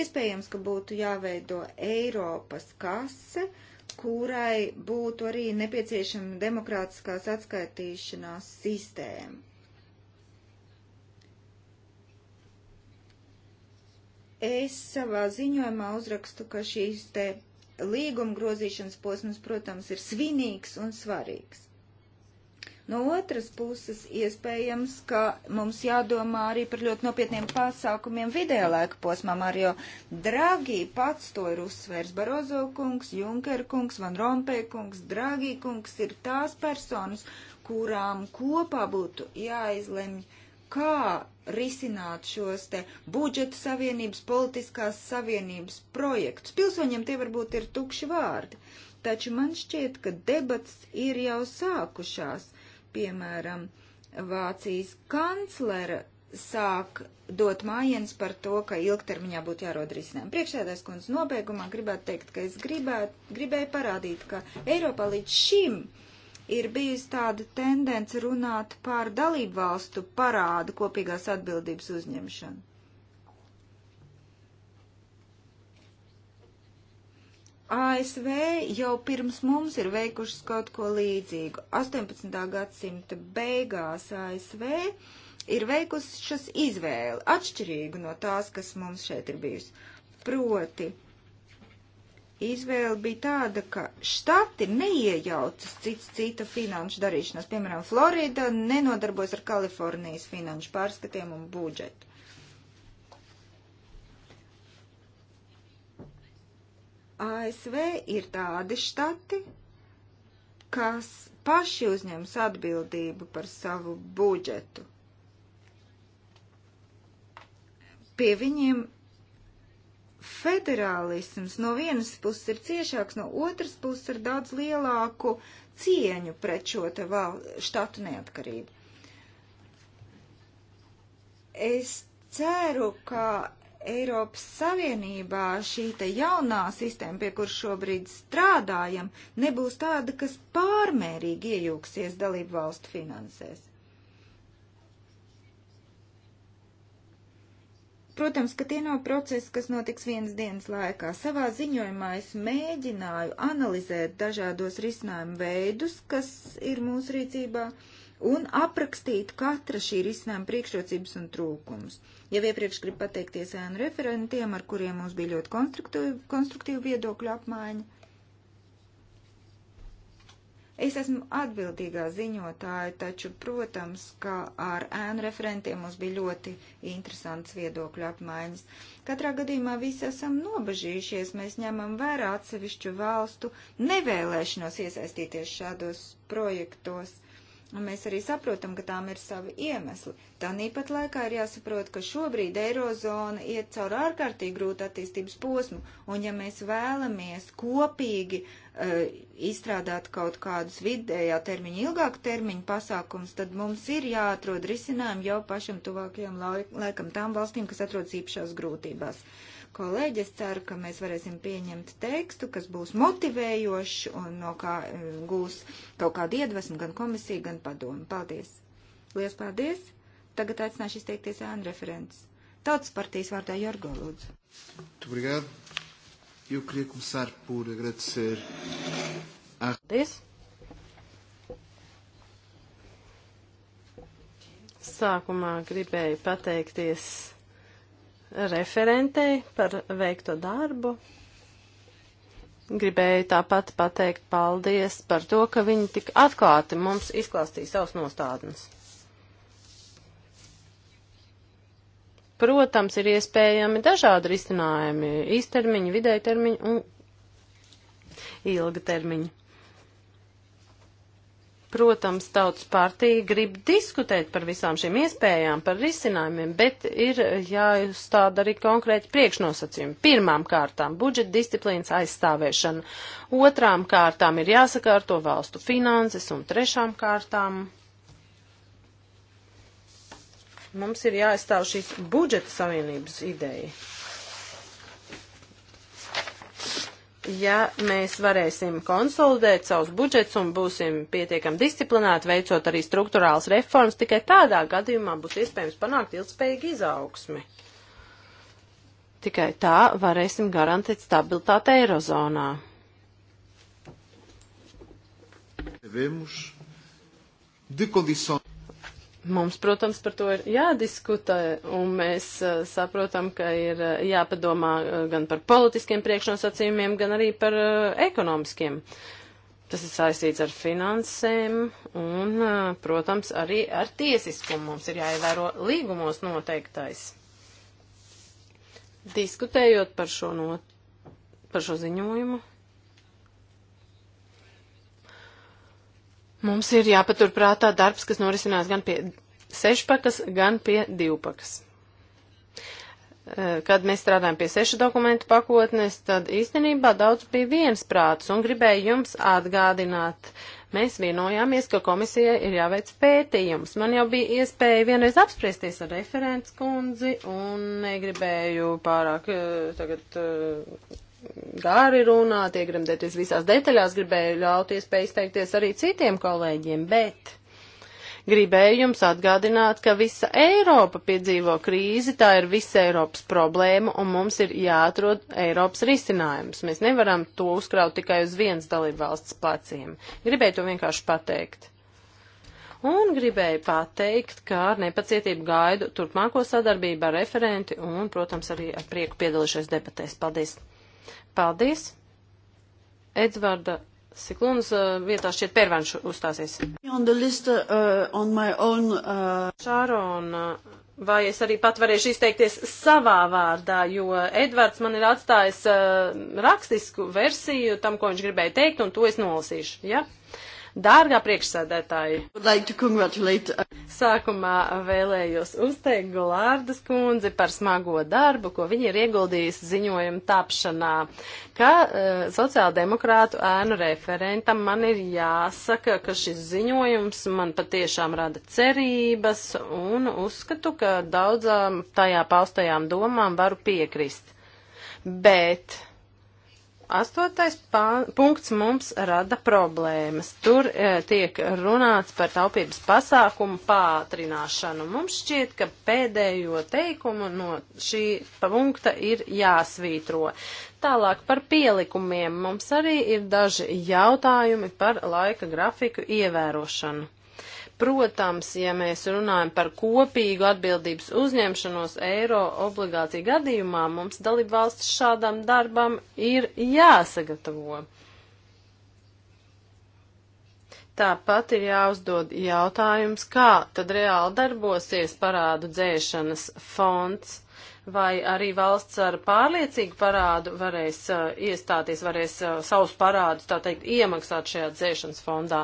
Iespējams, ka būtu jāveido Eiropas kase, kurai būtu arī nepieciešama demokrātiskās atskaitīšanās sistēma Es savā ziņojumā uzrakstu, ka šīs te līguma grozīšanas posms, protams, ir svinīgs un svarīgs. No otras puses, iespējams, ka mums jādomā arī par ļoti nopietniem pasākumiem vidējā laika posmā, Mario Dragi pats to ir uzsvērs Barozo kungs, Junker kungs, Van Rompē kungs, Dragi kungs ir tās personas, kurām kopā būtu jāizlemj, kā risināt šos te budžeta savienības, politiskās savienības projektus. Pilsoņiem tie varbūt ir tukši vārdi, taču man šķiet, ka debats ir jau sākušās. Piemēram, Vācijas kanclera sāk dot mājienas par to, ka ilgtermiņā būtu jārod risinājumi. Priekšsēdājs kundze nobeigumā gribētu teikt, ka es gribētu, gribēju parādīt, ka Eiropā līdz šim uh, ir bijusi tāda tendence runāt par dalību valstu parādu kopīgās atbildības uzņemšanu. ASV jau pirms mums ir veikušas kaut ko līdzīgu. 18. gadsimta beigās ASV ir veikusi šas izvēli, atšķirīgu no tās, kas mums šeit ir bijusi. Proti, izvēle bija tāda, ka štati neiejaucas cits cita finanšu darīšanās. Piemēram, Florida nenodarbojas ar Kalifornijas finanšu pārskatiem un budžetu. ASV ir tādi štati, kas paši uzņems atbildību par savu budžetu. Pie viņiem federālisms no vienas puses ir ciešāks, no otras puses ir daudz lielāku cieņu pret šo te val, štatu neatkarību. Es ceru, ka Eiropas Savienībā šī te jaunā sistēma, pie kuras šobrīd strādājam, nebūs tāda, kas pārmērīgi iejūksies dalību valstu finansēs. Protams, ka tie nav procesi, kas notiks vienas dienas laikā. Savā ziņojumā es mēģināju analizēt dažādos risinājumu veidus, kas ir mūsu rīcībā, un aprakstīt katra šī risinājuma priekšrocības un trūkumus. Jau iepriekš gribu pateikties ēnu referentiem, ar kuriem mums bija ļoti konstruktīva viedokļu apmaiņa. Es esmu atbildīgā ziņotāja, taču, protams, ka ar ēnu referentiem mums bija ļoti interesants viedokļu apmaiņas. Katrā gadījumā visi esam nobežījušies, mēs ņemam vērā atsevišķu valstu nevēlēšanos iesaistīties šādos projektos. Un mēs arī saprotam, ka tām ir savi iemesli. Tāpat laikā ir jāsaprot, ka šobrīd Eirozona iet cauri ārkārtīgi grūtu attīstības posmu, un ja mēs vēlamies kopīgi uh, E, izstrādāt kaut kādus vidējā termiņa, ilgāka termiņa pasākums, tad mums ir jāatrod risinājumi jau pašam tuvākajam laikam tām valstīm, kas atrodas īpašās grūtībās. Kolēģi, es ceru, ka mēs varēsim pieņemt tekstu, kas būs motivējošs un no kā e, gūs kaut kādu iedvesmu gan komisija, gan padomu. Paldies! Lielas paldies! Tagad aicināšu izteikties ēnu referents. Tautas partijas vārdā Jorgo Lūdzu. Tu brigādi! Eu queria começar por agradecer à... Paldies. Sākumā gribēju pateikties referentei par veikto darbu. Gribēju tāpat pateikt paldies par to, ka viņi tik atklāti mums izklāstīja savus nostādnes. protams, ir iespējami dažādi risinājumi - īstermiņa, vidēja termiņa un ilga termiņa. Protams, tautas partija grib diskutēt par visām šīm iespējām, par risinājumiem, bet ir jāuzstāda arī konkrēti priekšnosacījumi. Pirmām kārtām budžeta disciplīnas aizstāvēšana, otrām kārtām ir jāsakārto valstu finanses un trešām kārtām Mums ir jāaizstāv šīs budžeta savienības ideja. Ja mēs varēsim konsolidēt savus budžets un būsim pietiekami disciplināti, veicot arī struktūrāls reformas, tikai tādā gadījumā būs iespējams panākt ilgspējīgu izaugsmi. Tikai tā varēsim garantēt stabilitāti Eirozonā. Devemos de condições. Mums, protams, par to ir jādiskutē, un mēs uh, saprotam, ka ir uh, jāpadomā uh, gan par politiskiem priekšnosacījumiem, gan arī par ekonomiskiem. Tas ir saistīts ar finansēm un, protams, arī ar tiesiskumu. Mums ir jāievēro līgumos noteiktais. Diskutējot par šo, not, par šo ziņojumu. Mums ir jāpaturprātā darbs, kas norisinās gan pie sešpakas, gan pie divpakas. Eh, kad mēs strādājam pie sešu dokumentu pakotnes, tad īstenībā daudz bija viensprāts un gribēju jums atgādināt. Mēs vienojāmies, ka komisijai ir jāveic pētījums. Man jau bija iespēja vienreiz apspriesties ar referents kundzi un negribēju pārāk eh, tagad eh, gari runā, tiek gremdēties visās detaļās, gribēju ļaut iespēju izteikties arī citiem kolēģiem, bet gribēju jums atgādināt, ka visa Eiropa piedzīvo krīzi, tā ir visa Eiropas problēma, un mums ir jāatrod Eiropas risinājums. Mēs nevaram to uzkraut tikai uz viens dalību valsts pleciem. Gribēju to vienkārši pateikt. Un gribēju pateikt, ka ar nepacietību gaidu turpmāko sadarbību ar referenti un, protams, arī ar prieku piedalīšos debatēs. Paldies! Paldies! Edvarda Siklunas uh, vietā šķiet pērvanš uzstāsies. List, uh, own, uh... Šārona, uh, vai es arī pat varēšu izteikties savā vārdā, jo Edvards man ir atstājis uh, rakstisku versiju tam, ko viņš gribēja teikt, un to es nolasīšu. Ja? Uh, Dārgā priekšsēdētāji, like uh, sākumā vēlējos uzteikt Golārdas kundzi par smago darbu, ko viņa ir ieguldījusi ziņojuma tapšanā. Kā uh, sociāldemokrātu ēnu referentam man ir jāsaka, ka šis ziņojums man patiešām rada cerības un uzskatu, ka daudzām tajā paustajām domām varu piekrist. Bet Astotais pā, punkts mums rada problēmas. Tur e, tiek runāts par taupības pasākumu pātrināšanu. Mums šķiet, ka pēdējo teikumu no šī punkta ir jāsvītro. Tālāk par pielikumiem mums arī ir daži jautājumi par laika grafiku ievērošanu. Protams, ja mēs runājam par kopīgu atbildības uzņemšanos eiro obligāciju gadījumā, mums dalību valsts šādam darbam ir jāsagatavo. Tāpat ir jāuzdod jautājums, kā tad reāli darbosies parādu dzēšanas fonds vai arī valsts ar pārliecīgu parādu varēs uh, iestāties, varēs uh, savus parādus, tā teikt, iemaksāt šajā dzēšanas fondā,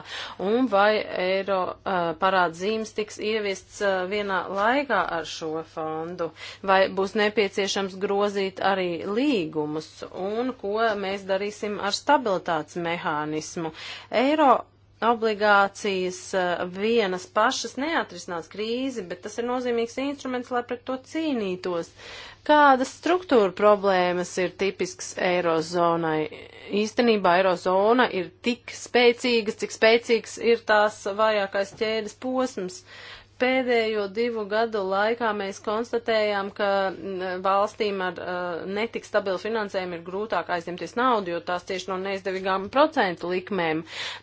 un vai eiro uh, parādzīmes tiks ieviests uh, vienā laikā ar šo fondu, vai būs nepieciešams grozīt arī līgumus, un ko mēs darīsim ar stabilitātes mehānismu. Eiro obligācijas eh, vienas pašas neatrisinās krīzi, bet tas ir nozīmīgs instruments, lai pret to cīnītos. Kādas struktūra problēmas ir tipisks Eirozonai? Īstenībā Eirozona ir tik spēcīga, cik spēcīgs ir tās vājākais ķēdes posms. Uh, Pēdējo divu gadu laikā mēs konstatējām, ka valstīm ar uh, netik stabilu finansējumu ir grūtāk aizņemties naudu, jo tās tieši no neizdevīgām procentu likmēm.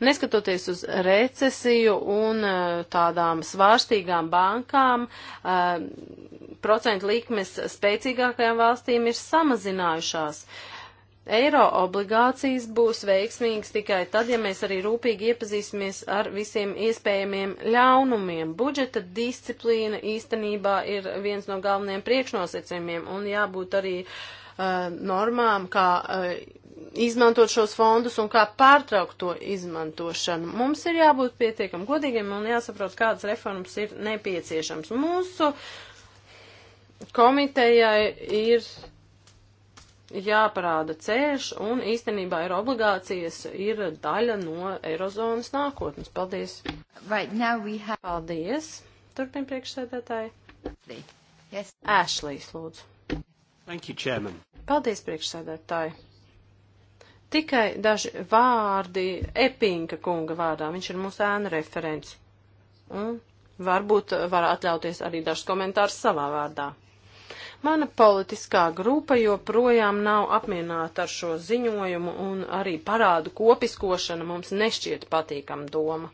Neskatoties uz recesiju un uh, tādām svārstīgām bankām, uh, procentu likmes spēcīgākajām valstīm ir samazinājušās. Uh, Eiro obligācijas būs veiksmīgas tikai tad, ja mēs arī rūpīgi iepazīsimies ar visiem iespējamiem ļaunumiem. Budžeta disciplīna īstenībā ir viens no galvenajiem priekšnosacījumiem un jābūt arī uh, normām, kā uh, izmantot šos fondus un kā pārtraukt to izmantošanu. Mums ir jābūt pietiekam godīgiem un jāsaprot, kādas reformas ir nepieciešams. Mūsu komitejai ir jāparāda ceļš, un īstenībā ir obligācijas, ir daļa no Eirozonas nākotnes. Paldies! Right, have... Paldies! Turpin priekšsēdētāji. Yes. Ēšlīs, lūdzu. Thank you, Chairman. Paldies, priekšsēdētāji. Tikai daži vārdi Epinka kunga vārdā. Viņš ir mūsu ēna referents. Un varbūt var atļauties arī dažs komentārs savā vārdā. Mana politiskā grupa joprojām nav apmierināta ar šo ziņojumu un arī parādu kopiskošana mums nešķiet patīkam doma.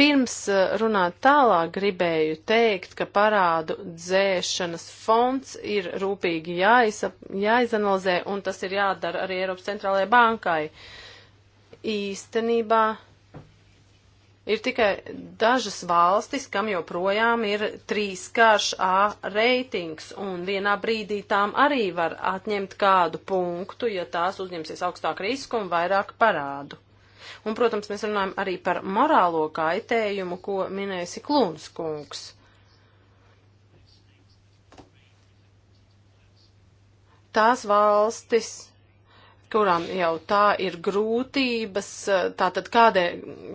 Pirms eh, runāt tālāk gribēju teikt, ka parādu dzēšanas fonds ir rūpīgi jāizap, jāizanalizē un tas ir jādara arī Eiropas centrālajai bankai. Īstenībā Ir tikai dažas valstis, kam joprojām ir trīskārš A reitings, un vienā brīdī tām arī var atņemt kādu punktu, ja tās uzņemsies augstāku risku un vairāk parādu. Un, protams, mēs runājam arī par morālo kaitējumu, ko minēja Siklūns kungs. Tās valstis, kurām jau tā ir grūtības, eh, tātad kādē,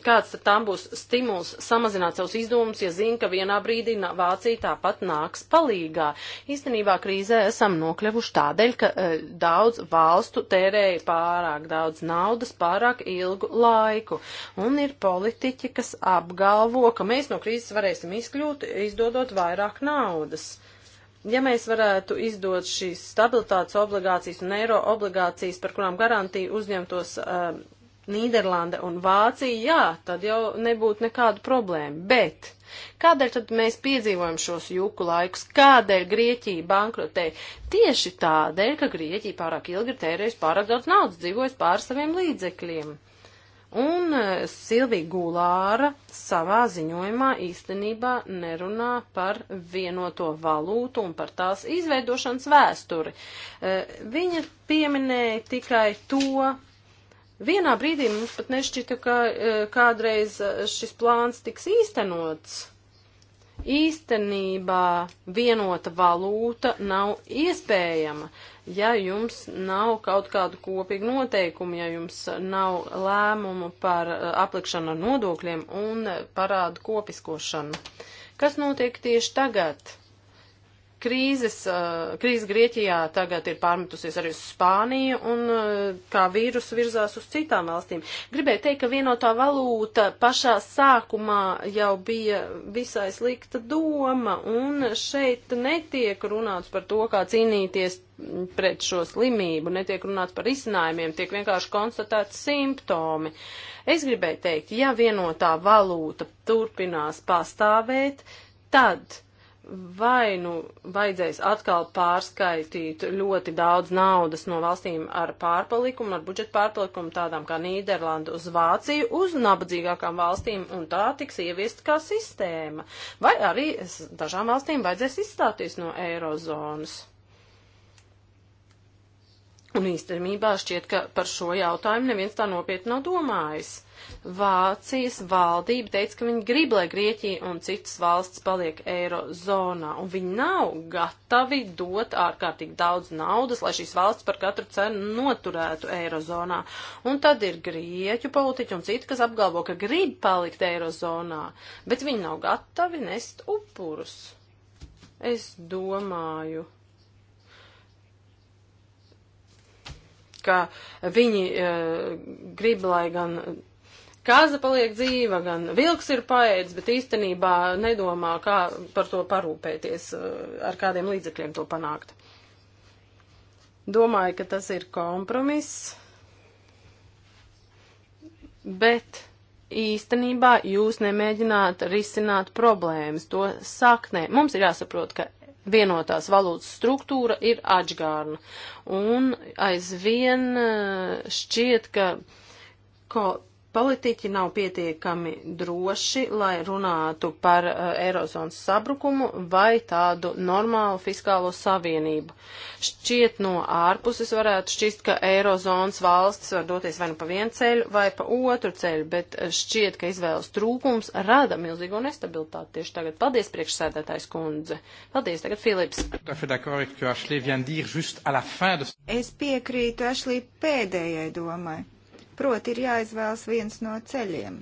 kāds tad tām būs stimuls samazināt savus izdevumus, ja zina, ka vienā brīdī Vācija tāpat nāks palīgā. Īstenībā krīzē esam nokļuvuši tādēļ, ka e, daudz valstu tērēja pārāk daudz naudas, pārāk ilgu laiku. Un ir politiķi, kas apgalvo, ka mēs no krīzes varēsim izkļūt, izdodot vairāk naudas. Ja mēs varētu izdot šīs stabilitātes obligācijas un eiro obligācijas, par kurām garantija uzņemtos uh, Nīderlanda un Vācija, jā, tad jau nebūtu nekādu problēmu. Bet kādēļ tad mēs piedzīvojam šos juku laikus? Kādēļ Grieķija bankrotē? Tieši tādēļ, ka Grieķija pārāk ilgi ir tērējusi pārāk daudz naudas, dzīvojas pār saviem līdzekļiem. Un e, Silvija Gulāra savā ziņojumā īstenībā nerunā par vienoto valūtu un par tās izveidošanas vēsturi. E, Viņa pieminēja tikai to, vienā brīdī mums pat nešķita, ka e, kādreiz šis plāns tiks īstenots īstenībā vienota valūta nav iespējama, ja jums nav kaut kādu kopīgu noteikumu, ja jums nav lēmumu par uh, aplikšanu ar nodokļiem un parādu kopiskošanu. Kas notiek tieši tagad? krīzes, krīze Grieķijā tagad ir pārmetusies arī uz Spāniju un kā vīrus virzās uz citām valstīm. Gribēju teikt, ka vienotā valūta pašā sākumā jau bija visai slikta doma un šeit netiek runāts par to, kā cīnīties pret šo slimību, netiek runāts par izcinājumiem, tiek vienkārši konstatēti simptomi. Es gribēju teikt, ja vienotā valūta turpinās pastāvēt, tad vai nu vajadzēs atkal pārskaitīt ļoti daudz naudas no valstīm ar pārpalikumu, ar budžetu pārpalikumu, tādām kā Nīderlanda uz Vāciju, uz nabadzīgākām valstīm, un tā tiks ieviest kā sistēma. Vai arī dažām valstīm vajadzēs izstāties no eirozonas. Un īstenībā šķiet, ka par šo jautājumu neviens tā nopietni nav domājis. Vācijas valdība teica, ka viņi grib, lai Grieķija un citas valsts paliek eirozonā, un viņi nav gatavi dot ārkārtīgi daudz naudas, lai šīs valsts par katru cenu noturētu eirozonā. Un tad ir Grieķu politiķi un citi, kas apgalvo, ka grib palikt eirozonā, bet viņi nav gatavi nest upurus. Es domāju. ka viņi uh, grib, lai gan kaza paliek dzīva, gan vilks ir paēdis, bet īstenībā nedomā, kā par to parūpēties, eh, ar kādiem līdzekļiem to panākt. Domāju, ka tas ir kompromiss, bet īstenībā jūs nemēģināt risināt problēmas to saknē. Mums ir jāsaprot, ka vienotās valūtas struktūra ir atžgārna, un aizvien eh, šķiet, ka ko Politiķi nav pietiekami droši, lai runātu par uh, Eirozonas sabrukumu vai tādu normālu fiskālo savienību. Šķiet no ārpuses varētu šķist, ka Eirozonas valstis var doties vai nu pa vienu ceļu, vai pa otru ceļu, bet uh, šķiet, ka izvēles trūkums rada milzīgo nestabilitāti tieši tagad. Paldies, priekšsēdētājs kundze. Paldies, tagad Filips. Es piekrītu Ašlī pēdējai domai. Proti, ir jāizvēlas viens no ceļiem.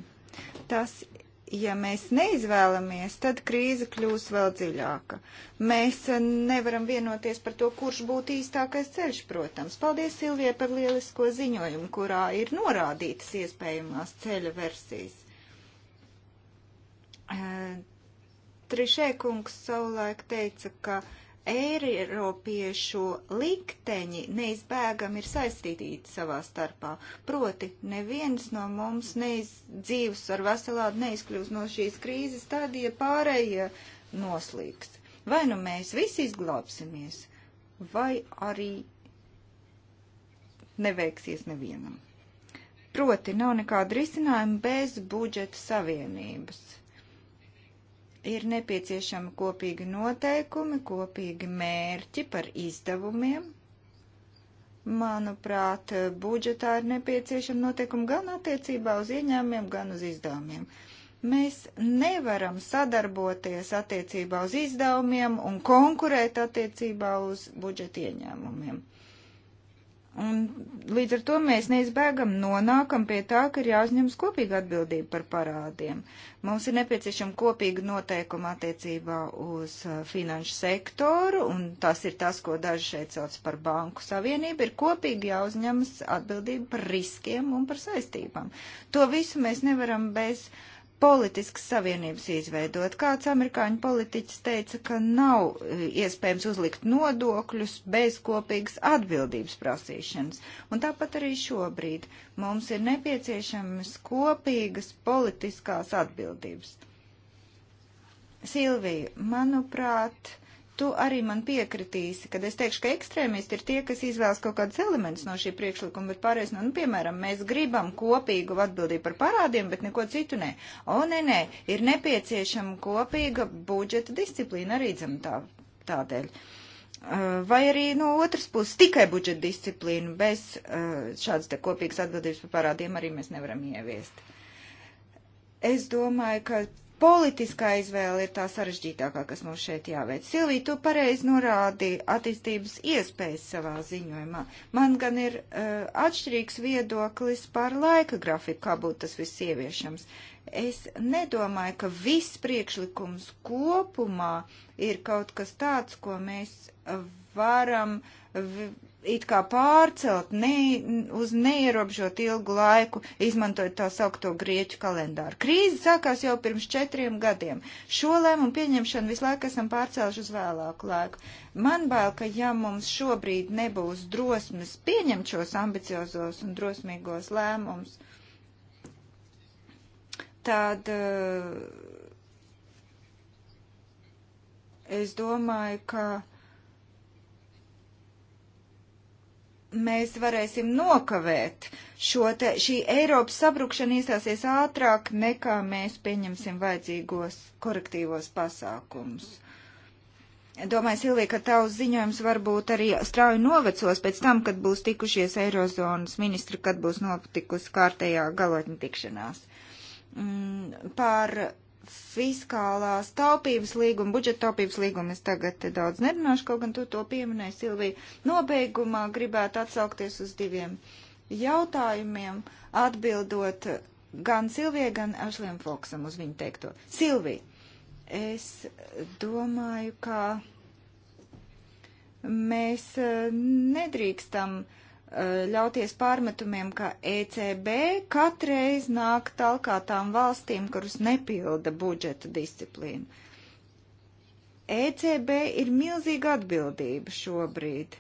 Tas, ja mēs neizvēlamies, tad krīze kļūs vēl dziļāka. Mēs nevaram vienoties par to, kurš būtu īstākais ceļš, protams. Paldies Silvijai par lielisko ziņojumu, kurā ir norādītas iespējamās ceļa versijas. Eh, Trišē kungs savulaik teica, ka Eiropiešu likteņi neizbēgami ir saistītīti savā starpā. Proti, neviens no mums neizdzīvs ar veselādu neizkļūs no šīs krīzes tad, ja pārējie noslīgs. Vai nu mēs visi izglābsimies, vai arī neveiksies nevienam. Proti, nav nekāda risinājuma bez budžeta savienības ir nepieciešami kopīgi noteikumi, kopīgi mērķi par izdevumiem. Manuprāt, budžetā ir nepieciešama noteikuma gan attiecībā uz ieņēmumiem, gan uz izdevumiem. Mēs nevaram sadarboties attiecībā uz izdevumiem un konkurēt attiecībā uz budžeta ieņēmumiem. Un līdz ar to mēs neizbēgam nonākam pie tā, ka ir jāuzņemas kopīga atbildība par parādiem. Mums ir nepieciešama kopīga noteikuma attiecībā uz uh, finanšu sektoru, un tas ir tas, ko daži šeit sauc par banku savienību, ir kopīgi jāuzņemas atbildība par riskiem un par saistībām. To visu mēs nevaram bez. Uh, politiskas savienības izveidot. Kāds amerikāņu politiķis teica, ka nav e, iespējams uzlikt nodokļus bez kopīgas atbildības prasīšanas. Un tāpat arī šobrīd mums ir nepieciešamas kopīgas politiskās atbildības. Silvija, manuprāt, tu arī man piekritīsi, kad es teikšu, ka ekstrēmisti ir tie, kas izvēlas kaut kādus elementus no šī priekšlikuma, bet pārējais, nu, nu, piemēram, mēs gribam kopīgu atbildību par parādiem, bet neko citu nē. O, nē, nē, ir nepieciešama kopīga budžeta disciplīna arī dzem tā, tādēļ. Uh, vai arī no otras puses tikai budžeta disciplīnu bez uh, šādas te kopīgas atbildības par parādiem arī mēs nevaram ieviest. Es domāju, ka Politiskā izvēle ir tā sarežģītākā, kas mums šeit jāveic. Silvija, tu pareizi norādi attīstības iespējas savā ziņojumā. Man gan ir uh, atšķirīgs viedoklis par laika grafiku, kā būtu tas viss ieviešams. Es nedomāju, ka viss priekšlikums kopumā ir kaut kas tāds, ko mēs varam. Uh, it kā pārcelt ne, uz neierobežot ilgu laiku, izmantojot tā saukto grieķu kalendāru. Krīze sākās jau pirms četriem gadiem. Šo lēmumu pieņemšanu visu laiku esam pārcēluši uz vēlāku laiku. Man bail, ka ja mums šobrīd nebūs drosmes pieņemt šos ambiciozos un drosmīgos lēmumus, tad. Uh, es domāju, ka mēs varēsim nokavēt šo te, šī Eiropas sabrukšana iestāsies ātrāk nekā mēs pieņemsim vajadzīgos korektīvos pasākumus. Domāju, Silvija, ka tavs ziņojums varbūt arī strauji novecos pēc tam, kad būs tikušies Eirozonas ministri, kad būs notikusi kārtējā galotņa tikšanās. Mm, par fiskālās taupības līguma, budžeta taupības līguma. Es tagad te daudz nerunāšu, kaut gan tu to pieminēji, Silvija. Nobeigumā gribētu atsaukties uz diviem jautājumiem, atbildot gan Silvijai, gan Ašliem Foksam uz viņu teikto. Silvija, es domāju, ka mēs eh, nedrīkstam uh, ļauties pārmetumiem, ka ECB katreiz nāk talkā tām valstīm, kuras nepilda budžeta disciplīnu. ECB ir milzīga atbildība šobrīd.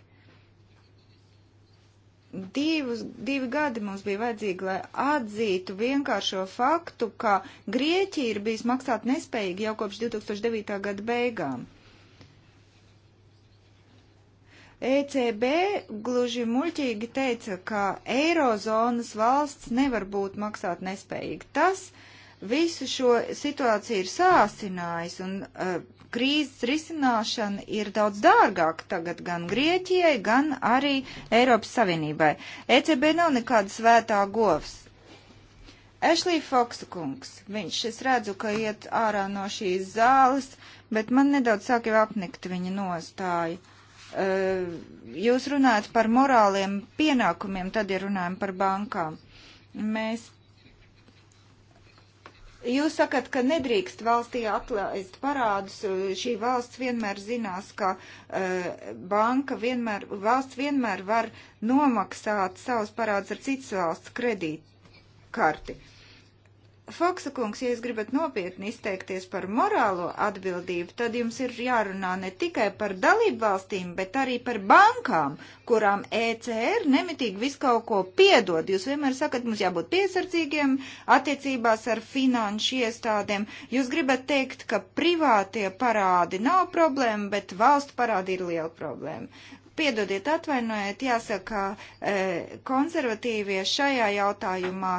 Divus, divi gadi mums bija vajadzīgi, lai atzītu vienkāršo faktu, ka Grieķija ir bijis maksāt nespējīgi jau kopš 2009. gada beigām. Uh, ECB gluži muļķīgi teica, ka eirozonas valsts nevar būt maksāt nespējīgi. Tas visu šo situāciju ir sāsinājis un uh, krīzes risināšana ir daudz dārgāka tagad gan Grieķijai, gan arī Eiropas Savienībai. ECB nav nekāda svētā govs. Ešlī Foksa kungs, viņš, es redzu, ka iet ārā no šīs zāles, bet man nedaudz sāk jau apnikt viņa nostāju. Eh, jūs runājat par morāliem pienākumiem, tad ir runājam par bankām. Mēs Jūs sakat, ka nedrīkst valstī atlaist parādus. Šī valsts vienmēr zinās, ka uh, banka vienmēr, valsts vienmēr var nomaksāt savus parādus ar citas valsts kredītkarti. Foksa kungs, ja jūs gribat nopietni izteikties par morālo atbildību, tad jums ir jārunā ne tikai par dalību valstīm, bet arī par bankām, kurām ECR nemitīgi visu kaut ko piedod. Jūs vienmēr sakat, mums jābūt piesardzīgiem attiecībās ar finanšu iestādēm. Jūs gribat teikt, ka privātie parādi nav problēma, bet valstu parādi ir liela problēma. Piedodiet, atvainojiet, jāsaka, e, konservatīvie šajā jautājumā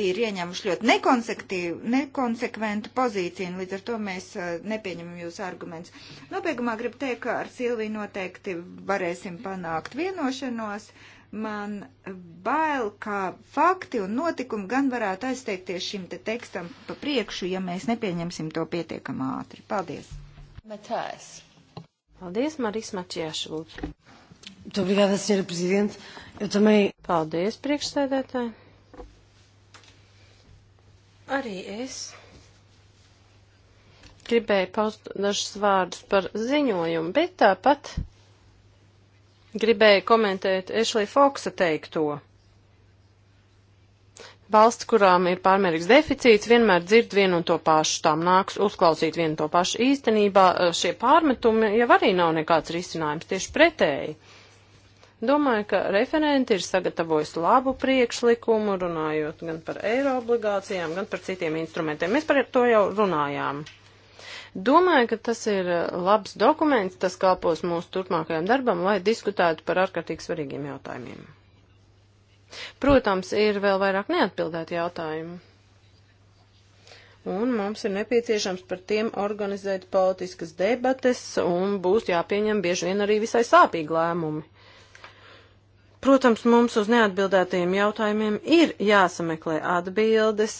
ir ieņemuši ļoti nekonsekventu pozīciju, un līdz ar to mēs e, nepieņemam jūsu argumentus. Nobeigumā gribu teikt, ka ar Silviju noteikti varēsim panākt vienošanos man bail, ka fakti un notikumi gan varētu aizteikties šim te tekstam pa priekšu, ja mēs nepieņemsim to pietiekam ātri. Paldies! Matēs. Paldies, Marijas Mačieša, lūdzu. Muito obrigada, Sra. Presidente. Eu também. Paldies, priekšsēdētāji. Arī es gribēju paust dažus vārdus par ziņojumu, bet tāpat gribēju komentēt Ešlī Foksa teikto. Valsts, kurām ir pārmērīgs deficīts, vienmēr dzird vienu un to pašu, tām nāks uzklausīt vienu un to pašu. Īstenībā eh, šie pārmetumi jau arī nav nekāds risinājums, tieši pretēji. Domāju, ka referenti ir sagatavojusi labu priekšlikumu, runājot gan par eiro obligācijām, gan par citiem instrumentiem. Mēs par to jau runājām. Domāju, ka tas ir labs dokuments, tas kalpos mūsu turpmākajam darbam, lai diskutētu par ārkārtīgi svarīgiem jautājumiem. Protams, ir vēl vairāk neatbildēti jautājumi un mums ir nepieciešams par tiem organizēt politiskas debates, un būs jāpieņem bieži vien arī visai sāpīgi lēmumi. Protams, mums uz neatbildētajiem jautājumiem ir jāsameklē atbildes,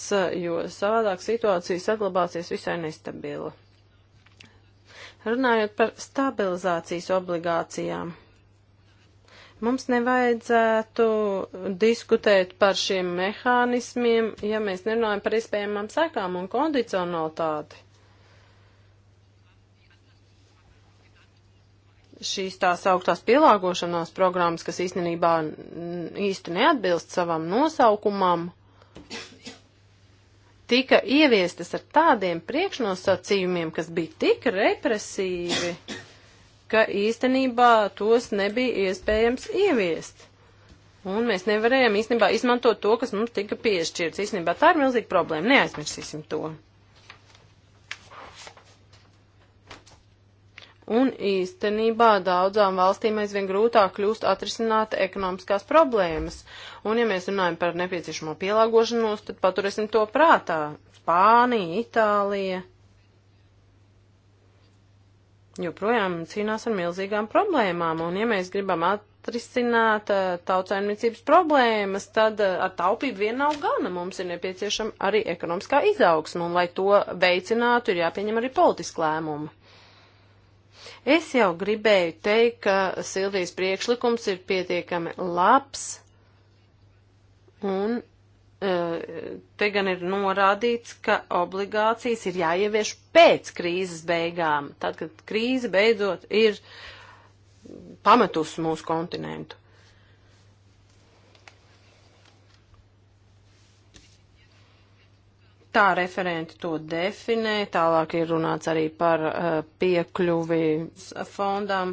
jo savādāk situācija saglabāsies visai nestabila. Runājot par stabilizācijas obligācijām, mums nevajadzētu diskutēt par šiem mehānismiem, ja mēs nerunājam par iespējamām sekām un kondicionalitāti. šīs tās augstās pielāgošanās programmas, kas īstenībā īsti neatbilst savam nosaukumam, tika ieviestas ar tādiem priekšnosacījumiem, kas bija tik represīvi, ka īstenībā tos nebija iespējams ieviest. Un mēs nevarējām īstenībā izmantot to, kas mums tika piešķirts. Īstenībā tā ir milzīga problēma, neaizmirsīsim to. Un īstenībā daudzām valstīm aizvien grūtāk kļūst atrisināt ekonomiskās problēmas. Un ja mēs runājam par nepieciešamo pielāgošanos, tad paturēsim to prātā. Spānija, Itālija joprojām cīnās ar milzīgām problēmām. Un ja mēs gribam atrisināt eh, tautsaimniecības problēmas, tad eh, ar taupību vien nav gana. Mums ir nepieciešama arī ekonomiskā izaugsma. Un lai to veicinātu, ir jāpieņem arī politiski lēmumi. Es jau gribēju teikt, ka Silvijas priekšlikums ir pietiekami labs, un e, te gan ir norādīts, ka obligācijas ir jāievieš pēc krīzes beigām, tad, kad krīze beidzot ir pametusi mūsu kontinentu. Tā referenti to definē, tālāk ir runāts arī par uh, piekļuvi fondam,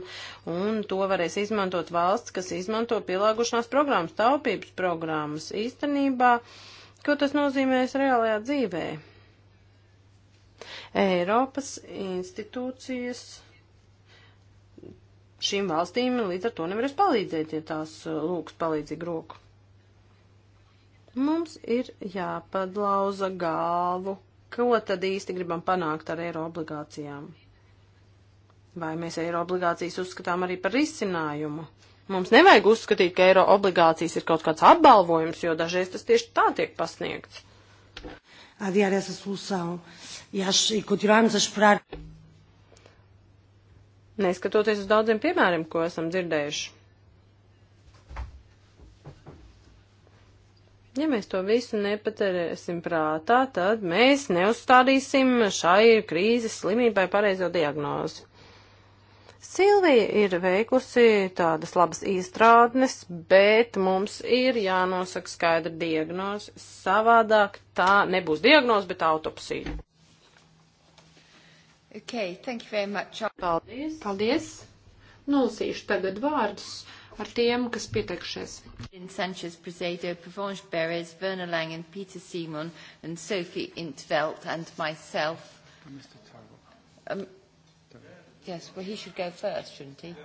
un to varēs izmantot valsts, kas izmanto pielāgošanās programmas, taupības programmas. Īstenībā, ko tas nozīmēs reālajā dzīvē? Eiropas institūcijas šīm valstīm līdz ar to nevarēs palīdzēt, ja tās uh, lūgs palīdzīgu roku. Mums ir jāpadlauza galvu, ko tad īsti gribam panākt ar eiro obligācijām. Vai mēs eiro obligācijas uzskatām arī par risinājumu? Mums nevajag uzskatīt, ka eiro obligācijas ir kaut kāds apbalvojums, jo dažreiz tas tieši tā tiek pasniegts. Adiar essa solução e, acho, e continuamos a esperar. Neskatoties uz daudziem piemēriem, ko esam dzirdējuši. Ja mēs to visu nepaturēsim prātā, tad mēs neuzstādīsim šai krīzes slimībai pareizo diagnozi. Silvija ir veikusi tādas labas izstrādnes, bet mums ir jānosaka skaidra diagnoze. Savādāk tā nebūs diagnoze, bet autopsija. Okay, thank you very much. Paldies. Paldies. Nolasīšu tagad vārdus ar tiem, kas pieteikšies. Sanchez Prezedo, Pavanche Beres, Werner Langen, Peter Simon and Sophie Intveld and myself. And Mr. Tarver. Um, yes, well he should go first, shouldn't he?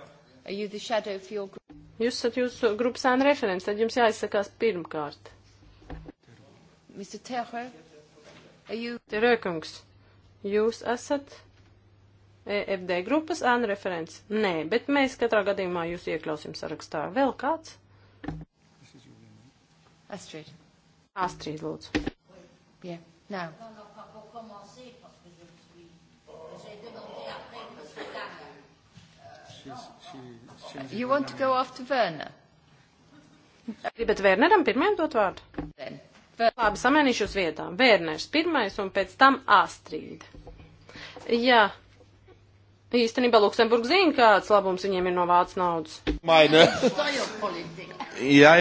Are you the shadow for your group? Jūs esat jūsu grupas ēna referents, tad jums jāizsakās pirmkārt. Mr. Terre, are you... Terre, kungs, jūs esat... EFD grupas ēnu referents? Nē, bet mēs katrā gadījumā jūs iekļausim sarakstā. Vēl kāds? Astrid. Astrid, lūdzu. Yeah. No. You want to go after Werner? Gribat Werneram pirmajam dot vārdu? Then. Labi, samēnīšos vietām. Vērners pirmais un pēc tam Astrīda. Jā, Īstenībā Luksemburg zina, kāds labums viņiem ir no vācu naudas. Maina. Jā.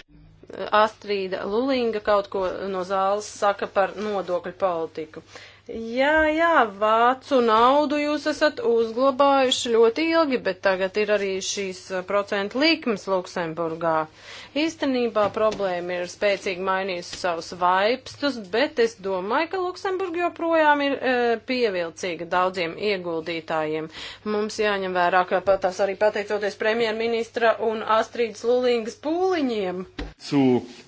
Astrīda Lulinga kaut ko no zāles saka par nodokļu politiku. Jā, jā, vācu naudu jūs esat uzglabājuši ļoti ilgi, bet tagad ir arī šīs eh, procentu likmes Luksemburgā. Īstenībā problēma ir spēcīgi mainījusi savus vaipstus, bet es domāju, ka Luksemburga joprojām ir e, pievilcīga daudziem ieguldītājiem. Mums jāņem vērā, ka pat tās arī pateicoties premjerministra un Astrīdas Lulīngas pūliņiem. Zu,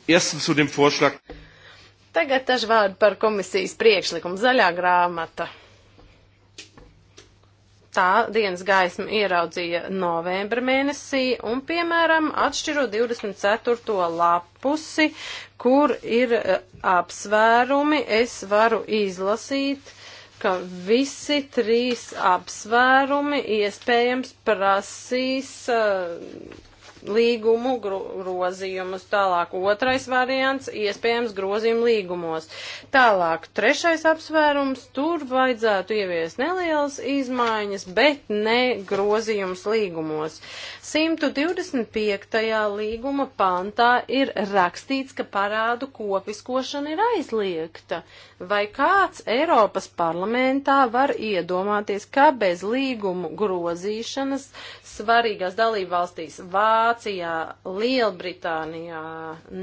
erstens, zu dem Vorschlag. Tagad daži vārdi par komisijas priekšlikumu zaļā grāmata. Tā dienas gaismu ieraudzīja novembra mēnesī un, piemēram, atšķiro 24. lapusi, kur ir e, apsvērumi, es varu izlasīt, ka visi trīs apsvērumi iespējams prasīs uh, līgumu grozījumus. Tālāk otrais variants - iespējams grozījumu līgumos. Tālāk trešais apsvērums - tur vajadzētu ievies nelielas izmaiņas, bet ne grozījums līgumos. 125. līguma pantā ir rakstīts, ka parādu kopiskošana ir aizliegta. Vai kāds Eiropas parlamentā var iedomāties, ka bez līgumu grozīšanas svarīgās dalībvalstīs vārds, Vācijā, Lielbritānijā,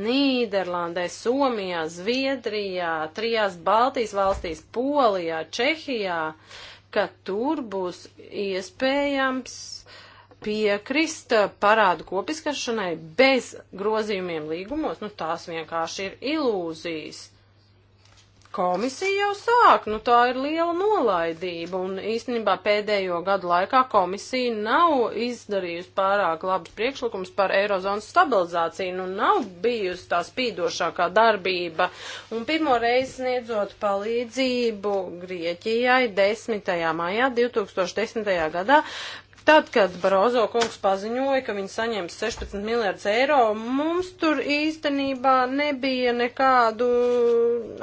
Nīderlandē, Somijā, Zviedrijā, trijās Baltijas valstīs, Polijā, Čehijā, ka tur būs iespējams piekrist parādu kopiskašanai bez grozījumiem līgumos, nu tās vienkārši ir ilūzijas. Komisija jau sāk, nu tā ir liela nolaidība, un īstenībā pēdējo gadu laikā komisija nav izdarījusi pārāk labus priekšlikumus par eirozonas stabilizāciju, nu nav bijusi tā spīdošākā darbība, un pirmo reizi sniedzot palīdzību Grieķijai 10. maijā 2010. gadā Tad, kad Barozo kungs paziņoja, ka viņi saņems 16 miljardus eiro, mums tur īstenībā nebija nekādu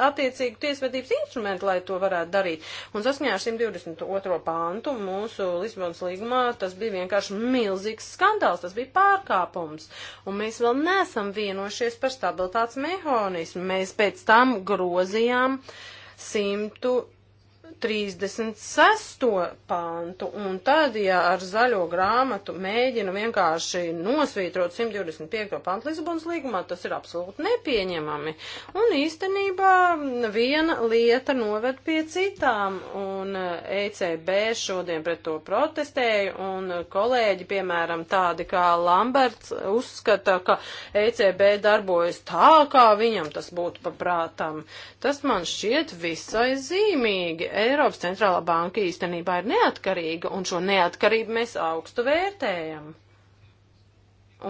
attiecīgu tiesvedības instrumentu, lai to varētu darīt. Un saskaņā ar 122. pāntu mūsu Lisbonas līgumā tas bija vienkārši milzīgs skandāls, tas bija pārkāpums. Un mēs vēl neesam vienojušies par stabilitātes mehānismu. Mēs pēc tam grozījām. 100 36. pāntu, un tad, ja ar zaļo grāmatu mēģina vienkārši nosvītrot 125. pāntu Lisabonas līgumā, tas ir absolūti nepieņemami. Un īstenībā viena lieta noved pie citām, un ECB eh, e šodien pret to protestēja, un kolēģi, piemēram, tādi kā Lamberts, uzskata, ka ECB darbojas tā, kā viņam tas būtu paprātam. Tas man šķiet visai zīmīgi. Eiropas centrālā banka īstenībā ir neatkarīga, un šo neatkarību mēs augstu vērtējam.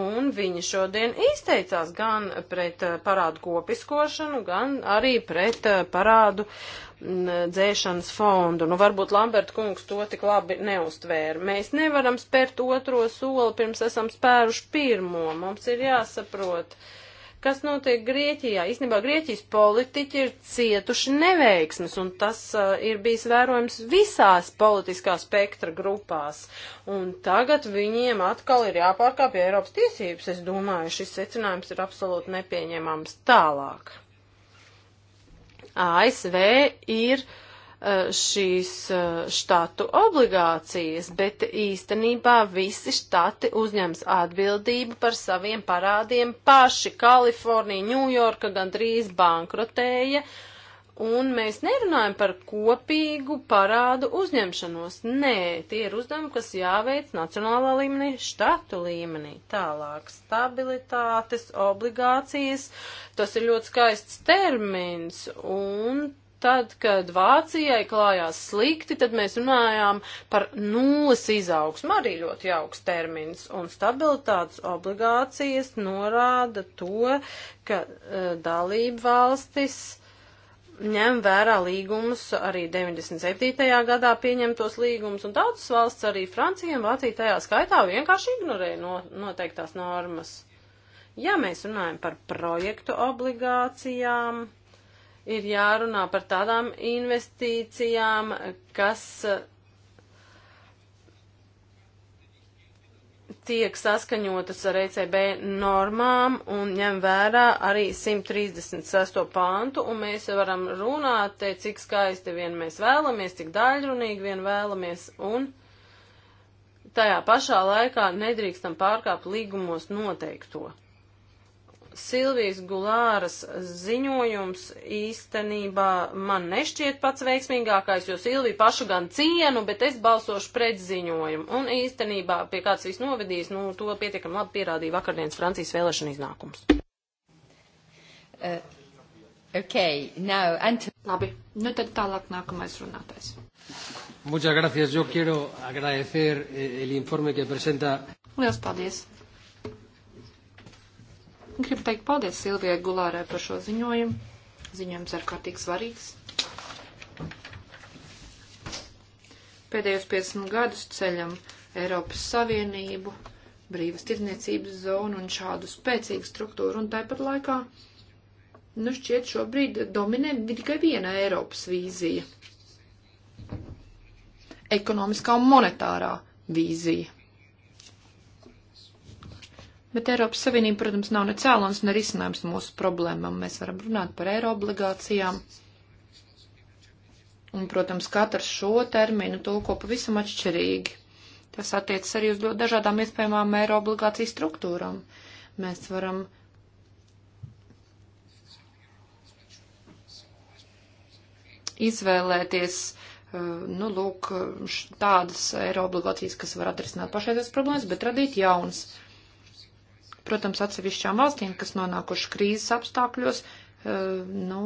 Un viņi šodien izteicās gan pret eh, parādu kopiskošanu, gan arī pret eh, parādu mm, dzēšanas fondu. Nu, varbūt Lamberta kungs to tik labi neustvēra. Mēs nevaram spērt otro soli, pirms esam spēruši pirmo. Mums ir jāsaprot. Uh, Kas notiek Grieķijā? Īstenībā Grieķijas politiķi ir cietuši neveiksmes, un tas uh, ir bijis vērojams visās politiskā spektra grupās. Un tagad viņiem atkal ir jāpārkāpja Eiropas tiesības. Es domāju, šis secinājums ir absolūti nepieņemams tālāk. ASV ir uh, Eh, šīs eh, štatu obligācijas, bet īstenībā visi štati uzņems atbildību par saviem parādiem paši. Kalifornija, Ņujorka gandrīz bankrotēja, un mēs nerunājam par kopīgu parādu uzņemšanos. Nē, tie ir uzdevumi, kas jāveic nacionālā līmenī, štatu līmenī. Tālāk stabilitātes, obligācijas, tas ir ļoti skaists termins, un tad, kad Vācijai klājās slikti, tad mēs runājām par nulles izaugsmu, arī ļoti jauks termins, un stabilitātes obligācijas norāda to, ka uh, dalība valstis ņem vērā līgumus, arī 97. gadā pieņemtos līgumus, un daudzas valsts, arī Francija un Vācija tajā skaitā, vienkārši ignorēja no, noteiktās normas. Ja mēs runājam par projektu obligācijām, ir jārunā par tādām investīcijām, kas eh, tiek saskaņotas ar ECB normām un ņem vērā arī 136. pāntu, un mēs varam runāt, te, eh, cik skaisti vien mēs vēlamies, cik daļrunīgi vien vēlamies, un tajā pašā laikā nedrīkstam pārkāpt līgumos noteikto. Silvijas Gulāras ziņojums īstenībā man nešķiet pats veiksmīgākais, jo Silviju pašu gan cienu, bet es balsošu pret ziņojumu. Un īstenībā pie kāds viss novedīs, nu, to pietiekam labi pierādīja vakardienas Francijas vēlēšana iznākums. Uh, okay, now, and... Labi, nu tad tālāk nākamais runātais. Muchas gracias. Yo quiero agradecer eh, el informe que presenta. Liels paldies. Un gribu teikt paldies Silvijai Gulārai par šo ziņojumu. Ziņojums ir kārtīgi svarīgs. Pēdējos 50 gadus ceļam Eiropas Savienību, brīvas tirdzniecības zonu un šādu spēcīgu struktūru, un tāpat laikā, nu šķiet, šobrīd dominē tikai viena Eiropas vīzija - ekonomiskā un monetārā vīzija. Bet Eiropas Savienība, protams, nav ne cēlons, ne risinājums mūsu problēmām. Mēs varam runāt par eiro obligācijām. Un, protams, katrs šo terminu tulko pavisam atšķirīgi. Tas attiecas arī uz ļoti dažādām iespējamām eiro obligāciju struktūrām. Mēs varam. Izvēlēties eh, nu, lūk, tādas eiro obligācijas, kas var atrisināt pašreizējās problēmas, bet radīt jaunas. Uh, Protams, atsevišķām valstīm, kas nonākuši krīzes apstākļos, eh, nu,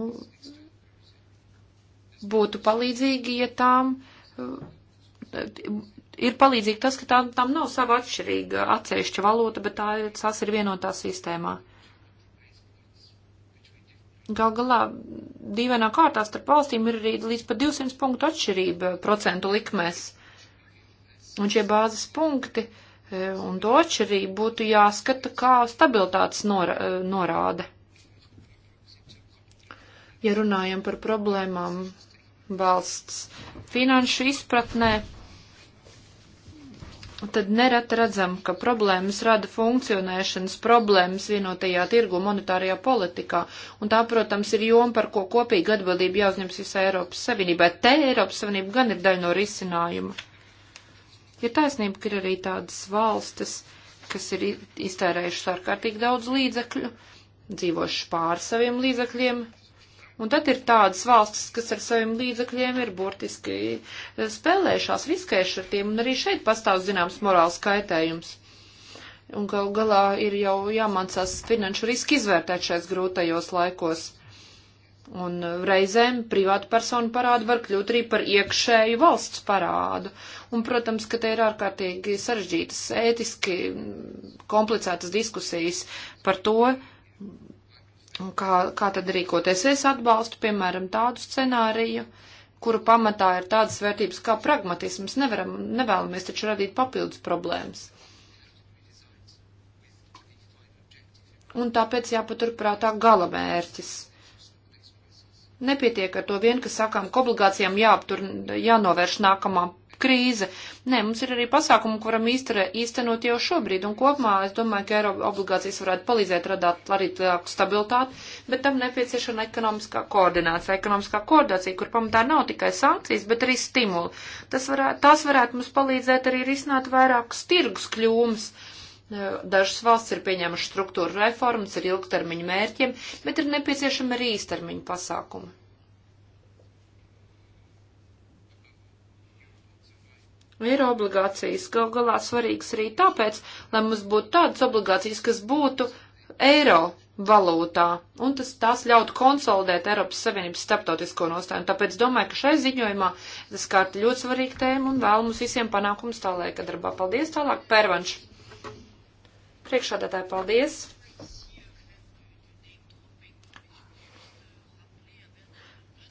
būtu palīdzīgi, ja tām eh, ir palīdzīgi tas, ka tā, tam nav sava atšķirīga atsevišķa valota, bet tā, tās ir vienotā sistēmā. Gal galā dīvainā kārtā starp valstīm ir arī līdz pat 200 punktu atšķirība procentu likmēs. Un šie bāzes punkti uh, E, un to atšķirību būtu jāskata kā stabilitātes nor e, norāde. Ja runājam par problēmām valsts finanšu izpratnē, tad nereti redzam, ka problēmas rada funkcionēšanas problēmas vienotajā tirgu monetārajā politikā, un tā, protams, ir joma, par ko kopīgi atbildība jāuzņems visai Eiropas Savienībai. Te Eiropas Savienība gan ir daļa no risinājuma. Ir taisnība, ka ir arī tādas valstis, kas ir iztērējušas ārkārtīgi daudz līdzekļu, dzīvojušas pār saviem līdzekļiem, Un tad ir tādas valstis, kas ar saviem līdzekļiem ir burtiski e, spēlējušās, riskējuši ar tiem, un arī šeit pastāv zināms morāls kaitējums. Un gal galā ir jau jāmācās finanšu riski izvērtēt šais grūtajos laikos. Un e, reizēm privāta persona parāda var kļūt arī par iekšēju valsts parādu. Un, protams, ka te ir ārkārtīgi sarežģītas, ētiski komplicētas diskusijas par to, kā, kā tad rīkoties. Es atbalstu, piemēram, tādu scenāriju, kuru pamatā ir tādas vērtības kā pragmatisms. Nevaram, nevēlamies taču radīt papildus problēmas. Un tāpēc jāpaturprātā gala mērķis. Nepietiek ar to vien, ka sakām, ka obligācijām jāaptur, jānovērš nākamā krīze. Nē, mums ir arī pasākumi, kuram īstenot jau šobrīd, un kopumā es domāju, ka eiro obligācijas varētu palīdzēt radāt arī tādu stabilitāti, bet tam nepieciešama ekonomiskā koordinācija, ekonomiskā koordinācija, kur pamatā nav tikai sankcijas, bet arī stimuli. Tas varētu, tas varētu mums palīdzēt arī risināt vairākus tirgus kļūmus. Dažas valsts ir pieņēmušas struktūra reformas ar ilgtermiņu mērķiem, bet ir nepieciešama arī īstermiņu pasākumi. Eiro obligācijas gal galā svarīgas arī tāpēc, lai mums būtu tādas obligācijas, kas būtu eiro valūtā, un tas tās ļautu konsolidēt Eiropas Savienības starptautisko nostāju. Tāpēc domāju, ka šai ziņojumā tas kārt ļoti svarīga tēma un vēl mums visiem panākums tālēka darbā. Paldies tālāk, Pērvanš. Priekšādātāji, paldies!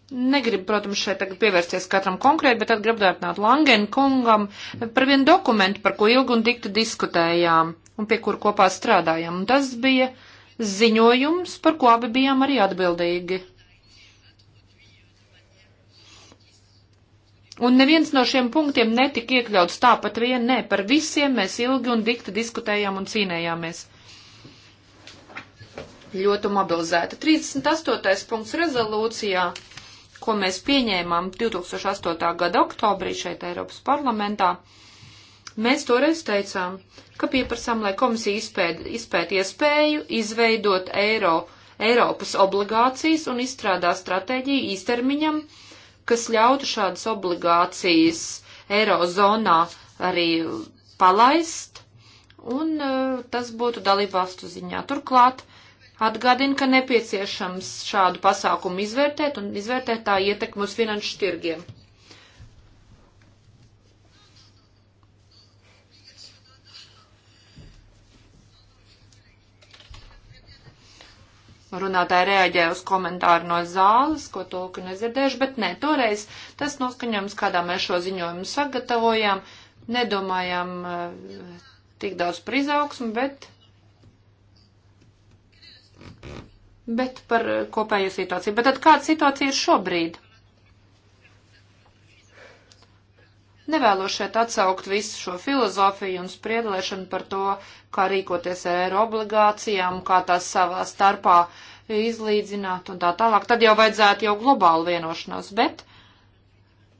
Negribu, protams, šeit tagad pievērsties katram konkrēti, bet tad gribu dārtināt Langenu kungam par vienu dokumentu, par ko ilgi un dikti diskutējām un pie kura kopā strādājām. Un tas bija ziņojums, par ko abi bijām arī atbildīgi. Un neviens no šiem punktiem netika iekļauts tāpat vien, ne, par visiem mēs ilgi un dikti diskutējām un cīnējāmies ļoti mobilizēta. 38. punkts rezolūcijā ko mēs pieņēmām 2008. gada oktobrī šeit Eiropas parlamentā, mēs toreiz teicām, ka pieprasām, lai komisija izpēt, izpēt iespēju izveidot eiro, Eiropas obligācijas un izstrādā stratēģiju īstermiņam, kas ļautu šādas obligācijas eirozonā arī palaist, un eh, tas būtu dalībvalstu ziņā. Turklāt, uh, Atgādina, ka nepieciešams šādu pasākumu izvērtēt un izvērtēt tā ietekmu uz finanšu tirgiem. Runātāji reaģēja uz komentāru no zāles, ko tulku nezirdējuši, bet nē, toreiz tas noskaņojums, kādā mēs šo ziņojumu sagatavojām, nedomājām eh, tik daudz par izaugsmu, bet bet par eh, kopējo situāciju. Bet tad kāda situācija ir šobrīd? Nevēlos šeit atsaukt visu šo filozofiju un spriedlēšanu par to, kā rīkoties ar eiro obligācijām, kā tās savā starpā izlīdzināt un tā tālāk. Tad jau vajadzētu jau globālu vienošanos, bet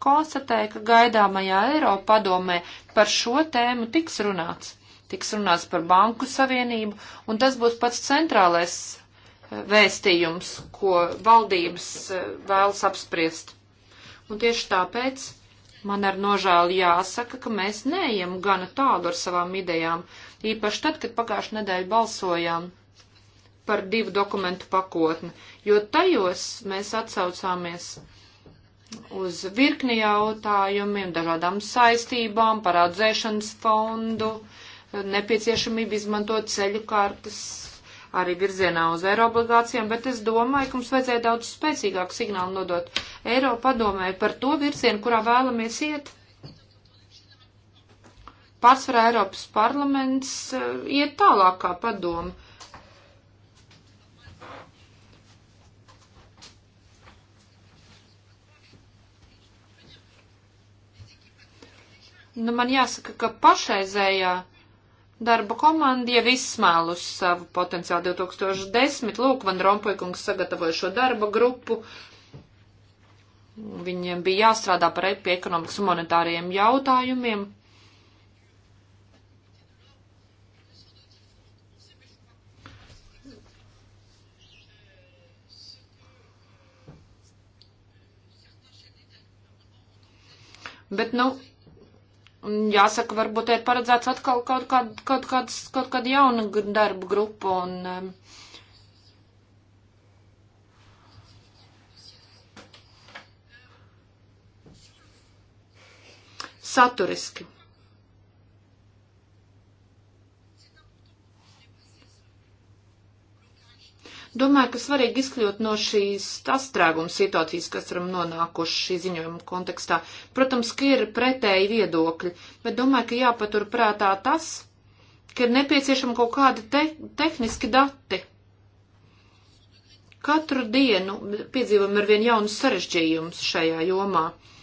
konstatēja, ka gaidāmajā Eiropa padomē par šo tēmu tiks runāts tiks runāts par banku savienību, un tas būs pats centrālais eh, vēstījums, ko valdības eh, vēlas apspriest. Un tieši tāpēc man ar nožēlu jāsaka, ka mēs neejam gana tālu ar savām idejām, īpaši tad, kad pagājušajā nedēļā balsojām par divu dokumentu pakotni, jo tajos mēs atsaucāmies uz virkni jautājumiem, dažādām saistībām, parādzēšanas fondu, uh, nepieciešamību izmantot ceļu kartas arī virzienā uz eiro obligācijām, bet es domāju, ka mums vajadzēja daudz spēcīgāku signālu nodot eiro padomē par to virzienu, kurā vēlamies iet. Pārsvarā Eiropas parlaments e, iet tālāk kā padomu. Nu, man jāsaka, ka pašreizējā ja darba komanda jau izsmēlus savu potenciālu 2010. Lūk, Van Rompojkungs sagatavoja šo darba grupu. Viņiem bija jāstrādā par pie ekonomikas un monetāriem jautājumiem. Bet, nu, Un jāsaka, varbūt ir paredzēts atkal kaut kāda, kaut kāds, kaut kāda jauna darba grupa un. Um, saturiski. Domāju, ka svarīgi izkļūt no šīs astrēguma situācijas, kas varam nonākuši šī ziņojuma kontekstā. Protams, ka ir pretēji viedokļi, bet domāju, ka jāpatur prātā tas, ka ir nepieciešama kaut kāda te tehniski dati. Katru dienu piedzīvam ar vien jaunus sarežģījumus šajā jomā. Uh,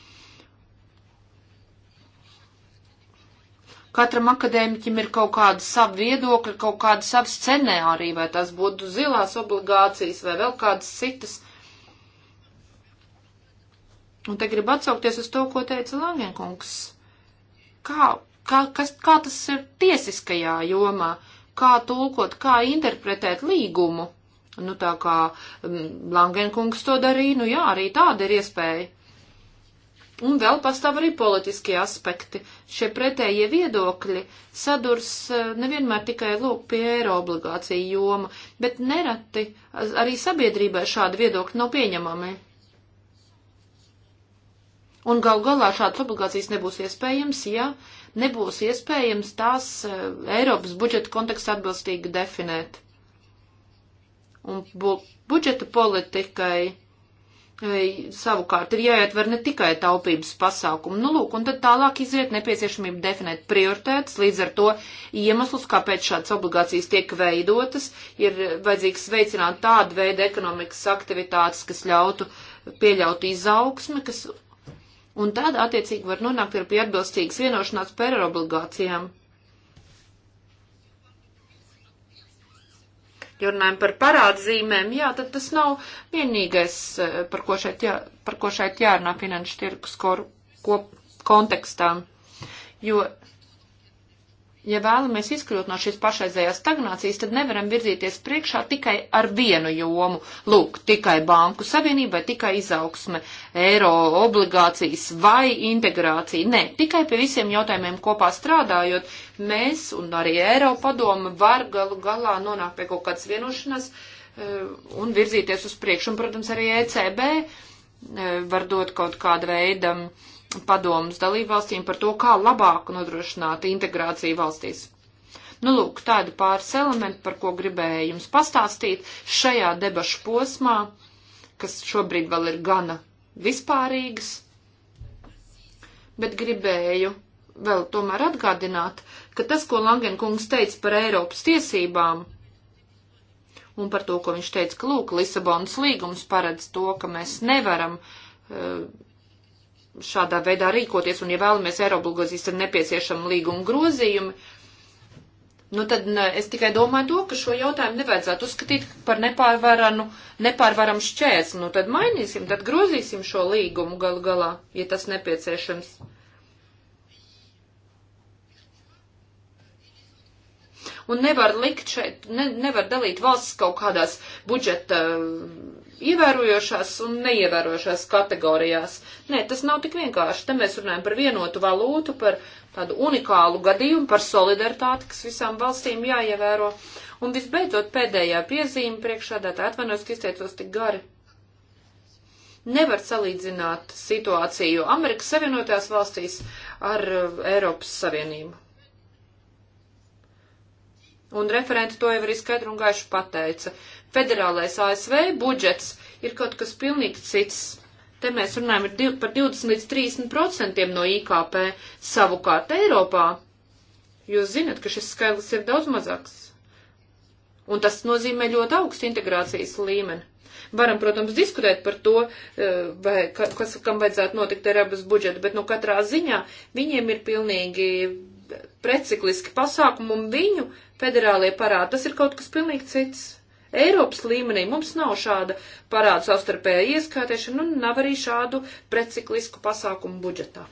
Katram akadēmiķim ir kaut kāda sava viedokļa, kaut kāda sava scenārija, vai tas būtu zilās obligācijas vai vēl kādas citas. Un te gribu atsaukties uz to, ko teica Langenkungs. Kā, kā, kas, kā tas ir tiesiskajā jomā? Kā tulkot, kā interpretēt līgumu? Nu tā kā um, Langenkungs to darīja, nu jā, arī tāda ir iespēja. Un vēl pastāv arī politiskie aspekti. Šie pretējie viedokļi sadurs eh, nevienmēr tikai lūk pie eiro obligāciju joma, bet nereti arī sabiedrībai šādi viedokļi nav pieņemami. Un gal galā šādas obligācijas nebūs iespējams, ja nebūs iespējams tās eh, Eiropas budžeta kontekstā atbilstīgi definēt. Un bu budžeta politikai savukārt ir jāietver ne tikai taupības pasākumu. Nu, lūk, un tad tālāk izriet nepieciešamība definēt prioritētas, līdz ar to iemeslus, kāpēc šādas obligācijas tiek veidotas, ir vajadzīgs veicināt tādu veidu ekonomikas aktivitātes, kas ļautu pieļaut izaugsmi, kas, un tāda attiecīgi var nonākt arī pie atbilstīgas vienošanās par obligācijām. Ja runājam par parādzīmēm, jā, tad tas nav vienīgais, eh, par ko šeit, jā, par ko šeit jārunā finanšu tirgus kor, kop, kontekstām. Jo ja vēlamies izkļūt no šīs pašreizējās stagnācijas, tad nevaram virzīties priekšā tikai ar vienu jomu. Lūk, tikai banku savienība, tikai izaugsme, eiro obligācijas vai integrācija. Nē, tikai pie visiem jautājumiem kopā strādājot, mēs un arī Eiropa padoma var galu galā nonākt pie kaut kādas vienošanas e, un virzīties uz priekšu. Un, protams, arī ECB e, var dot kaut kādu veidu padomus dalībvalstīm par to, kā labāk nodrošināt integrāciju valstīs. Nu, lūk, tādi pāris elementi, par ko gribēju jums pastāstīt šajā debašu posmā, kas šobrīd vēl ir gana vispārīgas, bet gribēju vēl tomēr atgādināt, ka tas, ko Langenkungs teica par Eiropas tiesībām, un par to, ko viņš teica, ka, lūk, Lisabonas līgums paredz to, ka mēs nevaram uh, šādā veidā rīkoties, un ja vēlamies Eiroblogozīs, tad nepieciešama līguma grozījumi. Nu tad ne, es tikai domāju to, ka šo jautājumu nevajadzētu uzskatīt par nepārvaranu, nepārvaram šķērsli. Nu tad mainīsim, tad grozīsim šo līgumu galu galā, ja tas nepieciešams. Un nevar likt šeit, ne, nevar dalīt valsts kaut kādās budžeta uh, ievērojošās un neievērojošās kategorijās. Nē, tas nav tik vienkārši. Te mēs runājam par vienotu valūtu, par tādu unikālu gadījumu, par solidaritāti, kas visām valstīm jāievēro. Un visbeidzot pēdējā piezīme priekšādā, tā atvainojos, ka izteicos tik gari. Nevar salīdzināt situāciju Amerikas Savienotajās valstīs ar uh, Eiropas Savienību. Un referenti to jau arī skaidri un gaiši pateica. Federālais ASV budžets ir kaut kas pilnīgi cits. Te mēs runājam par 20 līdz 30 procentiem no IKP savukārt Eiropā. Jūs zinat, ka šis skaitlis ir daudz mazāks. Un tas nozīmē ļoti augstu integrācijas līmeni. Varam, protams, diskutēt par to, eh, vai, kas, kam vajadzētu notikt ar abas budžetu, bet no nu, katrā ziņā viņiem ir pilnīgi precikliski pasākumi un viņu federālie parādi. Tas ir kaut kas pilnīgi cits. Eiropas līmenī mums nav šāda parāda savstarpējā ieskaitēšana un nav arī šādu preciklisku pasākumu budžetā.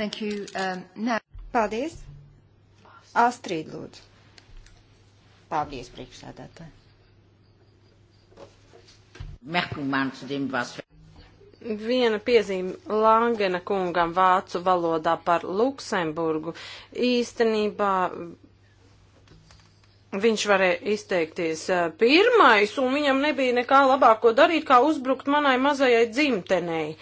Thank you. Um, now... Paldies. Astrīd, lūdzu. Paldies, priekšsēdētāji. Merkumans, Dimbas. Viena piezīme Langena kungam vācu valodā par Luksemburgu. Īstenībā viņš varēja izteikties pirmais, un viņam nebija nekā labāko darīt, kā uzbrukt manai mazajai dzimtenei.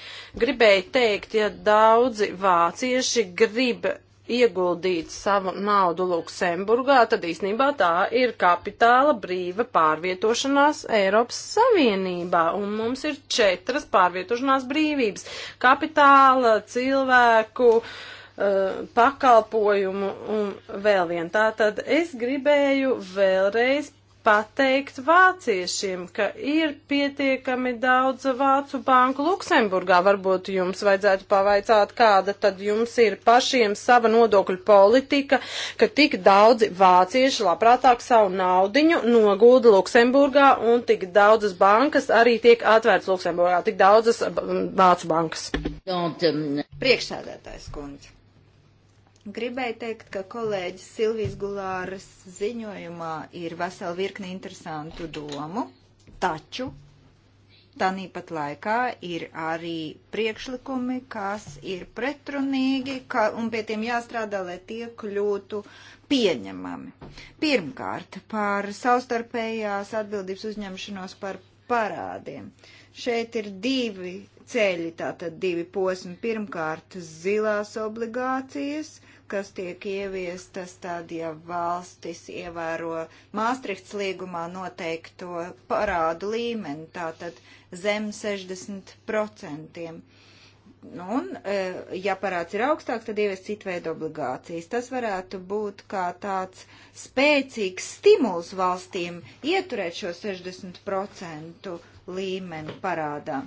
Gribēju teikt, ja daudzi vācieši grib ieguldīt savu naudu Luksemburgā, tad īsnībā tā ir kapitāla brīva pārvietošanās Eiropas Savienībā, un mums ir četras pārvietošanās brīvības - kapitāla, cilvēku, uh, Uh, pakalpojumu un vēl vien. Tātad es gribēju vēlreiz pateikt vāciešiem, ka ir pietiekami daudz vācu banku Luksemburgā. Varbūt jums vajadzētu pavaicāt, kāda tad jums ir pašiem sava nodokļu politika, ka tik daudzi vācieši labprātāk savu naudiņu nogulda Luksemburgā un tik daudzas bankas arī tiek atvērts Luksemburgā, tik daudzas mm, vācu bankas. Um, Priekšsēdētājs kundze. Gribēju teikt, ka kolēģis Silvijas Gulāras ziņojumā ir vesela virkni interesantu domu, taču Tāpat laikā ir arī priekšlikumi, kas ir pretrunīgi, ka, un pie tiem jāstrādā, lai tie kļūtu pieņemami. Pirmkārt, par savstarpējās atbildības uzņemšanos par parādiem. Šeit ir divi ceļi, tātad divi posmi. Pirmkārt, zilās obligācijas. Uh, kas tiek ieviestas tad, ja valstis ievēro Māstrihts līgumā noteikto parādu līmeni, tātad zem 60%. Nu, un, e, ja parāds ir augstāks, tad ievies citu veidu obligācijas. Tas varētu būt kā tāds spēcīgs stimuls valstīm ieturēt šo 60% līmeni parādā.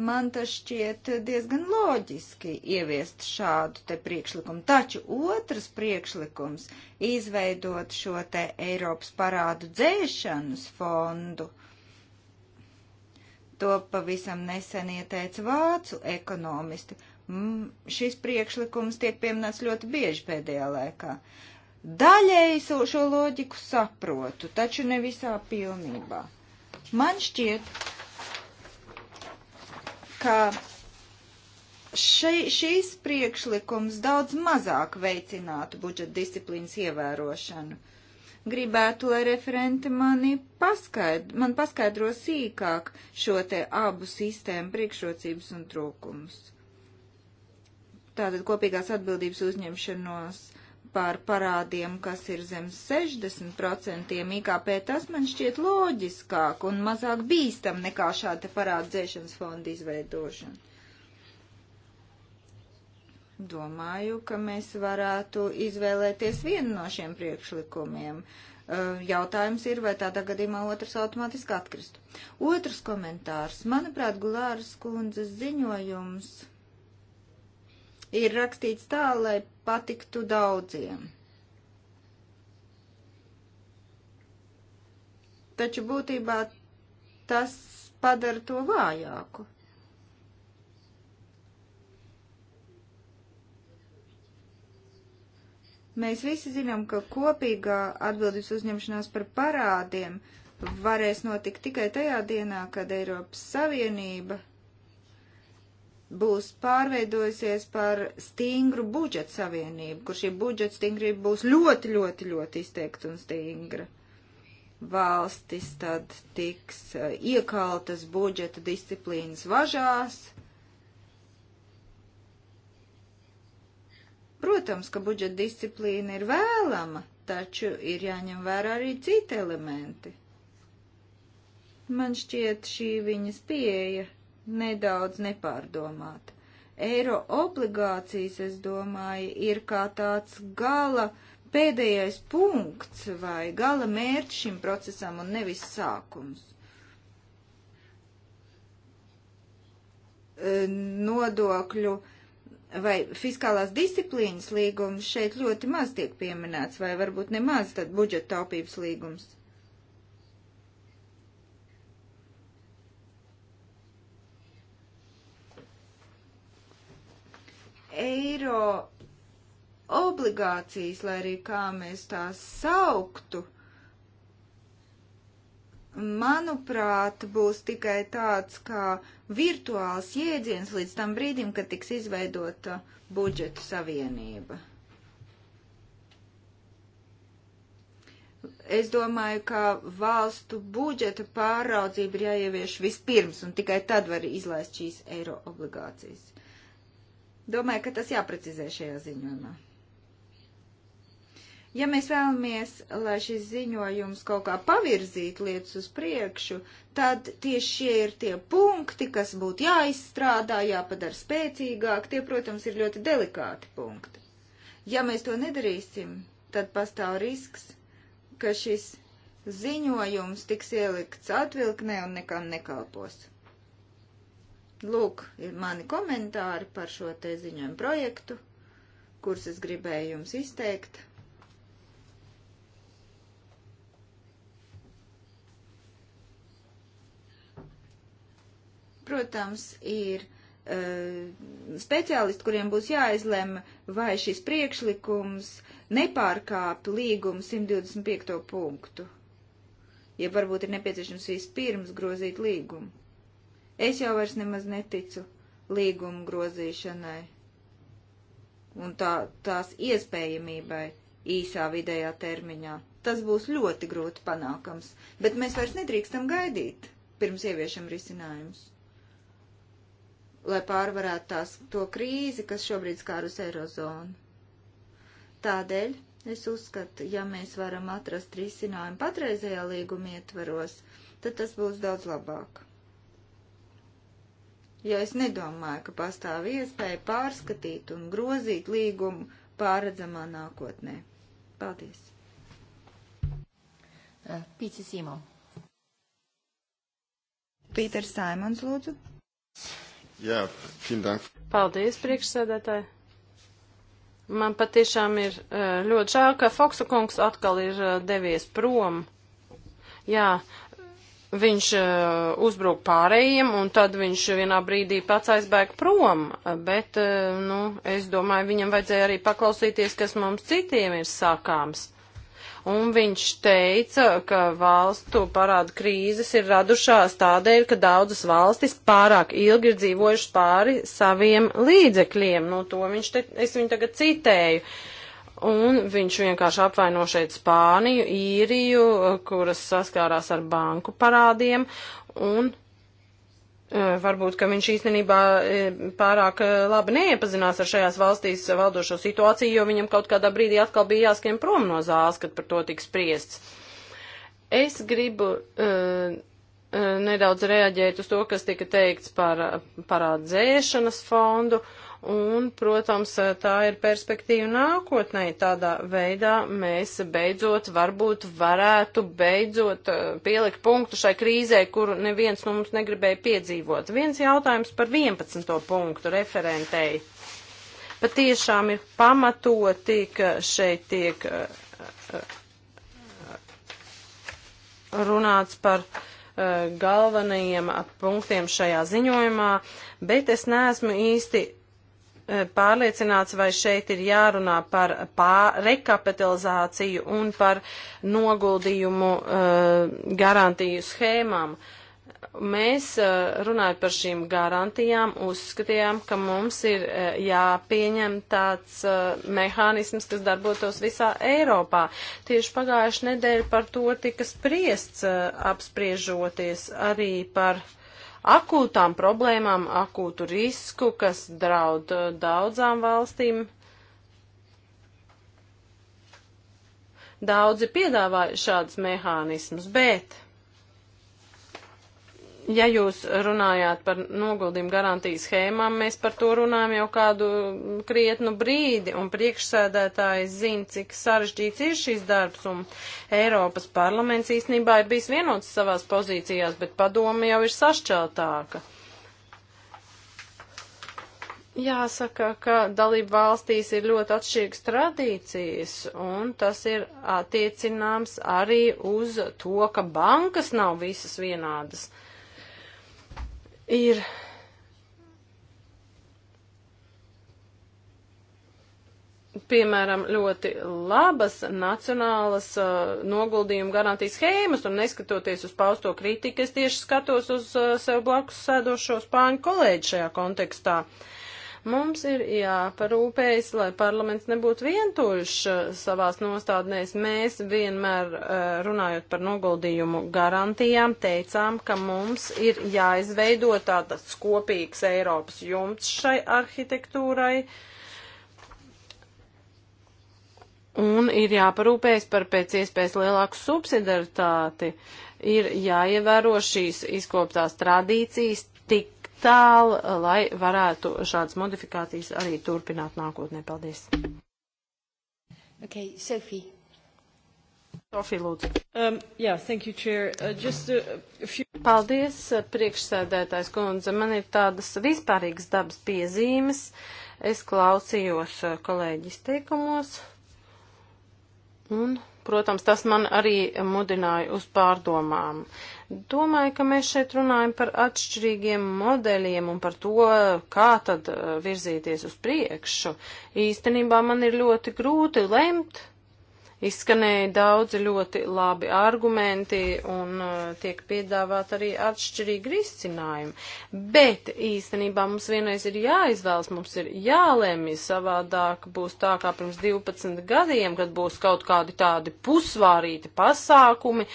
Man tas šķiet diezgan loģiski ieviest šādu te priekšlikumu. Taču otrs priekšlikums - izveidot šo te Eiropas parādu dzēšanas fondu. To pavisam nesen ieteica vācu ekonomisti. Mm, šis priekšlikums tiek pieminēts ļoti bieži pēdējā laikā. Daļēji šo loģiku saprotu, taču ne visā pilnībā. Man šķiet, ka še, šīs priekšlikums daudz mazāk veicinātu budžeta disciplīnas ievērošanu. Gribētu, lai referenti mani paskaidro, man paskaidro sīkāk šo te abu sistēmu priekšrocības un trūkumus. Tātad kopīgās atbildības uzņemšanos par parādiem, kas ir zem 60% IKP, tas man šķiet loģiskāk un mazāk bīstam nekā šāda parāda dzēšanas fonda izveidošana. Domāju, ka mēs varētu izvēlēties vienu no šiem priekšlikumiem. Uh, jautājums ir, vai tādā gadījumā otrs automātiski atkristu. Otrs komentārs. Manuprāt, Gulāras kundzes ziņojums ir rakstīts tā, lai patiktu daudziem. Taču būtībā tas padara to vājāku. Mēs visi zinām, ka kopīgā atbildības uzņemšanās par parādiem varēs notikt tikai tajā dienā, kad Eiropas Savienība būs pārveidojusies par stingru budžetu savienību, kur šī budžeta stingrība būs ļoti, ļoti, ļoti izteikta un stingra. Valstis tad tiks eh, iekaltas budžeta disciplīnas važās. Protams, ka budžeta disciplīna ir vēlama, taču ir jāņem vērā arī citi elementi. Man šķiet šī viņas pieeja nedaudz nepārdomāta. Eiro obligācijas, es domāju, ir kā tāds gala pēdējais punkts vai gala mērķis šim procesam un nevis sākums. E, nodokļu vai fiskālās disciplīnas līgums šeit ļoti maz tiek pieminēts, vai varbūt nemaz tad budžeta taupības līgums. eiro obligācijas, lai arī kā mēs tās sauktu, manuprāt, būs tikai tāds kā virtuāls jēdziens līdz tam brīdim, kad tiks izveidota budžetu savienība. es domāju, ka valstu budžeta pārraudzība ir jāievieš vispirms, un tikai tad var izlaist šīs eiro obligācijas. Domāju, ka tas jāprecizē šajā ziņojumā. Ja mēs vēlamies, lai šis ziņojums kaut kā pavirzītu lietas uz priekšu, tad tieši šie ir tie punkti, kas būtu jāizstrādā, jāpadara spēcīgāk. Tie, protams, ir ļoti delikāti punkti. Ja mēs to nedarīsim, tad pastāv risks, ka šis ziņojums tiks ielikts atvilknē un nekam nekalpos. Lūk, ir mani komentāri par šo te ziņojumu projektu, kurus es gribēju jums izteikt. Protams, ir uh, speciālisti, kuriem būs jāizlem, vai šis priekšlikums nepārkāp līgumu 125. punktu, ja varbūt ir nepieciešams vispirms grozīt līgumu. Es jau vairs nemaz neticu līgumu grozīšanai un tā, tās iespējamībai īsā vidējā termiņā. Tas būs ļoti grūti panākams, bet mēs vairs nedrīkstam gaidīt pirms ieviešam risinājumus. Lai pārvarētu tās, to krīzi, kas šobrīd skārus Eirozonu. Tādēļ es uzskatu, ja mēs varam atrast risinājumu patreizējā līguma ietvaros, tad tas būs daudz labāk jo es nedomāju, ka pastāv iespēja pārskatīt un grozīt līgumu pāredzamā nākotnē. Paldies! Uh, Pīcis Simo. Pīters Saimons, lūdzu. Jā, Kindank. Paldies, priekšsēdētāji. Man patiešām ir uh, ļoti žēl, ka Foksa kungs atkal ir uh, devies prom. Jā, viņš uh, eh, uzbruk pārējiem, un tad viņš vienā brīdī pats aizbēg prom, bet, uh, nu, es domāju, viņam vajadzēja arī paklausīties, kas mums citiem ir sakāms. Un viņš teica, ka valstu parādu krīzes ir radušās tādēļ, ka daudzas valstis pārāk ilgi ir dzīvojušas pāri saviem līdzekļiem. Nu, to viņš te, es viņu tagad citēju. Uh, un viņš vienkārši apvaino šeit Spāniju, īriju, kuras saskārās ar banku parādiem, un e, varbūt, ka viņš īstenībā e, pārāk e, labi neiepazinās ar šajās valstīs valdošo situāciju, jo viņam kaut kādā brīdī atkal bija jāskiem prom no zāles, kad par to tiks priests. Es gribu uh, nedaudz reaģēt uz to, kas tika teikts par parādzēšanas fondu. Uh, un, protams, tā ir perspektīva nākotnē. Tādā veidā mēs beidzot varbūt varētu beidzot eh, pielikt punktu šai krīzē, kuru neviens no mums negribēja piedzīvot. Viens jautājums par 11. punktu referentei. Pat tiešām ir pamatoti, ka šeit tiek eh, eh, runāts par galvenajiem punktiem šajā ziņojumā, bet es neesmu īsti E, pārliecināts, vai šeit ir jārunā par rekapitalizāciju un par noguldījumu e, garantiju schēmām. Mēs e, runājot par šīm garantijām, uzskatījām, ka mums ir jāpieņem tāds mehānisms, kas darbotos visā Eiropā. Tieši pagājuši nedēļa par to tika spriests apspriežoties arī par uh, akūtām problēmām, akūtu risku, kas draud eh, daudzām valstīm. Daudzi piedāvā šādus mehānismus, bet Ja jūs runājāt par noguldījumu garantijas schēmām, mēs par to runājam jau kādu krietnu brīdi, un priekšsēdētājs zina, cik sarežģīts ir šis darbs, un Eiropas parlaments īstenībā ir bijis vienots savās pozīcijās, bet padome jau ir sašķeltāka. Jāsaka, ka dalību valstīs ir ļoti atšķirīgas tradīcijas, un tas ir attiecināms arī uz to, ka bankas nav visas vienādas. Uh, ir piemēram, ļoti labas nacionālas uh, noguldījuma garantijas schēmas, un neskatoties uz pausto kritiku, es tieši skatos uz uh, sev blakus sēdošo spāņu kolēģi šajā kontekstā. Uh, Mums ir jāparūpējas, lai parlaments nebūtu vientuļš uh, savās nostādnēs. Mēs vienmēr uh, runājot par noguldījumu garantijām, teicām, ka mums ir jāizveido tāds kopīgs Eiropas jumts šai arhitektūrai. Un ir jāparūpējas par pēc iespējas lielāku subsidaritāti, ir jāievēro šīs izkoptās tradīcijas tik tālu, lai varētu šādas modifikācijas arī turpināt nākotnē. Paldies! Okay, Sophie. Sofija, lūdzu. Um, yeah, thank you, Chair. Uh, just a, a few... Paldies, uh, priekšsēdētājs kundze. Man ir tādas vispārīgas dabas piezīmes. Es klausījos uh, kolēģi izteikumos. Un, protams, tas man arī mudināja uz pārdomām. Uh, Domāju, ka mēs šeit runājam par atšķirīgiem modeļiem un par to, kā tad eh, virzīties uz priekšu. Īstenībā man ir ļoti grūti lemt, Izskanēja daudzi ļoti labi argumenti un uh, tiek piedāvāt arī atšķirīgi risinājumi. Bet īstenībā mums vienreiz ir jāizvēlas, mums ir jālēmj savādāk būs tā kā pirms 12 gadiem, kad būs kaut kādi tādi pusvārīti pasākumi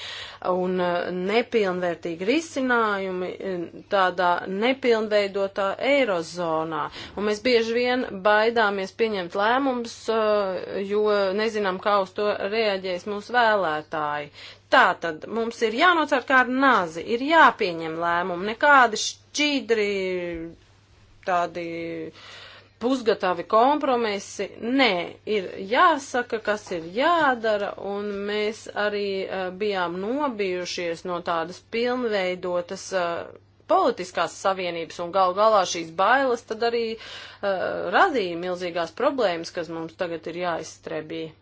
un uh, nepilnvērtīgi risinājumi uh, tādā nepilnveidotā eirozonā. Un mēs bieži vien baidāmies pieņemt lēmumus, jo nezinām, kā uz to reaģēs mūsu vēlētāji. Tā tad mums ir jānocer kā ar nazi, ir jāpieņem lēmumi, nekādi šķīdri tādi pusgatavi kompromisi. Nē, ir jāsaka, kas ir jādara, un mēs arī uh, bijām nobijušies no tādas pilnveidotas. Uh, politiskās savienības un gal galā šīs bailes tad arī uh, radīja milzīgās problēmas, kas mums tagad ir jāizstrebīja.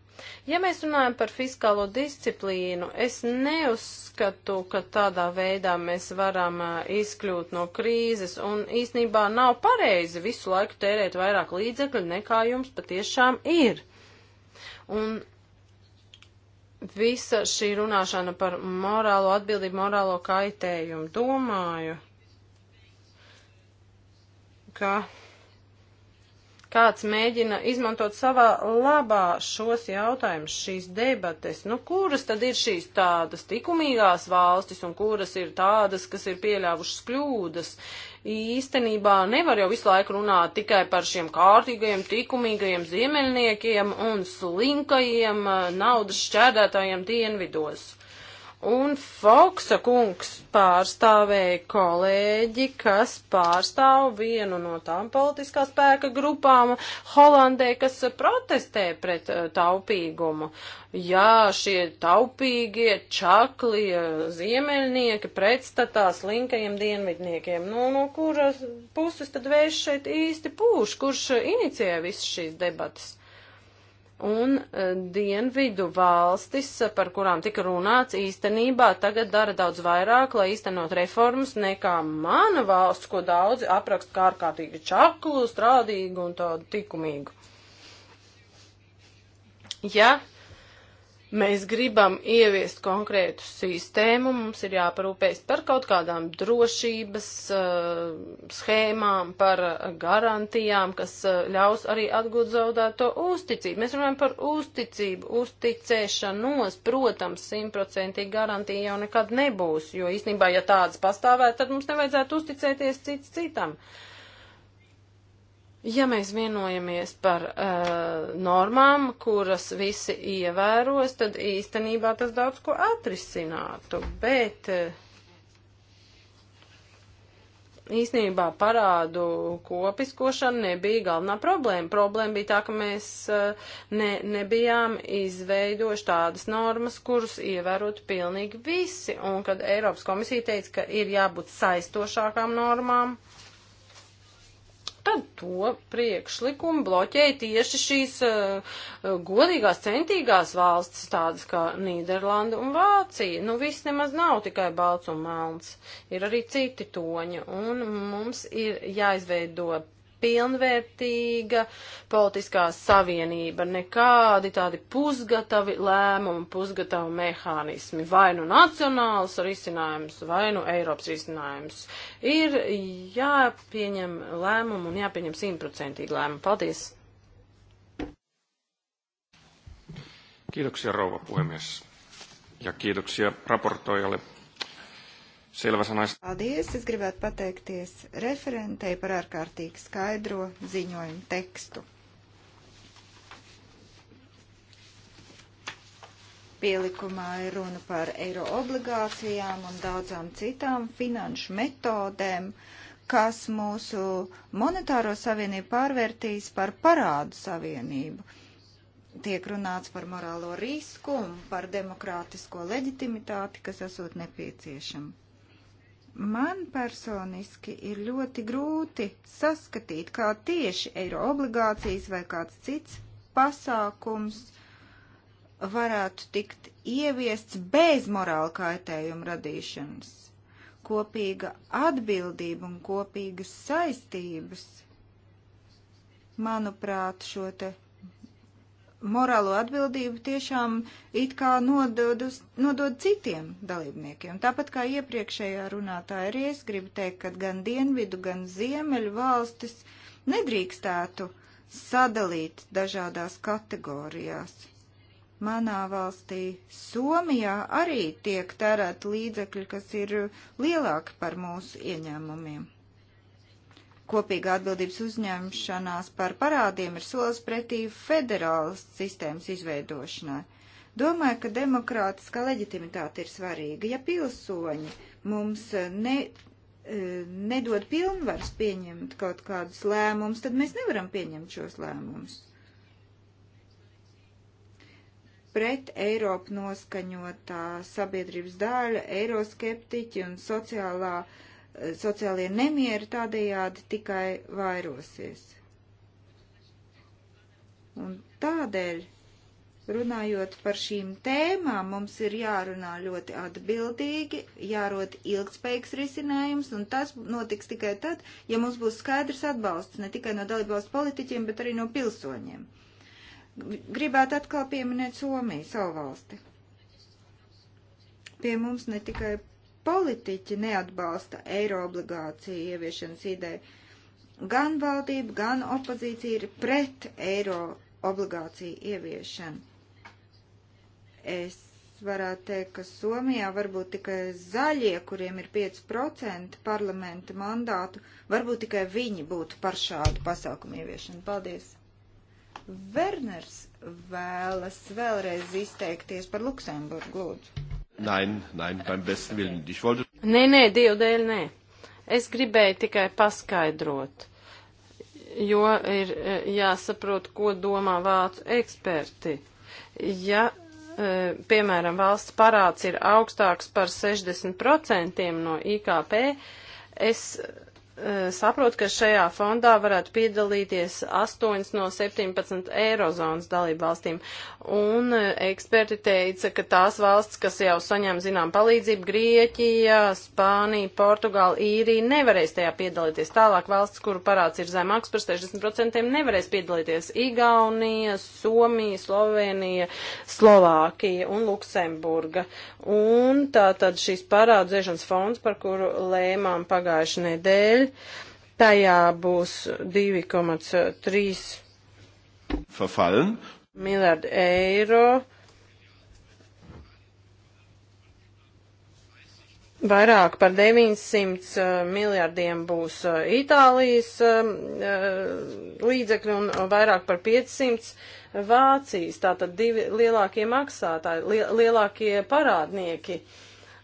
Ja mēs runājam par fiskālo disciplīnu, es neuzskatu, ka tādā veidā mēs varam izkļūt no krīzes, un īsnībā nav pareizi visu laiku tērēt vairāk līdzekļu, nekā jums patiešām ir. Un visa šī runāšana par morālo atbildību, morālo kaitējumu, domāju, ka. Kā kāds mēģina izmantot savā labā šos jautājumus, šīs debates, nu kuras tad ir šīs tādas likumīgās valstis un kuras ir tādas, kas ir pieļāvušas kļūdas. Īstenībā nevar jau visu laiku runāt tikai par šiem kārtīgajiem, likumīgajiem ziemeļniekiem un slinkajiem eh, naudas šķērdētājiem dienvidos. Un Foksa kungs pārstāvēja kolēģi, kas pārstāv vienu no tām politiskā spēka grupām Holandē, kas protestē pret eh, taupīgumu. Jā, šie taupīgie, čaklie eh, ziemeļnieki pretstatā slinkajiem dienvidniekiem. Nu, no kuras puses tad vējš šeit īsti pūš? Kurš eh, inicijē visas šīs debatas? un uh, dienvidu valstis, e, par kurām tika runāts, īstenībā tagad dara daudz vairāk, lai īstenot reformas, nekā mana valsts, ko daudzi apraksta kā ārkārtīgi čaklu, strādīgu un tādu tikumīgu. Ja mēs gribam ieviest konkrētu sistēmu, mums ir jāparūpējas par kaut kādām drošības uh, schēmām, par garantijām, kas uh, ļaus arī atgūt zaudēto uzticību. Mēs runājam par uzticību, uzticēšanos, protams, simtprocentīgi garantija jau nekad nebūs, jo īstenībā, ja tādas pastāvē, tad mums nevajadzētu uzticēties cits citam. Uh, Ja mēs vienojamies par uh, normām, kuras visi ievēros, tad īstenībā tas daudz ko atrisinātu, bet eh, īstenībā parādu kopiskošana nebija galvenā problēma. Problēma bija tā, ka mēs uh, ne, nebijām izveidojuši tādas normas, kuras ievērotu pilnīgi visi, un kad Eiropas komisija teica, ka ir jābūt saistošākām normām, uh, tad to priekšlikumu bloķēja tieši šīs uh, godīgās, centīgās valstis, tādas kā Nīderlanda un Vācija. Nu, viss nemaz nav tikai balts un melns, ir arī citi toņi, un mums ir jāizveido pilnvērtīga politiskā savienība, nekādi tādi pusgatavi lēmumi, pusgatavi mehānismi, vai nu nacionāls risinājums, vai nu Eiropas risinājums. Ir jāpieņem lēmumu un jāpieņem simtprocentīgi lēmumu. Paldies! Kiitoksia rouva puhemies ja kiitoksia raportoijalle Silvasanaista. Paldies, es gribētu pateikties referentei par ārkārtīgi skaidro ziņojumu tekstu. Pielikumā ir runa par eiro obligācijām un daudzām citām finanšu metodēm, kas mūsu monetāro savienību pārvērtīs par parādu savienību. Tiek runāts par morālo risku un par demokrātisko leģitimitāti, kas esot nepieciešama. Man personiski ir ļoti grūti saskatīt, kā tieši eiro obligācijas vai kāds cits pasākums varētu tikt ieviests bez morāla kaitējuma radīšanas. Kopīga atbildība un kopīgas saistības, manuprāt, šo te morālo atbildību tiešām it kā nodod, uz, nodod citiem dalībniekiem. Tāpat kā iepriekšējā runātāja arī es gribu teikt, ka gan dienvidu, gan ziemeļu valstis nedrīkstētu sadalīt dažādās kategorijās. Manā valstī, Somijā, arī tiek tērēt līdzekļi, kas ir lielāki par mūsu ieņēmumiem. Kopīga atbildības uzņemšanās par parādiem ir solis pretī federālas sistēmas izveidošanai. Domāju, ka demokrātiskā leģitimitāte ir svarīga. Ja pilsoņi mums eh, ne, eh, nedod pilnvars pieņemt kaut kādus lēmumus, tad mēs nevaram pieņemt šos lēmumus. Pret Eiropu noskaņotā sabiedrības daļa, eiroskeptiķi un sociālā uh, sociālie nemieri tādējādi tikai vairosies. Un tādēļ, runājot par šīm tēmām, mums ir jārunā ļoti atbildīgi, jārot ilgspējīgs risinājums, un tas notiks tikai tad, ja mums būs skaidrs atbalsts ne tikai no dalībvalstu politiķiem, bet arī no pilsoņiem. Gribētu atkal pieminēt Somiju, savu valsti. Pie mums ne tikai politiķi neatbalsta eiro obligāciju ieviešanas ideju. Gan valdība, gan opozīcija ir pret eiro obligāciju ieviešanu. Es varētu teikt, ka Somijā varbūt tikai zaļie, kuriem ir 5% parlamenta mandātu, varbūt tikai viņi būtu par šādu pasākumu ieviešanu. Paldies! Werners vēlas vēlreiz izteikties par Luksemburgu, lūdzu. Nein, nein, beim besten Willen. Ich wollte. Nē, nē, Dievu dēļ, nē. Es gribēju tikai paskaidrot, jo ir e, jāsaprot, ko domā vācu eksperti. Ja, e, piemēram, valsts parāds ir augstāks par 60% no IKP, es Eh, saprotu, ka šajā fondā varētu piedalīties 8 no 17 eirozonas dalību valstīm. Un eh, eksperti teica, ka tās valsts, kas jau saņem zinām palīdzību, Grieķija, Spānija, Portugāla, Īrija, nevarēs tajā piedalīties. Tālāk valsts, kuru parāds ir zemāks par 60%, nevarēs piedalīties Igaunija, Somija, Slovenija, Slovākija un Luksemburga. Un tātad šīs parādzēšanas fonds, par kuru lēmām pagājuši nedēļ, daļa. Tajā būs 2,3 miljardi eiro. Vairāk par 900 eh, miljardiem būs eh, Itālijas eh, līdzekļi un vairāk par 500 Vācijas. Tātad divi lielākie maksātāji, lielākie parādnieki. Uh,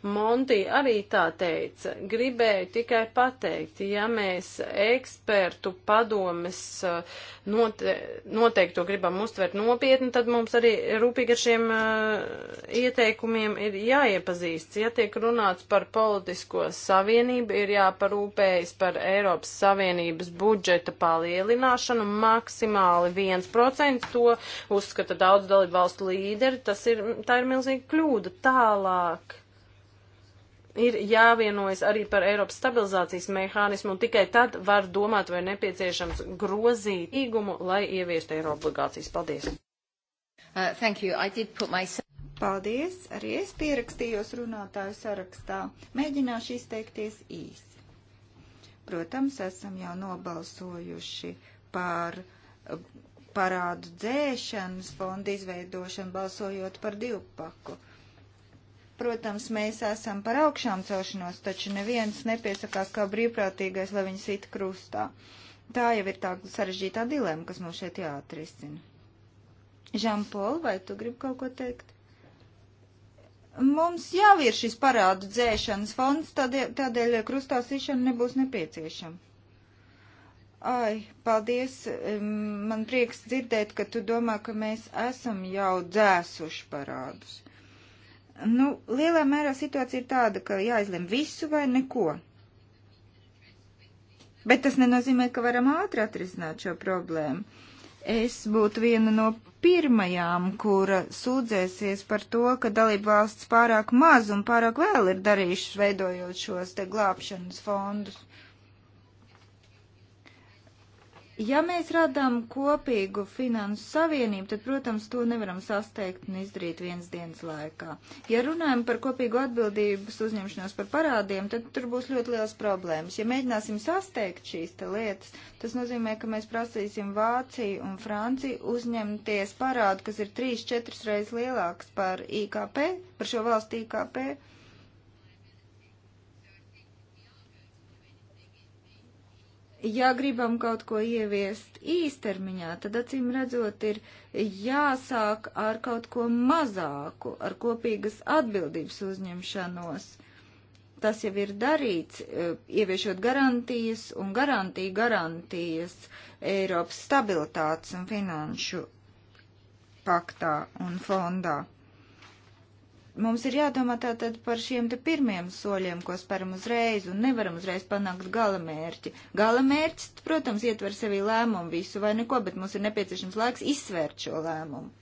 Monti arī tā teica. Gribēju tikai pateikt, ja mēs ekspertu padomes uh, note, noteikto gribam uztvert nopietni, tad mums arī rūpīgi ar šiem uh, ieteikumiem ir jāiepazīsts. Ja tiek runāts par politisko savienību, ir jāparūpējas par Eiropas Savienības budžeta palielināšanu maksimāli 1%. To uzskata daudz dalību valstu līderi. Tas ir, tā ir milzīga kļūda. Tālāk ir jāvienojas arī par Eiropas stabilizācijas mehānismu, un tikai tad var domāt, vai nepieciešams grozīt īgumu, lai ieviestu eiro obligācijas. Paldies! Uh, thank you. I did put myself. Paldies! Arī es pierakstījos runātāju sarakstā. Mēģināšu izteikties īsi. Protams, esam jau nobalsojuši par uh, parādu dzēšanas fondu izveidošanu, balsojot par divpaku. paku Protams, mēs esam par augšām celšanos, taču neviens nepiesakās kā brīvprātīgais, lai viņi sit krustā. Tā jau ir tā sarežģītā dilema, kas mums šeit jāatrisina. Žampol, vai tu gribi kaut ko teikt? Mums jau ir šis parādu dzēšanas fonds, tādēļ, tādēļ krustā sišana nebūs nepieciešama. Ai, paldies. Man prieks dzirdēt, ka tu domā, ka mēs esam jau dzēsuši parādus. Nu, lielā mērā situācija ir tāda, ka jāizlem visu vai neko. Bet tas nenozīmē, ka varam ātri atrisināt šo problēmu. Es būtu viena no pirmajām, kura sūdzēsies par to, ka dalība valsts pārāk maz un pārāk vēl ir darījušas veidojot šos te glābšanas fondus. Uh, Ja mēs radām kopīgu finansu savienību, tad, protams, to nevaram sasteikt un izdarīt viens dienas laikā. Ja runājam par kopīgu atbildības uzņemšanos par parādiem, tad tur būs ļoti liels problēmas. Ja mēģināsim sasteikt šīs te lietas, tas nozīmē, ka mēs prasīsim Vāciju un Franciju uzņemties parādu, kas ir 3-4 reizes lielāks par IKP, par šo valstu IKP ja gribam kaut ko ieviest īstermiņā, tad acīm redzot ir jāsāk ar kaut ko mazāku, ar kopīgas atbildības uzņemšanos. Tas jau ir darīts, e, ieviešot garantijas un garantija garantijas Eiropas stabilitātes un finanšu paktā un fondā mums ir jādomā tātad par šiem te pirmiem soļiem, ko speram uzreiz un nevaram uzreiz panākt galamērķi. Galamērķis, protams, ietver sevī lēmumu visu vai neko, bet mums ir nepieciešams laiks izsvērt šo lēmumu.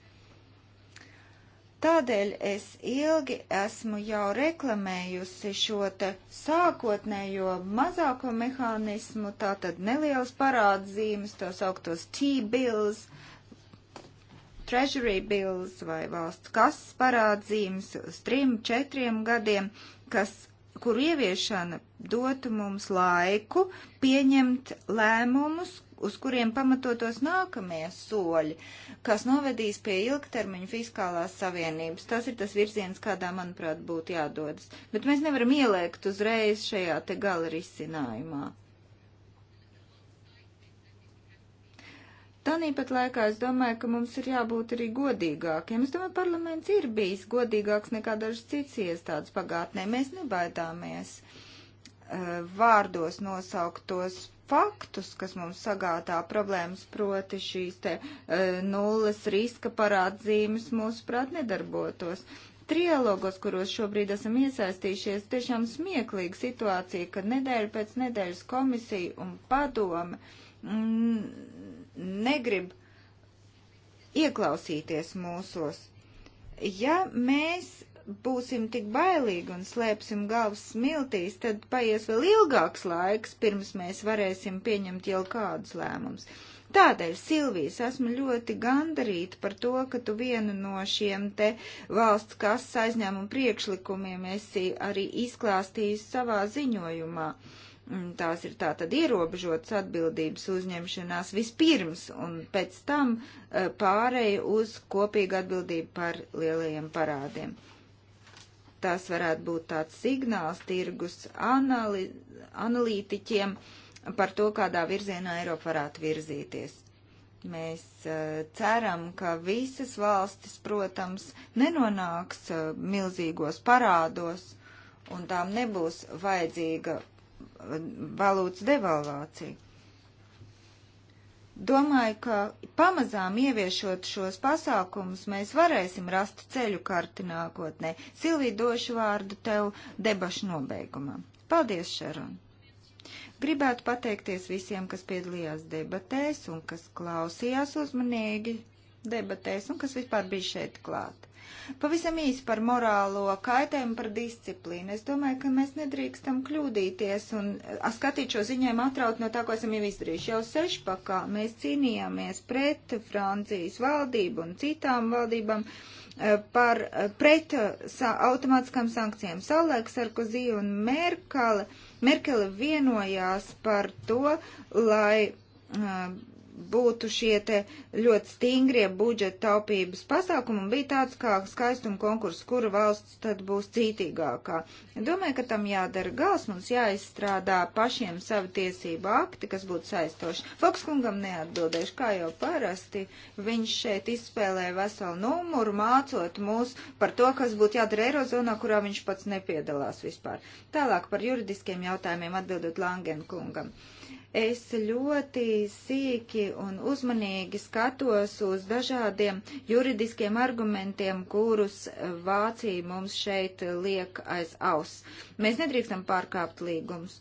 Tādēļ es ilgi esmu jau reklamējusi šo te sākotnējo mazāko mehānismu, tātad nelielas parādzīmes, tos augtos T-bills, uh, treasury bills vai valsts kases parādzīmes uz trim, četriem gadiem, kas, kuru ieviešana dotu mums laiku pieņemt lēmumus, uz kuriem pamatotos nākamie soļi, kas novedīs pie ilgtermiņa fiskālās savienības. Tas ir tas virziens, kādā, manuprāt, būtu jādodas. Bet mēs nevaram ieliekt uzreiz šajā te gala risinājumā. Tāpat laikā es domāju, ka mums ir jābūt arī godīgākiem. Es domāju, parlaments ir bijis godīgāks nekā dažas citas iestādes pagātnē. Mēs nebaidāmies uh, vārdos nosaukt tos faktus, kas mums sagādā problēmas, proti šīs te uh, nulles riska parādzīmes mūsu prāt nedarbotos. Trialogos, kuros šobrīd esam iesaistījušies, tiešām smieklīga situācija, kad nedēļa pēc nedēļas komisija un padome mm, negrib ieklausīties mūsos. Ja mēs būsim tik bailīgi un slēpsim galvas smiltīs, tad paies vēl ilgāks laiks, pirms mēs varēsim pieņemt jau kādus lēmumus. Tādēļ, Silvijas, esmu ļoti gandarīta par to, ka tu vienu no šiem te valsts kases aizņēmumu priekšlikumiem esi arī izklāstījis savā ziņojumā. Uh, Mm, tās ir tātad ierobežotas atbildības uzņemšanās vispirms un pēc tam eh, pārēja uz kopīgu atbildību par lielajiem parādiem. Tas varētu būt tāds signāls tirgus anali analītiķiem par to, kādā virzienā Eiropa varētu virzīties. Mēs uh, ceram, ka visas valstis, protams, nenonāks uh, milzīgos parādos, un tām nebūs vajadzīga valūtas devalvāciju. Domāju, ka pamazām ieviešot šos pasākumus, mēs varēsim rast ceļu karti nākotnē. Silvija došu vārdu tev debašu nobeigumā. Paldies, Šaron! Gribētu pateikties visiem, kas piedalījās debatēs un kas klausījās uzmanīgi debatēs un kas vispār bija šeit klāt. Pavisam īsi par morālo kaitējumu, par disciplīnu. Es domāju, ka mēs nedrīkstam kļūdīties un skatīt šo ziņojumu atraut no tā, ko esam jau izdarījuši. Jau sešpakā mēs cīnījāmies pret Francijas valdību un citām valdībām par pret sa, automātiskām sankcijām. Saulēks Sarkozī un Merkele, Merkele vienojās par to, lai būtu šie te ļoti stingrie budžeta taupības pasākumi un bija tāds kā skaistuma konkurss, kura valsts tad būs cītīgākā. Domāju, ka tam jādara gals, mums jāizstrādā pašiem savu tiesību akti, kas būtu saistoši. Fokskungam neatbildēšu, kā jau parasti, viņš šeit izspēlē veselu numuru, mācot mūs par to, kas būtu jādara Eirozonā, kurā viņš pats nepiedalās vispār. Tālāk par juridiskiem jautājumiem atbildot Langenkungam. kungam. Es ļoti sīki un uzmanīgi skatos uz dažādiem juridiskiem argumentiem, kurus Vācija mums šeit liek aiz aus. Mēs nedrīkstam pārkāpt līgumus.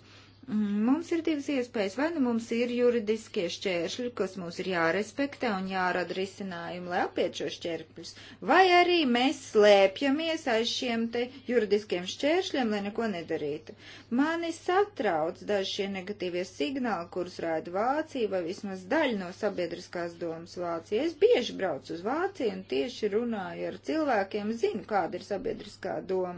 Mums ir divas iespējas. Vai nu mums ir juridiskie šķēršļi, kas mums ir jārespektē un jārada risinājumi, lai apiet šo šķērpļus, vai arī mēs slēpjamies aiz šiem te juridiskiem šķēršļiem, lai neko nedarītu. Mani satrauc daži šie negatīvie signāli, kurus rāda Vācija vai vismaz daļa no sabiedriskās domas Vācija. Es bieži braucu uz Vāciju un tieši runāju ar cilvēkiem, zinu, kāda ir sabiedriskā doma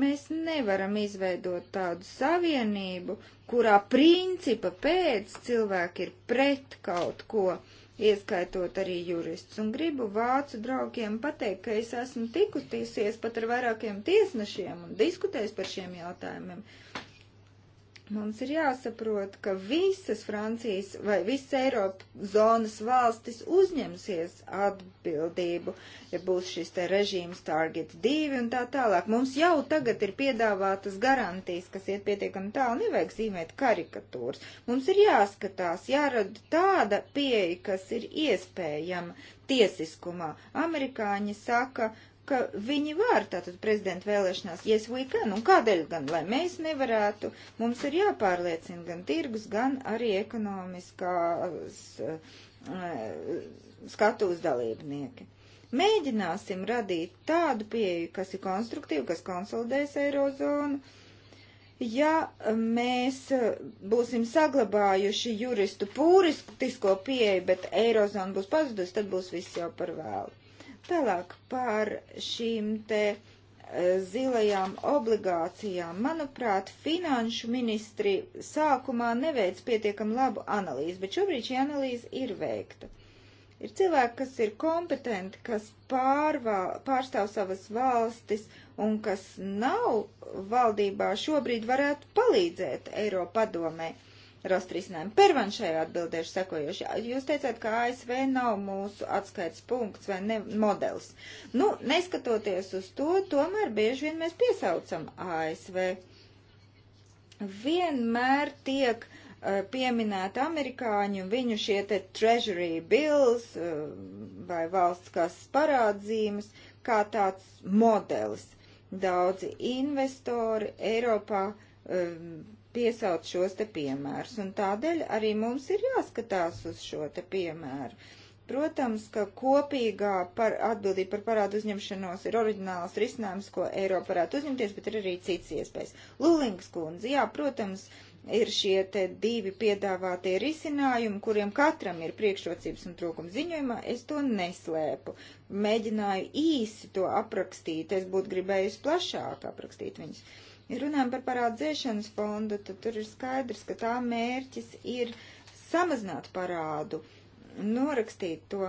Mēs nevaram izveidot tādu savienību, kurā principa pēc cilvēki ir pret kaut ko, ieskaitot arī juristus. Un gribu vācu draugiem pateikt, ka es esmu tikusies pat ar vairākiem tiesnešiem un diskutējis par šiem jautājumiem. Mums ir jāsaprot, ka visas Francijas vai visas Eiropas zonas valstis uzņemsies atbildību, ja būs šis te režīms Target 2 un tā tālāk. Mums jau tagad ir piedāvātas garantijas, kas iet pietiekami tālu, nevajag zīmēt karikatūras. Mums ir jāskatās, jārada tāda pieeja, kas ir iespējama tiesiskumā. Amerikāņi saka, uh, ka viņi var tātad prezidenta vēlēšanās, yes we can, un kādēļ gan, lai mēs nevarētu, mums ir jāpārliecina gan tirgus, gan arī ekonomiskās eh, skatūs dalībnieki. Mēģināsim radīt tādu pieeju, kas ir konstruktīva, kas konsolidēs eirozonu. Ja mēs būsim saglabājuši juristu pūristisko pieeju, bet eirozona būs pazudusi, tad būs viss jau par vēlu. Tālāk par šīm te eh, zilajām obligācijām. Manuprāt, finanšu ministri sākumā neveic pietiekam labu analīzi, bet šobrīd šī analīze ir veikta. Ir cilvēki, kas ir kompetenti, kas pārvā, pārstāv savas valstis un kas nav valdībā, šobrīd varētu palīdzēt Eiropadomē. padomē rast risinājumu. Pervan šajā atbildēšu sekojoši. Jūs teicāt, ka ASV nav mūsu atskaits punkts vai ne, modelis. Nu, neskatoties uz to, tomēr bieži vien mēs piesaucam ASV. Vienmēr tiek uh, eh, pieminēta amerikāņu un viņu šie te treasury bills eh, vai valsts kas parādzīmes kā tāds modelis. Daudzi investori Eiropā um, piesaukt šos te piemērus, un tādēļ arī mums ir jāskatās uz šo te piemēru. Protams, ka kopīgā par atbildība par parādu uzņemšanos ir oriģināls risinājums, ko Eiropa varētu uzņemties, bet ir arī cits iespējas. Lulings kundze, jā, protams, ir šie te divi piedāvātie risinājumi, kuriem katram ir priekšrocības un trūkums ziņojumā, es to neslēpu. Mēģināju īsi to aprakstīt, es būtu gribējusi plašāk aprakstīt viņus. Uh, Ja runājam par parādzēšanas fondu, tad tur ir skaidrs, ka tā mērķis ir samazināt parādu, norakstīt to.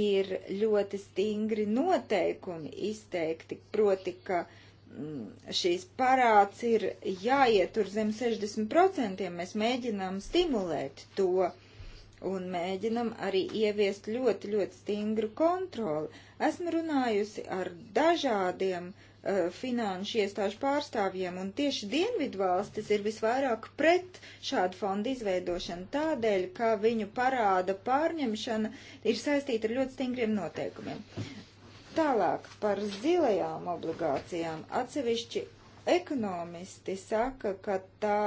Ir ļoti stingri noteikumi izteikti, proti, ka mm, šīs parāds ir jāietur zem 60%, mēs mēģinām stimulēt to un mēģinam arī ieviest ļoti, ļoti stingru kontroli. Esmu runājusi ar dažādiem uh, Eh, finanšu iestāžu pārstāvjiem, un tieši dienvidu valstis ir visvairāk pret šādu fondu izveidošanu tādēļ, ka viņu parāda pārņemšana ir saistīta ar ļoti stingriem noteikumiem. Tālāk par zilajām obligācijām atsevišķi ekonomisti saka, ka tā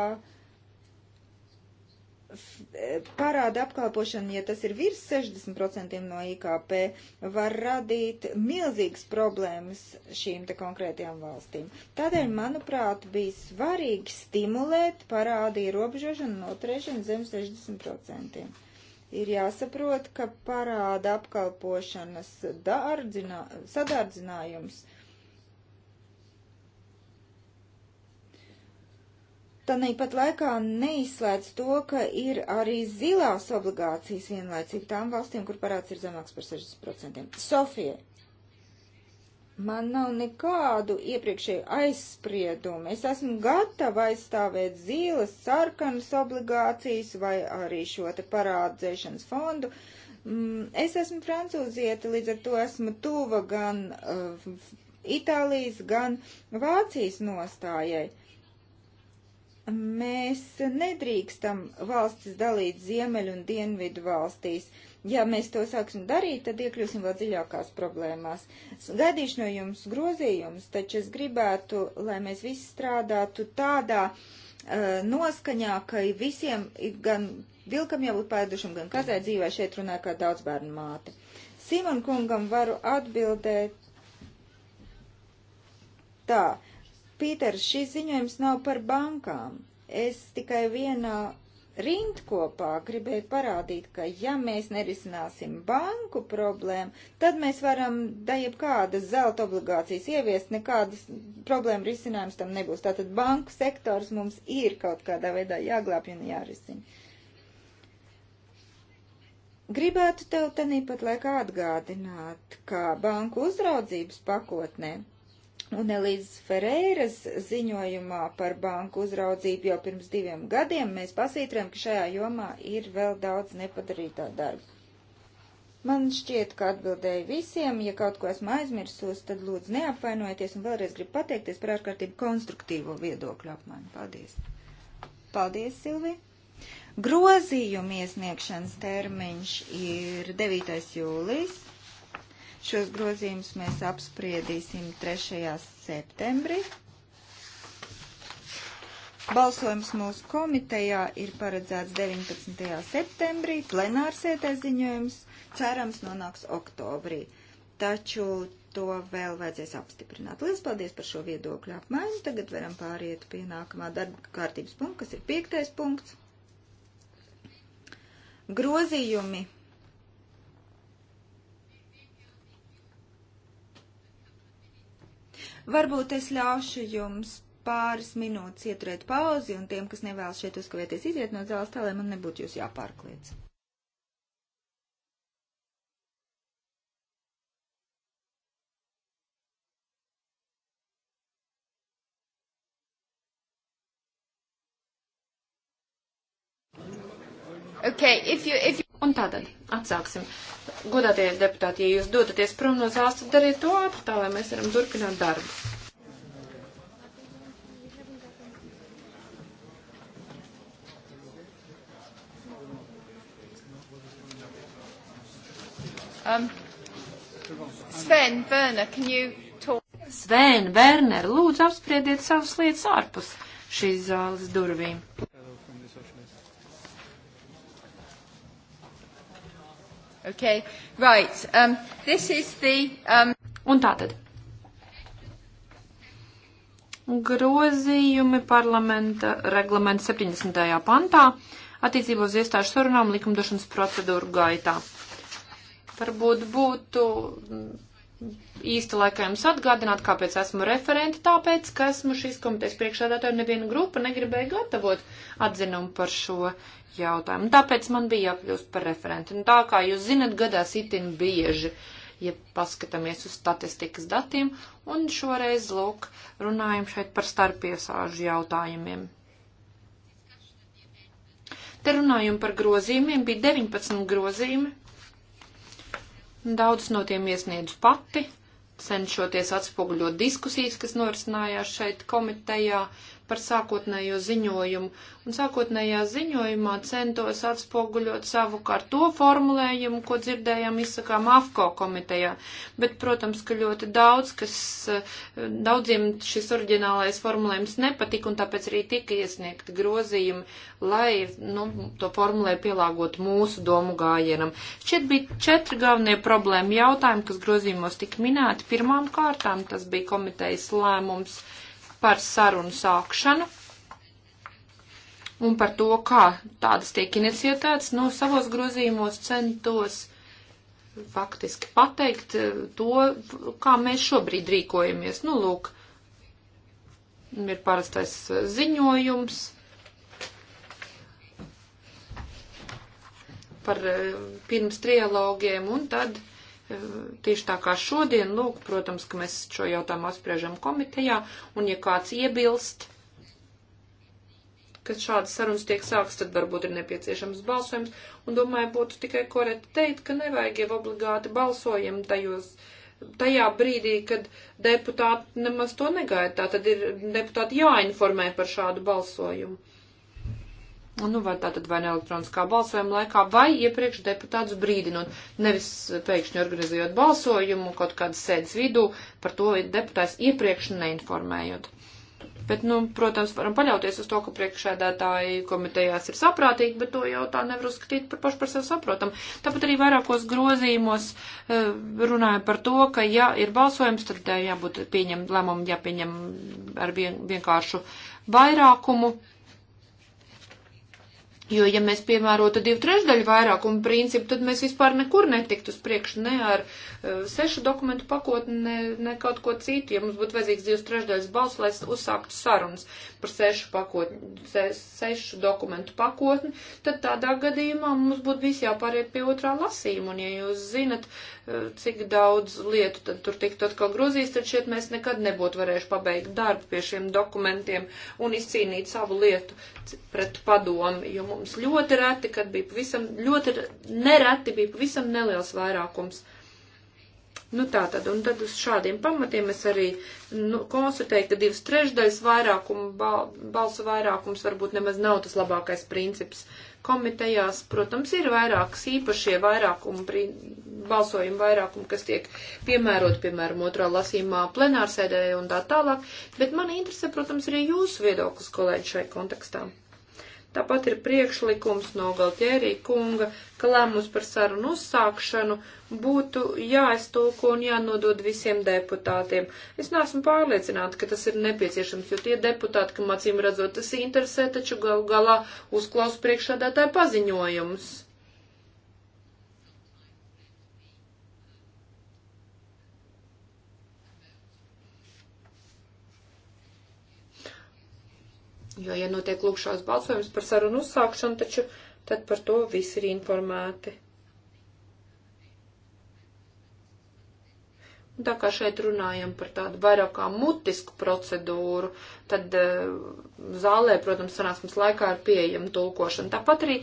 parāda apkalpošana, ja tas ir virs 60% no IKP, var radīt milzīgas problēmas šīm te konkrētajām valstīm. Tādēļ, mm. manuprāt, bija svarīgi stimulēt parādu ierobežošanu no 3 zem 60%. Ir jāsaprot, ka parāda apkalpošanas sadārdzinājums Tāpat laikā neizslēdz to, ka ir arī zilās obligācijas vienlaicīgi tām valstīm, kur parāds ir zemāks par 60%. Sofija, man nav nekādu iepriekšēju aizspriedumu. Es esmu gatava aizstāvēt zilas, sarkanas obligācijas vai arī šo te parādzēšanas fondu. Mm, es esmu francūzieta, līdz ar to esmu tuva gan uh, Itālijas, gan Vācijas nostājai. Uh, Mēs nedrīkstam valstis dalīt ziemeļu un dienvidu valstīs. Ja mēs to sāksim darīt, tad iekļūsim vēl dziļākās problēmās. Gaidīšu no jums grozījumus, taču es gribētu, lai mēs visi strādātu tādā uh, noskaņā, ka visiem gan vilkam jābūt pēdušam, gan kazai dzīvē šeit runā kā daudz bērnu māte. Simon kungam varu atbildēt tā Pīters, šis ziņojums nav par bankām. Es tikai vienā rindkopā gribēju parādīt, ka ja mēs nerisināsim banku problēmu, tad mēs varam dajab kādas zelta obligācijas ieviest, nekādas problēma risinājums tam nebūs. Tātad banku sektors mums ir kaut kādā veidā jāglābj un jārisina. Gribētu tev tanīpat laikā atgādināt, ka banku uzraudzības pakotnē Un līdz Ferreiras ziņojumā par banku uzraudzību jau pirms diviem gadiem mēs pasītrējam, ka šajā jomā ir vēl daudz nepadarītā darba. Man šķiet, ka atbildēju visiem. Ja kaut ko esmu aizmirsus, tad lūdzu neapvainojieties un vēlreiz gribu pateikties par ārkārtīgi konstruktīvo viedokļu apmaiņu. Paldies! Paldies, Silvi! Grozījumu iesniegšanas termiņš ir 9. jūlijas Šos grozījumus mēs apspriedīsim 3. septembrī. Balsojums mūsu komitejā ir paredzēts 19. septembrī, plenārsēdē ziņojums cerams nonāks oktobrī, taču to vēl vajadzēs apstiprināt. Lielas paldies par šo viedokļu apmaiņu. Tagad varam pāriet pie nākamā darba kārtības punkta, kas ir piektais punkts. Grozījumi Varbūt es ļaušu jums pāris minūtes ieturēt pauzi, un tiem, kas nevēlas šeit uzkavēties, iziet no zāles tā, lai man nebūtu jūs jāpārkliedz. Okay, if you, if you... Un tātad, atsāksim. Godātie deputāti, ja jūs dodaties prom no zāles, tad dariet to ātri, tā lai mēs varam turpināt darbu. Um, Sven, Werner, can you talk? Sven, Werner, lūdzu apspriediet savas lietas ārpus šīs zāles durvīm. Okay. Right. Um, this is the, um... Un tātad. Grozījumi parlamenta reglamenta 70. pantā attiecībā uz iestāžu sarunām likumdošanas procedūru gaitā. Varbūt būtu īsta laikā jums atgādināt, kāpēc esmu referenti, tāpēc, ka esmu šīs komitejas priekšādātāja un neviena grupa negribēja gatavot atzinumu par šo jautājumu. Tāpēc man bija jākļūst par referenti. Un tā kā jūs zinat, gadās itin bieži, ja paskatāmies uz statistikas datiem, un šoreiz, lūk, runājam šeit par starpiesāžu jautājumiem. Te runājam par grozījumiem, bija 19 grozījumi, Daudz no tiem iesniedzu pati, cenšoties atspoguļot diskusijas, kas norisinājās šeit komitejā, par sākotnējo ziņojumu. Un sākotnējā ziņojumā centos atspoguļot savukārt to formulējumu, ko dzirdējām izsakām AFCO komitejā. Bet, protams, ka ļoti daudz, kas eh, daudziem šis oriģinālais formulējums nepatika, un tāpēc arī tika iesniegti grozījumi, lai nu, to formulēju pielāgot mūsu domu gājienam. Šķiet bija četri galvenie problēma jautājumi, kas grozījumos tika minēti. Pirmām kārtām tas bija komitejas lēmums. Uh, par sarunu sākšanu un par to, kā tādas tiek iniciatētas. No nu, savos grozījumos centos faktiski pateikt eh, to, kā mēs šobrīd rīkojamies. Nu, lūk, ir parastais eh, ziņojums par eh, pirms trialogiem un tad Tieši tā kā šodien, lūk, protams, ka mēs šo jautājumu apspriežam komitejā, un ja kāds iebilst, kad šādas sarunas tiek sāks, tad varbūt ir nepieciešams balsojums, un domāju, būtu tikai korekti teikt, ka nevajag jau obligāti balsojam tajos, tajā brīdī, kad deputāti nemaz to negaida, tad ir deputāti jāinformē par šādu balsojumu. Nu, vai tā tad vai ne elektroniskā balsojuma laikā, vai iepriekš deputātus brīdinot, nevis pēkšņi organizējot balsojumu kaut kādas sēdes vidū, par to deputāts iepriekš neinformējot. Bet, nu, protams, varam paļauties uz to, ka priekšēdētāji komitejās ir saprātīgi, bet to jau tā nevar uzskatīt par pašu par sevi saprotam. Tāpat arī vairākos grozījumos eh, runāja par to, ka, ja ir balsojums, tad eh, jābūt pieņem, lēmumu jāpieņem ar vien, vienkāršu vairākumu. Jo, ja mēs piemērotu divu trešdaļu vairākumu principu, tad mēs vispār nekur netiktu uz priekšu, ne ar uh, sešu dokumentu pakotni, ne, ne kaut ko citu. Ja mums būtu vajadzīgs divas trešdaļas balss, lai uzsāktu sarunas par sešu, pakotni, se, sešu dokumentu pakotni, tad tādā gadījumā mums būtu visi jāpāriet pie otrā lasījuma. Un, ja jūs zinat, uh, cik daudz lietu tad tur tiktu atkal grozīs, tad šeit mēs nekad nebūtu varējuši pabeigt darbu pie šiem dokumentiem un izcīnīt savu lietu pret padomu, jo mums ļoti reti, kad bija pavisam, ļoti nereti bija pavisam neliels vairākums. Nu tā tad, un tad uz šādiem pamatiem es arī nu, konstatēju, ka divas trešdaļas vairākuma, bal, balsu vairākums varbūt nemaz nav tas labākais princips. Uh, komitejās, protams, ir vairākas īpašie vairākuma, balsojuma vairākuma, kas tiek piemērot, piemēram, otrā lasīmā plenārsēdē un tā tālāk, bet man interesē, protams, arī jūsu viedoklis, kolēģi, šai kontekstā. Tāpat ir priekšlikums no Galtjērī kunga, ka lēmums par sarunu uzsākšanu būtu jāiztulko un jānodod visiem deputātiem. Es neesmu pārliecināta, ka tas ir nepieciešams, jo tie deputāti, kam acīm redzot, tas interesē, taču gal galā uzklaus priekšādātāja paziņojumus. Jo, ja notiek lūkšās balsojums par sarunu uzsākšanu, taču tad par to visi ir informēti. Un tā kā šeit runājam par tādu vairāk kā mutisku procedūru, tad eh, zālē, protams, sanāksmes laikā ir pieejama tulkošana. Tāpat arī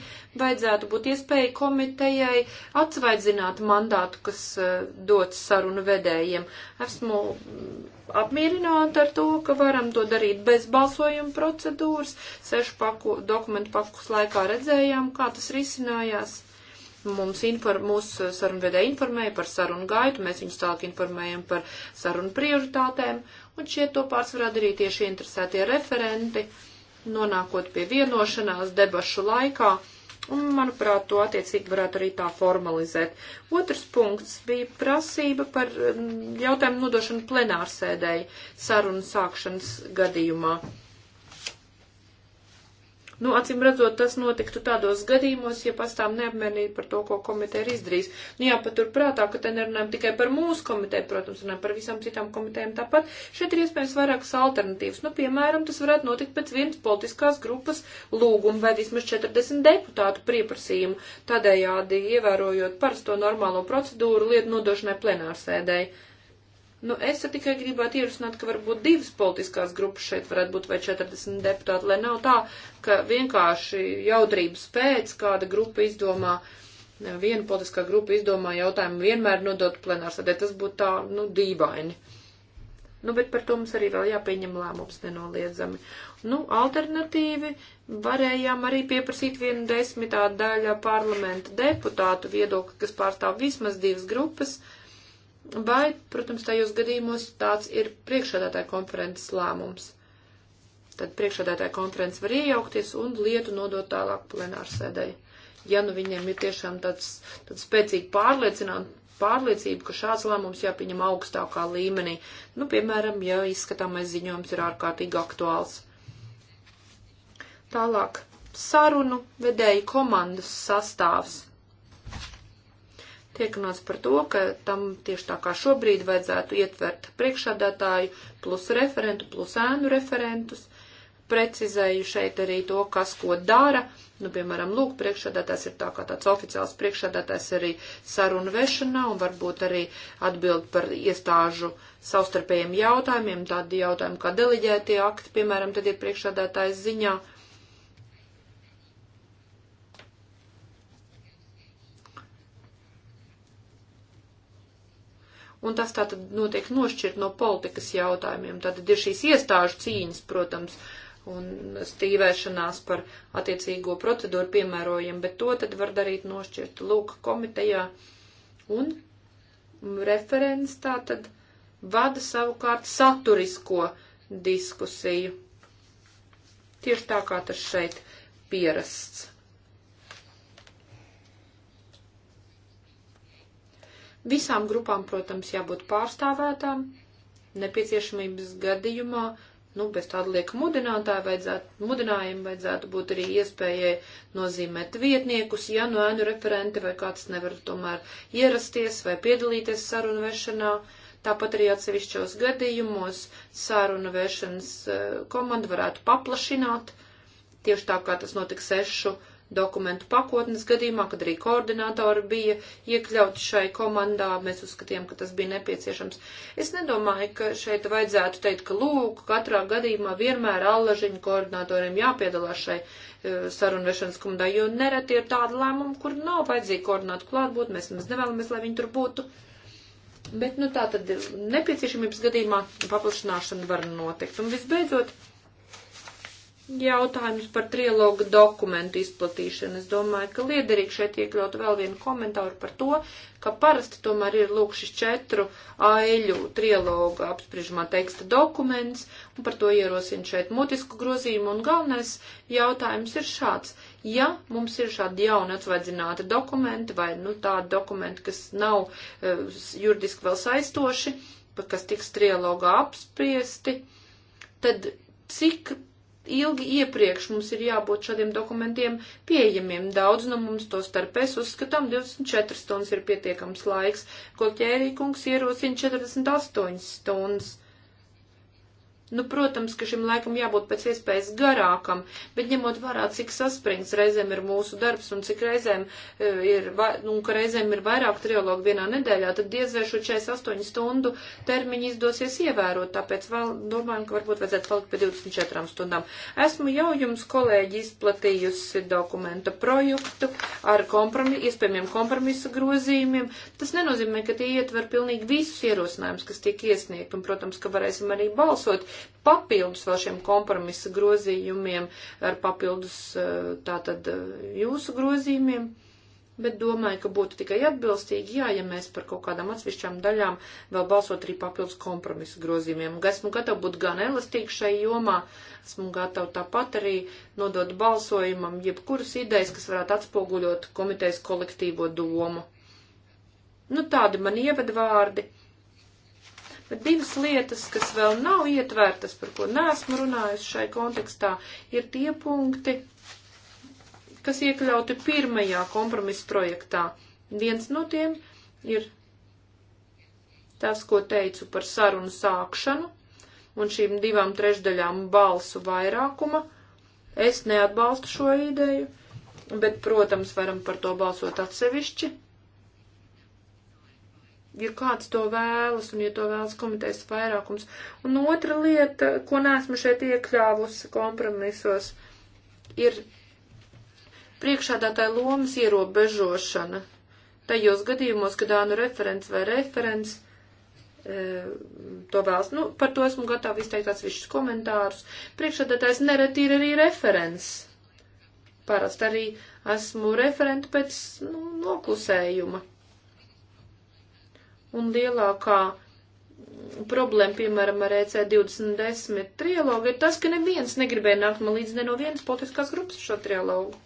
vajadzētu būt iespēja komitejai atsvaidzināt mandātu, kas eh, dots sarunu vedējiem. Esmu mm, apmierināta ar to, ka varam to darīt bez balsojuma procedūras. Sešu paku, dokumentu pakus laikā redzējām, kā tas risinājās mums inform, mūsu sarunvedē informēja par sarunu gaitu, mēs viņus tālāk informējam par sarunu prioritātēm, un šie to pārsvarā darīja tieši interesētie referenti, nonākot pie vienošanās debašu laikā, un, manuprāt, to attiecīgi varētu arī tā formalizēt. Otrs punkts bija prasība par mm, jautājumu nodošanu plenārsēdēji sarunu sākšanas gadījumā. Nu, acīm redzot, tas notiktu tādos gadījumos, ja pastāv neapmierība par to, ko komiteja ir izdarījis. Nu, jāpaturprātā, ka te nerunājam tikai par mūsu komiteju, protams, runājam par visām citām komitejām tāpat. Šeit ir iespējams vairākas alternatīvas. Nu, piemēram, tas varētu notikt pēc vienas politiskās grupas lūguma vai vismaz 40 deputātu prieprasījumu, tādējādi ievērojot parasto normālo procedūru lietu nodošanai plenārsēdēji. Nu, es tikai gribētu ierosināt, ka varbūt divas politiskās grupas šeit varētu būt vai 40 deputāti, lai nav tā, ka vienkārši jautrības pēc kāda grupa izdomā, viena politiskā grupa izdomā jautājumu vienmēr nodot plenārsēdē. Tas būtu tā, nu, dīvaini. Nu, bet par to mums arī vēl jāpieņem lēmums nenoliedzami. Nu, alternatīvi varējām arī pieprasīt vienu desmitā daļa parlamenta deputātu viedokli, kas pārstāv vismaz divas grupas. Uh, vai, protams, tajos gadījumos tāds ir priekšādātāja konferences lēmums. Tad priekšādātāja konferences var iejaukties un lietu nodot tālāk plenārsēdēji. Ja nu viņiem ir tiešām tāds, tāds spēcīgi pārliecināts pārliecību, ka šāds lēmums jāpieņem augstākā līmenī. Nu, piemēram, ja izskatāmais ziņojums ir ārkārtīgi aktuāls. Tālāk, sarunu vedēju komandas sastāvs tiek runāts par to, ka tam tieši tā kā šobrīd vajadzētu ietvert priekšādātāju plus referentu, plus ēnu referentus. Precizēju šeit arī to, kas ko dara. Nu, piemēram, lūk, priekšādātājs ir tā kā tāds oficiāls priekšādātājs arī sarunu vešanā un varbūt arī atbild par iestāžu savstarpējiem jautājumiem, tādi jautājumi kā deleģētie akti, piemēram, tad ir priekšādātājs ziņā. Uh, un tas tātad notiek nošķirt no politikas jautājumiem. Tātad ir šīs iestāžu cīņas, protams, un stīvēšanās par attiecīgo procedūru piemērojam, bet to tad var darīt nošķirt lūk komitejā. Un referents tātad vada savukārt saturisko diskusiju. Tieši tā kā tas šeit pierasts. Visām grupām, protams, jābūt pārstāvētām. Nepieciešamības gadījumā, nu, bez tāda lieka mudinātāja vajadzētu, mudinājumu vajadzētu būt arī iespējai nozīmēt vietniekus, ja no ēnu referenti vai kāds nevar tomēr ierasties vai piedalīties sarunu vešanā. Tāpat arī atsevišķos gadījumos sārunu vēršanas eh, komanda varētu paplašināt, tieši tā kā tas notika sešu uh, dokumentu pakotnes gadījumā, kad arī koordinātori bija iekļauti šai komandā, mēs uzskatījām, ka tas bija nepieciešams. Es nedomāju, ka šeit vajadzētu teikt, ka lūk, katrā gadījumā vienmēr allažiņu koordinātoriem jāpiedalās šai e, sarunvešanas komandā, jo nereti ir tāda lēmuma, kur nav vajadzīga koordinātu klātbūt, mēs maz nevēlamies, lai viņi tur būtu. Bet, nu, tā tad nepieciešamības gadījumā paplašināšana var notikt. Un visbeidzot, Jautājums par trilogu dokumentu izplatīšanu. Es domāju, ka liederīgi šeit iekļaut vēl vienu komentāru par to, ka parasti tomēr ir lūk šis četru aiļu trilogu apspriežamā teksta dokuments, un par to ierosina šeit mutisku grozījumu, un galvenais jautājums ir šāds. Ja mums ir šādi jauni atsvaidzināti dokumenti, vai nu tādi dokumenti, kas nav uh, juridiski vēl saistoši, kas tiks trilogā apspriesti, tad cik ilgi iepriekš mums ir jābūt šādiem dokumentiem pieejamiem. Daudz no mums to starp es uzskatām, 24 stundas ir pietiekams laiks, ko ķērīkungs ierosina 48 stundas. Nu, protams, ka šim laikam jābūt pēc iespējas garākam, bet ņemot vērā, cik saspringts reizēm ir mūsu darbs un cik reizēm e, ir, nu, ka reizēm ir vairāk trilogu vienā nedēļā, tad diez vai šo 48 stundu termiņu izdosies ievērot, tāpēc vēl domājam, ka varbūt vajadzētu palikt pie 24 stundām. Esmu jau jums, kolēģi, izplatījusi dokumenta projektu ar kompromi iespējamiem kompromisa grozījumiem. Tas nenozīmē, ka tie ietver pilnīgi visus ierosinājumus, kas tiek iesniegt, un, protams, ka varēsim arī balsot papildus vēl šiem kompromisa grozījumiem, ar papildus eh, tātad eh, jūsu grozījumiem. Bet domāju, ka būtu tikai atbilstīgi, jā, ja mēs par kaut kādām atsevišķām daļām vēl balsot arī papildus kompromisu grozījumiem. Un esmu gatava būt gan elastīga šai jomā, esmu gatava tāpat arī nodot balsojumam jebkuras idejas, kas varētu atspoguļot komitejas kolektīvo domu. Nu, tādi man ievadvārdi. Bet divas lietas, kas vēl nav ietvērtas, par ko neesmu runājusi šai kontekstā, ir tie punkti, kas iekļauti pirmajā kompromisa projektā. Viens no tiem ir tas, ko teicu par sarunu sākšanu un šīm divām trešdaļām balsu vairākuma. Es neatbalstu šo ideju, bet, protams, varam par to balsot atsevišķi ja kāds to vēlas un ja to vēlas komitejas vairākums. Un otra lieta, ko neesmu šeit iekļāvusi kompromisos, ir priekšādātāja lomas ierobežošana. Tajos gadījumos, kad ānu referents vai referents e, to vēlas. Nu, par to esmu gatava izteikt atsevišķus komentārus. Priekšādātājs nereti ir arī referents. Parasti arī esmu referenti pēc nu, noklusējuma un lielākā problēma, piemēram, ar EC 2010 trialogu, ir tas, ka neviens negribēja nākt man līdz ne no vienas politiskās grupas šo trialogu.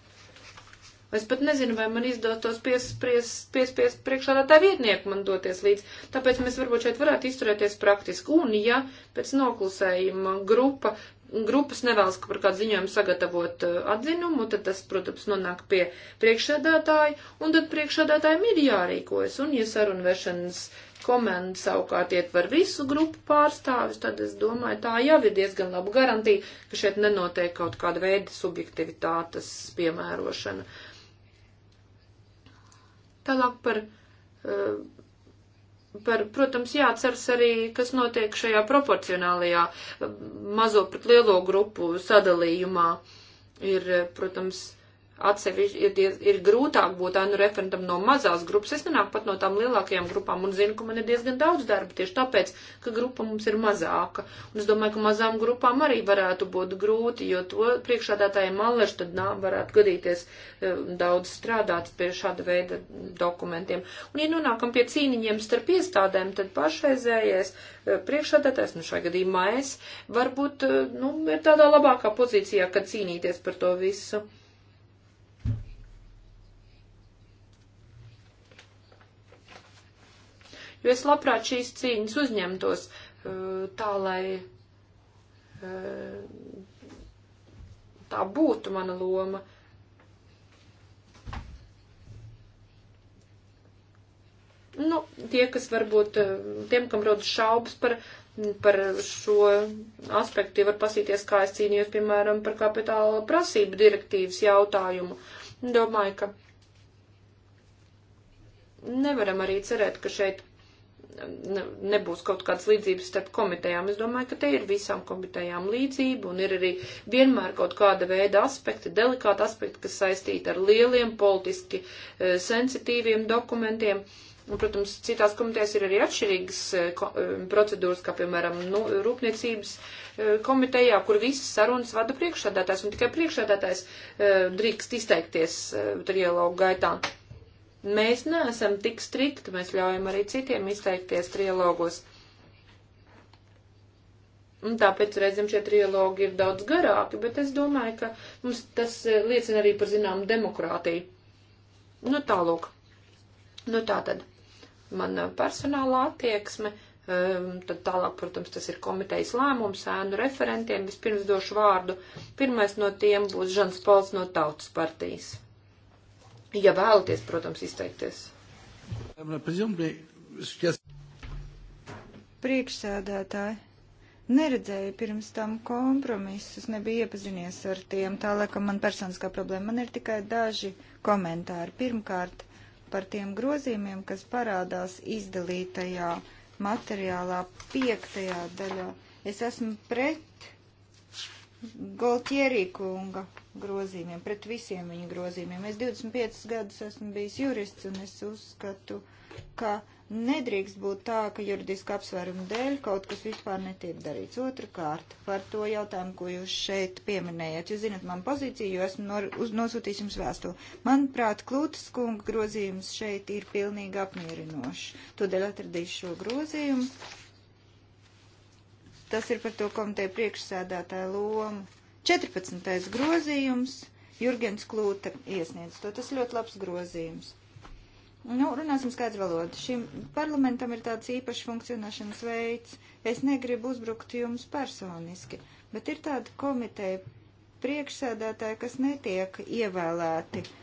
Es pat nezinu, vai man izdotos piespiest pies, pies, priekšādātā vietnieku man doties līdz, tāpēc mēs varbūt šeit varētu izturēties praktiski. Un, ja pēc noklusējuma grupa grupas nevēlas par kādu ziņojumu sagatavot uh, atzinumu, tad tas, protams, nonāk pie priekšsēdētāja, un tad priekšsēdētājiem ir jārīkojas, un ja sarunvešanas komanda savukārt ietver visu grupu pārstāvis, tad es domāju, tā jau ir diezgan laba garantija, ka šeit nenotiek kaut kāda veida subjektivitātes piemērošana. Tālāk par uh, par, protams, jāatceras arī, kas notiek šajā proporcionālajā mazo pret lielo grupu sadalījumā. Ir, protams, atsevišķi ir, diez, ir grūtāk būt ēnu referentam no mazās grupas. Es nenāku pat no tām lielākajām grupām un zinu, ka man ir diezgan daudz darba tieši tāpēc, ka grupa mums ir mazāka. Un es domāju, ka mazām grupām arī varētu būt grūti, jo to priekšādātājiem mallež tad nā, varētu gadīties e, daudz strādāt pie šāda veida dokumentiem. Un ja nonākam pie cīniņiem starp iestādēm, tad pašreizējais e, priekšādātājs, nu šajā gadījumā es, varbūt, e, nu, ir tādā labākā pozīcijā, kad cīnīties par to visu. jo es labprāt šīs cīņas uzņemtos eh, tā, lai eh, tā būtu mana loma. Nu, tie, kas varbūt, eh, tiem, kam rodas šaubas par par šo aspektu var pasīties, kā es cīnījos, piemēram, par kapitāla prasību direktīvas jautājumu. Domāju, ka nevaram arī cerēt, ka šeit ne, nebūs kaut kādas līdzības starp komitejām. Es domāju, ka te ir visām komitejām līdzība un ir arī vienmēr kaut kāda veida aspekti, delikāti aspekti, kas saistīti ar lieliem politiski e, sensitīviem dokumentiem. Un, protams, citās komitejas ir arī atšķirīgas e, ko, e, procedūras, kā piemēram nu, rūpniecības komitejā, kur visas sarunas vada priekšsādātājs un tikai priekšsādātājs drīkst izteikties trialogu gaitā. Mēs neesam tik strikti, mēs ļaujam arī citiem izteikties trilogos. Un tāpēc reizēm šie trilogi ir daudz garāki, bet es domāju, ka mums tas eh, liecina arī par zināmu demokrātiju. Nu tālūk. Nu tā tad. Man eh, personāla attieksme. Um, tad tālāk, protams, tas ir komitejas lēmums, ēnu referentiem. Vispirms došu vārdu. Pirmais no tiem būs Žans Pols no Tautas partijas ja vēlaties, protams, izteikties. Priekšsēdētāji, neredzēju pirms tam kompromisus, nebija iepazinies ar tiem, tā laikam man personiskā problēma. Man ir tikai daži komentāri. Pirmkārt, par tiem grozījumiem, kas parādās izdalītajā materiālā piektajā daļā. Es esmu pret Goltierī kunga grozījumiem, pret visiem viņa grozījumiem. Es 25 gadus esmu bijis jurists un es uzskatu, ka nedrīkst būt tā, ka juridiska apsvēruma dēļ kaut kas vispār netiek darīts. Otrakārt, par to jautājumu, ko jūs šeit pieminējat. Jūs zinat man pozīciju, jo esmu nor, uz, nosūtījis jums vēstuli. Manuprāt, Klūtas kunga grozījums šeit ir pilnīgi apmierinošs. Todēļ atradīšu šo grozījumu. Tas ir par to komiteju priekšsēdētāju lomu 14. grozījums. Jurgens Klūta iesniedz to. Tas ļoti labs grozījums. Nu, runāsim skaidru valodu. Šim parlamentam ir tāds īpašs funkcionēšanas veids. Es negribu uzbrukt jums personiski, bet ir tāda komiteja priekšsēdētāja, kas netiek ievēlēti uh,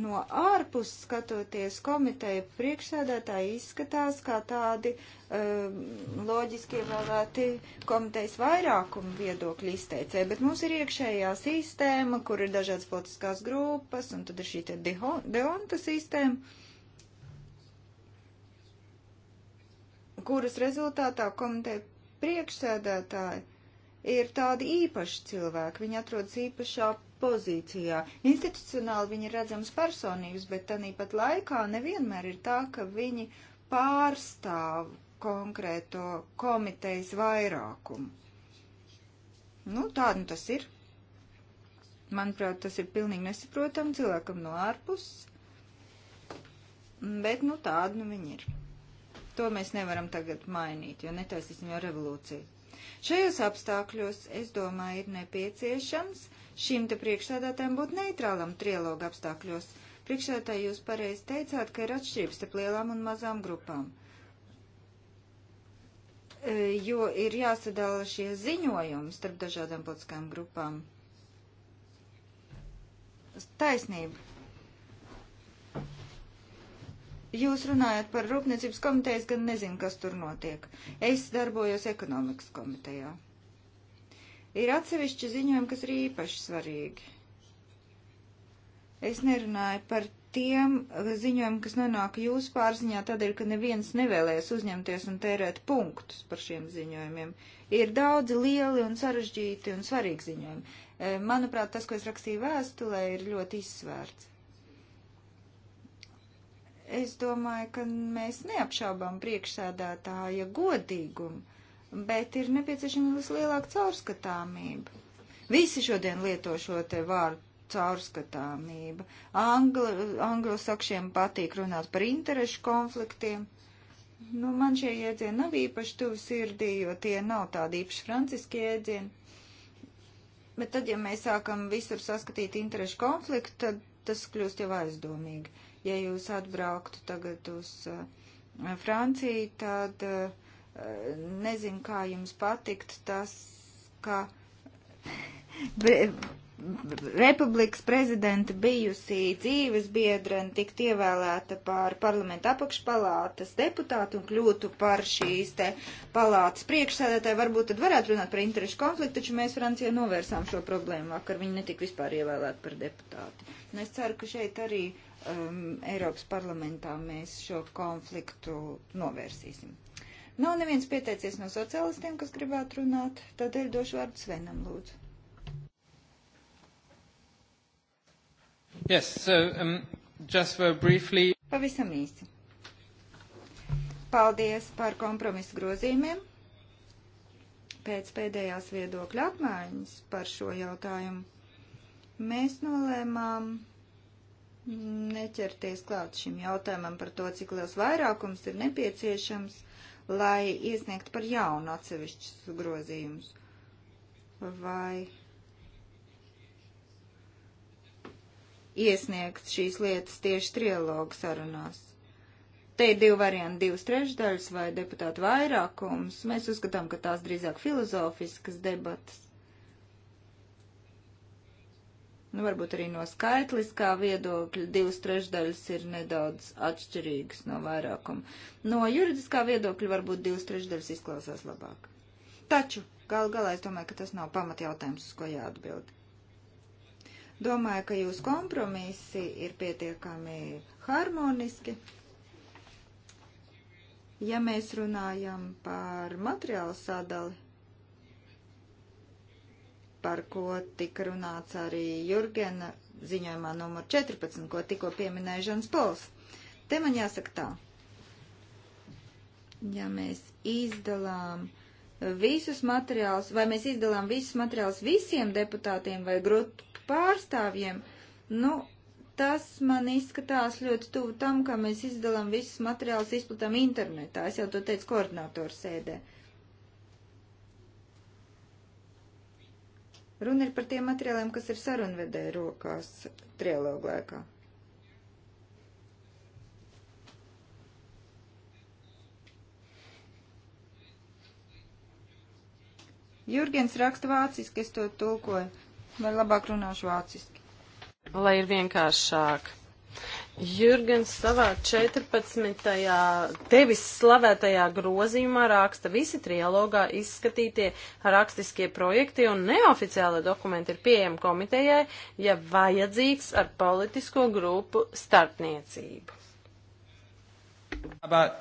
no ārpus skatoties komiteja priekšsēdētāji izskatās kā tādi um, loģiski ievēlēti komitejas vairākumu viedokļu izteicēji, bet mums ir iekšējā sistēma, kur ir dažādas politiskās grupas, un tad ir šī te deonta sistēma. kuras rezultātā komiteja priekšsēdētāji ir tādi īpaši cilvēki. Viņi atrodas īpašā pozīcijā. Institucionāli viņi ir redzams personības, bet tanīpat laikā nevienmēr ir tā, ka viņi pārstāv konkrēto komitejas vairākumu. Nu, tāda nu tas ir. Manuprāt, tas ir pilnīgi nesaprotam cilvēkam no ārpuses, bet, nu, tāda nu viņi ir. To mēs nevaram tagad mainīt, jo netaisīsim jau revolūciju. Šajos apstākļos, es domāju, ir nepieciešams uh, šim te priekšsēdētājiem būt neitrālam trialogu apstākļos. Priekšsēdētāji, jūs pareizi teicāt, ka ir atšķirības starp lielām un mazām grupām. E, jo ir jāsadala šie ziņojumi starp dažādām politiskām grupām. Taisnība. Jūs runājat par rūpniecības komitejas, gan nezinu, kas tur notiek. Es darbojos ekonomikas komitejā. Ir atsevišķi ziņojumi, kas ir īpaši svarīgi. Es nerunāju par tiem ziņojumiem, kas nonāk jūsu pārziņā, tādēļ, ka neviens nevēlēs uzņemties un tērēt punktus par šiem ziņojumiem. Ir daudzi lieli un sarežģīti un svarīgi ziņojumi. E, manuprāt, tas, ko es rakstīju vēstulē, ir ļoti izsvērts. Es domāju, ka mēs neapšaubām priekšsēdētāja godīgumu bet ir nepieciešama vislielāka caurskatāmība. Visi šodien lieto šo te vārdu caurskatāmība. Angli, anglosakšiem patīk runāt par interešu konfliktiem. Nu, man šie jēdzieni nav īpaši tuvu sirdī, jo tie nav tādi īpaši franciski jēdzieni. Bet tad, ja mēs sākam visur saskatīt interešu konfliktu, tad tas kļūst jau aizdomīgi. Ja jūs atbrauktu tagad uz uh, Franciju, tad uh, Nezinu, kā jums patikt tas, ka [laughs] republikas prezidenta bijusī dzīves biedrene tikt ievēlēta par parlamenta apakšpalātas deputātu un kļūtu par šīs te palātas priekšsēdētāju. Varbūt tad varētu runāt par interešu konfliktu, taču mēs Francijā novērsām šo problēmu vakar. Viņa netika vispār ievēlēta par deputātu. Un es ceru, ka šeit arī um, Eiropas parlamentā mēs šo konfliktu novērsīsim. Nav neviens pieteicies no sociālistiem, kas gribētu runāt, tādēļ došu vārdu Svenam lūdzu. Yes, so, um, just very briefly. Pavisam īsi. Paldies par kompromisu grozījumiem. Pēc pēdējās viedokļa apmaiņas par šo jautājumu mēs nolēmām neķerties klāt šim jautājumam par to, cik liels vairākums ir nepieciešams lai iesniegtu par jaunu atsevišķus grozījumus? Vai iesniegt šīs lietas tieši trialogu sarunās? Te ir divi varianti, divas trešdaļas vai deputātu vairākums. Mēs uzskatām, ka tās drīzāk filozofiskas debatas nu, varbūt arī no skaitliskā viedokļa divas trešdaļas ir nedaudz atšķirīgas no vairākuma. No juridiskā viedokļa varbūt divas trešdaļas izklausās labāk. Taču, gal galā es domāju, ka tas nav pamat jautājums, uz ko jāatbild. Domāju, ka jūsu kompromisi ir pietiekami harmoniski. Ja mēs runājam par materiālu sadali, par ko tika runāts arī Jurgena ziņojumā numur 14, ko tikko pieminēja Žans Pols. Te man jāsaka tā, ja mēs izdalām visus materiālus, vai mēs izdalām visus materiālus visiem deputātiem vai grupu pārstāvjiem, nu, tas man izskatās ļoti tuvu tam, kā mēs izdalām visus materiālus, izplatām internetā. Es jau to teicu koordinātoru sēdē. Uh, Runa ir par tiem materiāliem, kas ir sarunvedēju rokās trialogu laikā. Jurgens raksta vāciski, es to tulkoju, vai labāk runāšu vāciski. Lai ir vienkāršāk. Jurgens savā 14. tevis slavētajā grozījumā raksta visi trialogā izskatītie rakstiskie projekti un neoficiāli dokumenti ir pieejami komitejai, ja vajadzīgs ar politisko grupu starpniecību.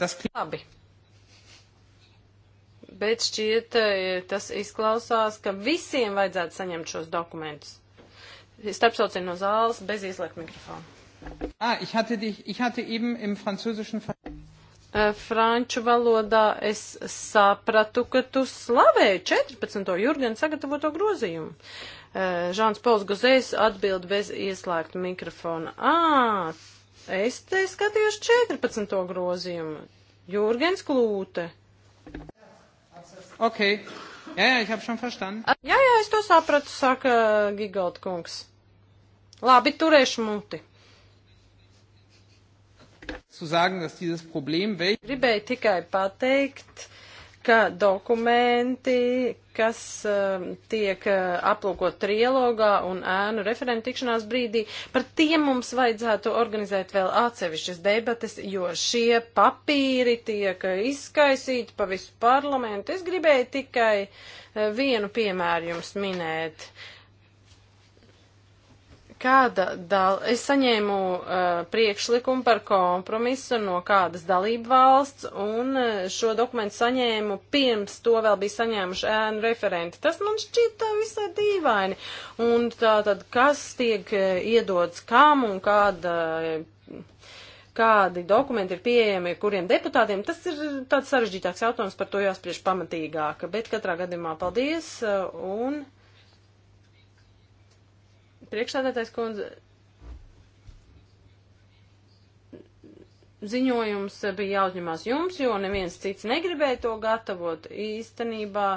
Tas... Labi. Bet šķiet, eh, tas izklausās, ka visiem vajadzētu saņemt šos dokumentus. Starpsaucien no zāles bez ieslēgt mikrofonu. Ah, ich hatte dich, ich hatte eben im französischen. Eh, franču valodā es sapratu, ka tu slavēji 14. Jurgena sagatavoto grozījumu. Eh, Žāns Pauls Gozējs atbild bez ieslēgta mikrofona. Ā, es te skatījos 14. grozījumu. Jurgens Klūte. Ok. Jā, jā, ich hab schon verstanden. Jā, jā, es to sapratu, saka Gigalt kungs. Labi, turēšu muti. Gribēju tikai pateikt, ka dokumenti, kas uh, tiek uh, aplūkot trilogā un ēnu referentu tikšanās brīdī, par tiem mums vajadzētu organizēt vēl atsevišķas debates, jo šie papīri tiek uh, izskaisīti pa visu parlamentu. Es gribēju tikai uh, vienu piemēru jums minēt. Uh, kāda dal, es saņēmu uh, priekšlikumu par kompromisu no kādas dalību valsts, un uh, šo dokumentu saņēmu pirms to vēl bija saņēmuši ēnu referenti. Tas man šķita visai dīvaini. Un tā tad, kas tiek uh, iedots kam un kāda. Uh, kādi dokumenti ir pieejami kuriem deputātiem, tas ir tāds sarežģītāks jautājums, par to jāspriež pamatīgāk. Bet katrā gadījumā paldies uh, un. Uh, Priekšsēdētājs kundze, ziņojums bija jāuzņemās jums, jo neviens cits negribēja to gatavot. Īstenībā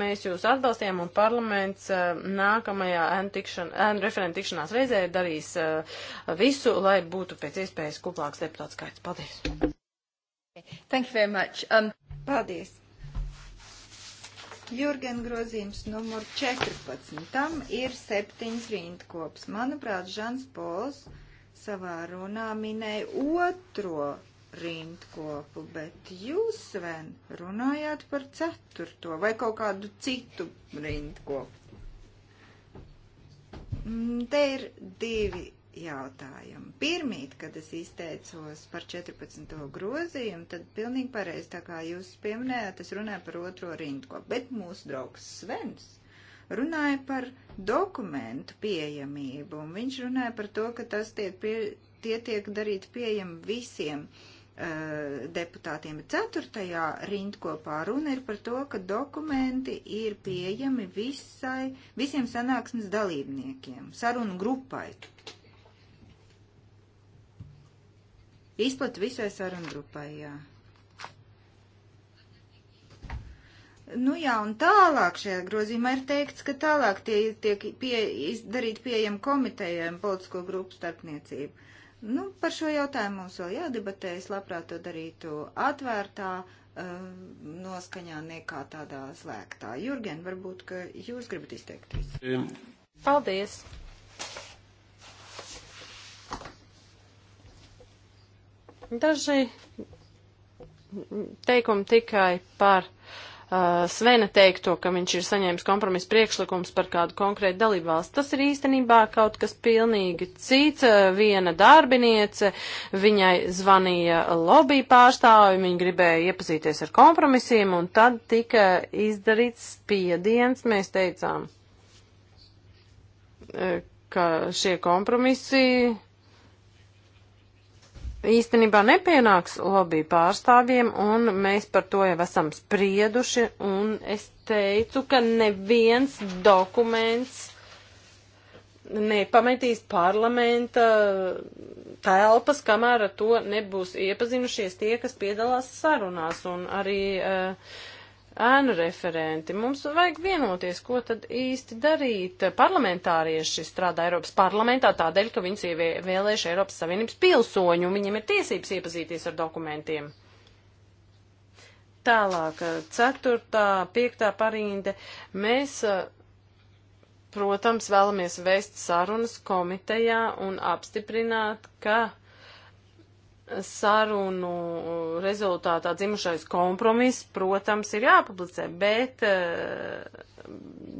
mēs jūs atbalstījām un parlaments eh, nākamajā referenta tikšanās reizē darīs eh, visu, lai būtu pēc iespējas kuplāks deputāts skaits. Paldies! Thank you very much. Um, paldies! Jurgen grozījums numur 14. Tam ir septiņas rindkops. Manuprāt, Žans Pols savā runā minēja otro rindkopu, bet jūs, Sven, runājāt par ceturto vai kaut kādu citu rindkopu. Mm, te ir divi jautājumu. Pirmīt, kad es izteicos par 14. grozījumu, tad pilnīgi pareizi, tā kā jūs pieminējāt, es runāju par otro rindko, bet mūsu draugs Svens runāja par dokumentu pieejamību, un viņš runāja par to, ka tas tiek pie, tie tiek darīti pieejami visiem uh, deputātiem. Ceturtajā rindkopā runa ir par to, ka dokumenti ir pieejami visai, visiem sanāksmes dalībniekiem, sarunu grupai. Izplat visai sarungrupai, jā. Nu jā, un tālāk šajā grozījumā ir teikts, ka tālāk tie tiek pie, izdarīt pieejam komitejai un politisko grupu starpniecību. Nu, par šo jautājumu mums vēl jādebatē, es labprāt to darītu atvērtā uh, noskaņā nekā tādā slēgtā. Jurgen, varbūt, ka jūs gribat izteikties. Paldies! Daži teikumi tikai par uh, Svena teikto, ka viņš ir saņēmis kompromisu priekšlikums par kādu konkrētu dalību valsts. Tas ir īstenībā kaut kas pilnīgi cits. Uh, viena darbiniece, viņai zvanīja lobby pārstāvi, viņa gribēja iepazīties ar kompromisiem, un tad tika izdarīts spiediens, mēs teicām, uh, ka šie kompromisi īstenībā nepienāks lobby pārstāvjiem, un mēs par to jau esam sprieduši, un es teicu, ka neviens dokuments nepametīs parlamenta telpas, kamēr ar to nebūs iepazinušies tie, kas piedalās sarunās, un arī uh, ēnu referenti. Mums vajag vienoties, ko tad īsti darīt. Parlamentārieši strādā Eiropas parlamentā tādēļ, ka viņus ir vēlējuši Eiropas Savienības pilsoņu un viņiem ir tiesības iepazīties ar dokumentiem. Tālāk, ceturtā, piektā parīnde. Mēs, protams, vēlamies vēst sarunas komitejā un apstiprināt, ka sarunu rezultātā dzimušais kompromiss, protams, ir jāpublicē, bet eh,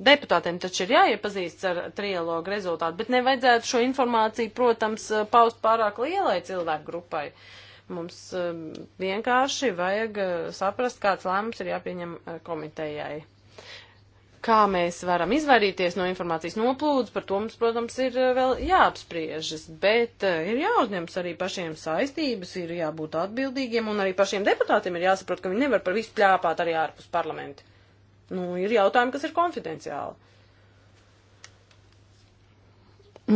deputātiem taču ir jāiepazīstas ar trialogu rezultātu, bet nevajadzētu šo informāciju, protams, eh, paust pārāk lielai cilvēku grupai. Mums eh, vienkārši vajag saprast, kāds lēmums ir jāpieņem komitejai kā mēs varam izvairīties no informācijas noplūdes, par to mums, protams, ir eh, vēl jāapspriežas, bet eh, ir jāuzņems arī pašiem saistības, ir jābūt atbildīgiem, un arī pašiem deputātiem ir jāsaprot, ka viņi nevar par visu pļāpāt arī ārpus parlamenta. Nu, ir jautājumi, kas ir konfidenciāli.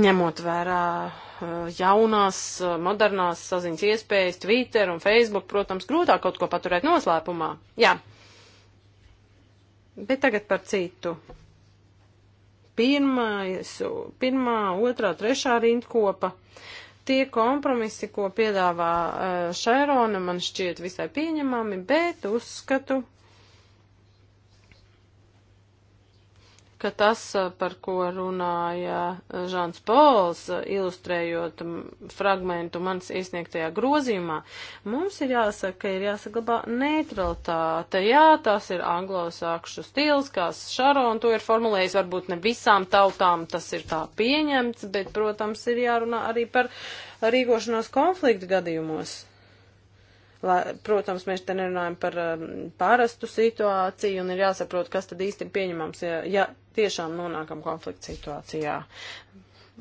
Ņemot vērā eh, jaunās, modernās saziņas iespējas, Twitter un Facebook, protams, grūtāk kaut ko paturēt noslēpumā. Jā. Yeah. Bet tagad par citu. Pirmais, pirmā, otrā, trešā rindkopa. Tie kompromisi, ko piedāvā eh, Šērona, man šķiet visai pieņemami, bet uzskatu, ka tas, eh, par ko runāja eh, Žāns Pols, eh, ilustrējot mm, fragmentu manas iesniegtajā grozījumā, mums ir jāsaka, ka ir jāsaglabā neutralitāte. Jā, tas ir anglosākšu stils, kā Šarona to ir formulējis, varbūt ne visām tautām tas ir tā pieņemts, bet, protams, ir jārunā arī par rīkošanos konfliktu gadījumos. Lai, protams, mēs te nerunājam par um, pārastu situāciju un ir jāsaprot, kas tad īsti ir pieņemams, ja, ja tiešām nonākam konflikta situācijā.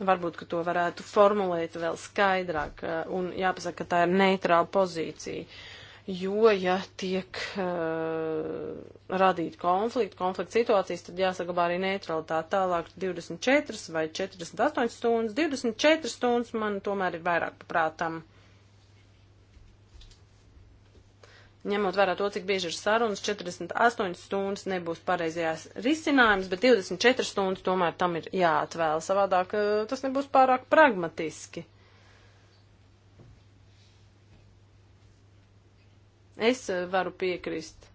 Varbūt, ka to varētu formulēt vēl skaidrāk uh, un jāpasaka, ka tā ir neitrāla pozīcija. Jo, ja tiek uh, radīta konflikta, konflikta situācijas, tad jāsaglabā arī neutralitāte tālāk 24 vai 48 stundas. 24 stundas man tomēr ir vairāk paprātam. Uh, ņemot vērā to, cik bieži ir sarunas, 48 stundas nebūs pareizajās risinājums, bet 24 stundas tomēr tam ir jāatvēl, savādāk eh, tas nebūs pārāk pragmatiski. Es eh, varu piekrist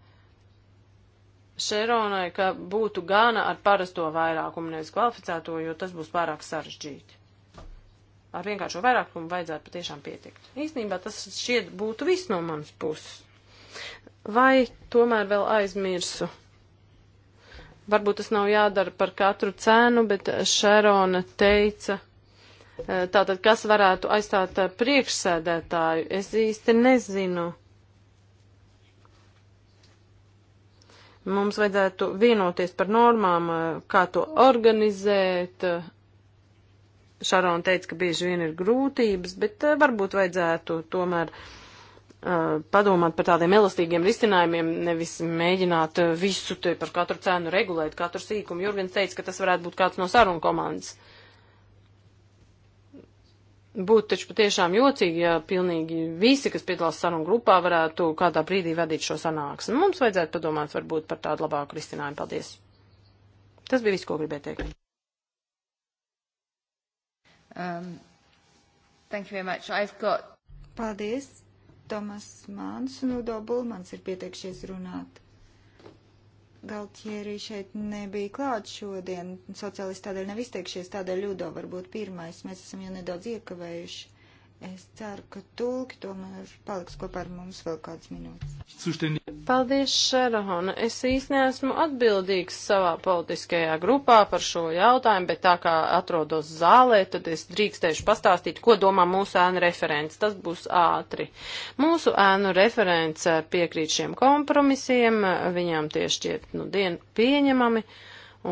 Šeronai, ka būtu gana ar parasto vairākumu, nevis kvalificēto, jo tas būs pārāk sarežģīti. Ar vienkāršo vairākumu vajadzētu patiešām pietikt. Īstenībā tas šiet būtu viss no manas puses. Vai tomēr vēl aizmirsu? Varbūt tas nav jādara par katru cenu, bet Šerona teica, e, tātad kas varētu aizstāt e, priekšsēdētāju, es īsti nezinu. Mums vajadzētu vienoties par normām, e, kā to organizēt, Šarona teica, ka bieži vien ir grūtības, bet varbūt vajadzētu tomēr Uh, padomāt par tādiem elastīgiem risinājumiem, nevis mēģināt uh, visu te par katru cenu regulēt, katru sīkumu. Jurgens teica, ka tas varētu būt kāds no sarunu komandas. Būtu taču patiešām jocīgi, ja pilnīgi visi, kas piedalās sarunu grupā, varētu kādā brīdī vadīt šo sanāksmi. Mums vajadzētu padomāt varbūt par tādu labāku risinājumu. Paldies! Tas bija viss, ko gribēju teikt. Um, thank you very much. I've got... Paldies! Tomas Mans un Udo Bulmans ir pieteikšies runāt. Galtieri šeit nebija klāt šodien, sociālisti tādēļ nav izteikšies, tādēļ Udo varbūt pirmais, mēs esam jau nedaudz iekavējuši. Es ceru, ka tulki tomēr paliks kopā ar mums vēl kādas minūtes. Paldies, Šerahona. Es īsti neesmu atbildīgs savā politiskajā grupā par šo jautājumu, bet tā kā atrodos zālē, tad es drīkstēšu pastāstīt, ko domā mūsu ēnu referents. Tas būs ātri. Mūsu ēnu referents piekrīt šiem kompromisiem, viņām tie šķiet nu dienu pieņemami,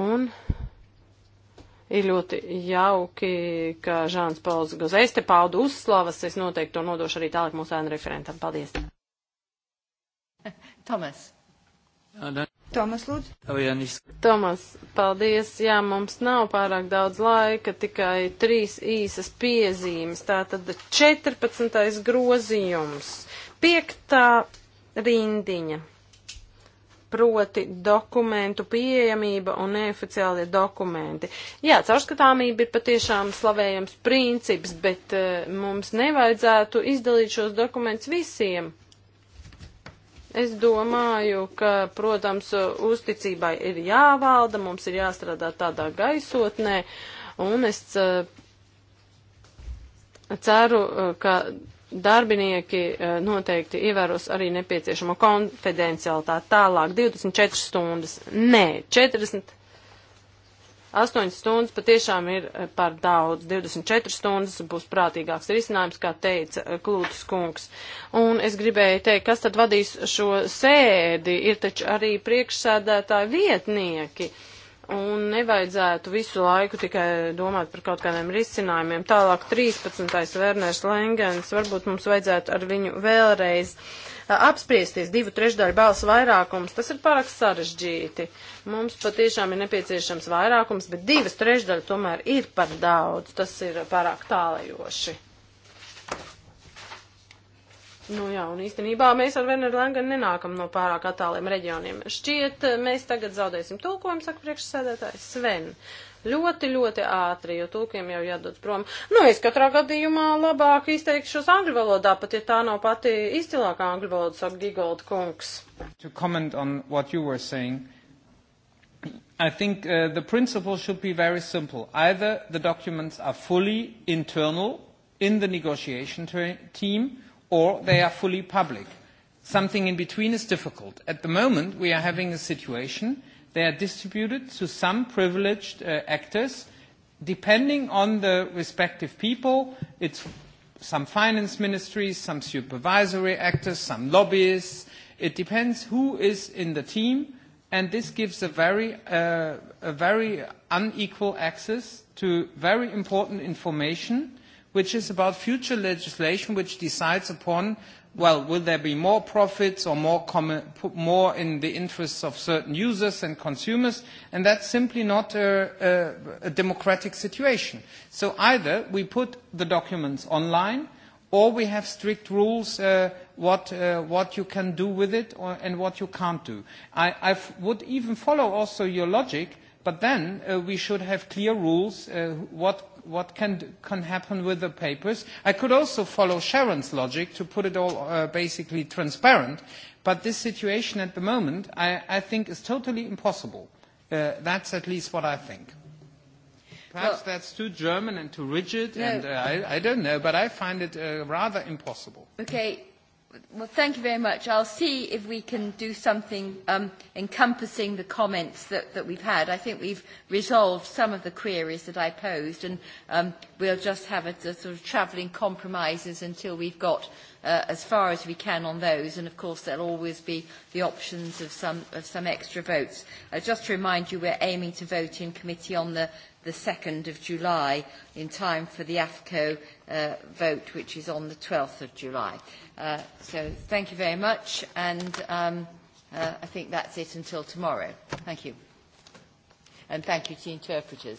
un Ir ļoti jauki, ka Žāns Pauls Gozējs te pauda uzslavas. Es noteikti to nodošu arī tālāk mūsu ēnu referentam. Paldies. [laughs] Tomas. Tomas, lūdzu. Tomas, paldies. Jā, mums nav pārāk daudz laika, tikai trīs īsas piezīmes. Tātad 14. grozījums, piektā rindiņa proti dokumentu pieejamība un neoficiālie dokumenti. Jā, caurskatāmība ir patiešām slavējams princips, bet uh, mums nevajadzētu izdalīt šos dokumentus visiem. Es domāju, ka, protams, uzticībai ir jāvalda, mums ir jāstrādā tādā gaisotnē, un es uh, ceru, eh, ka darbinieki e, noteikti ievēros arī nepieciešamo konfidencialitāti tālāk 24 stundas. Nē, 48 stundas patiešām ir e, par daudz. 24 stundas būs prātīgāks risinājums, kā teica e, Klūtas kungs. Un es gribēju teikt, kas tad vadīs šo sēdi, ir taču arī priekšsēdētāji vietnieki. Uh, un nevajadzētu visu laiku tikai domāt par kaut kādiem risinājumiem. Tālāk 13. Werners Lengens, varbūt mums vajadzētu ar viņu vēlreiz apspriesties divu trešdaļu balsu vairākums. Tas ir pārāk sarežģīti. Mums patiešām ir nepieciešams vairākums, bet divas trešdaļas tomēr ir par daudz. Tas ir pārāk tālajoši. Nu jā, un īstenībā mēs ar vienu lēngu nenākam no pārāk attāliem reģioniem. Šķiet, mēs tagad zaudēsim tulkojumu, saka priekšsēdētājs Sven. Ļoti, ļoti ātri, jo tulkiem jau jādod prom. Nu, es katrā gadījumā labāk izteikšos angļu valodā, pat ja tā nav pati izcilākā angļu valoda, saka Gigolda kungs. To comment on what you were saying, I think uh, the principle should be very simple. Either the documents are fully internal in the negotiation team, or they are fully public. Something in between is difficult. At the moment, we are having a situation they are distributed to some privileged uh, actors. Depending on the respective people, it's some finance ministries, some supervisory actors, some lobbyists. It depends who is in the team, and this gives a very, uh, a very unequal access to very important information which is about future legislation which decides upon, well, will there be more profits or more, common, more in the interests of certain users and consumers? And that's simply not a, a, a democratic situation. So either we put the documents online or we have strict rules uh, what, uh, what you can do with it or, and what you can't do. I, I f- would even follow also your logic, but then uh, we should have clear rules uh, what what can, can happen with the papers. I could also follow Sharon's logic to put it all uh, basically transparent, but this situation at the moment, I, I think, is totally impossible. Uh, that's at least what I think. Perhaps well, that's too German and too rigid, no. and uh, I, I don't know, but I find it uh, rather impossible. Okay, Well, thank you very much. I'll see if we can do something um, encompassing the comments that, that we've had. I think we've resolved some of the queries that I posed, and um, we'll just have a, a sort of travelling compromises until we've got uh, as far as we can on those. And of course, there'll always be the options of some, of some extra votes. Uh, just to remind you, we're aiming to vote in committee on the the 2nd of July in time for the AFCO uh, vote, which is on the 12th of July. Uh, so thank you very much, and um, uh, I think that's it until tomorrow. Thank you. And thank you to interpreters.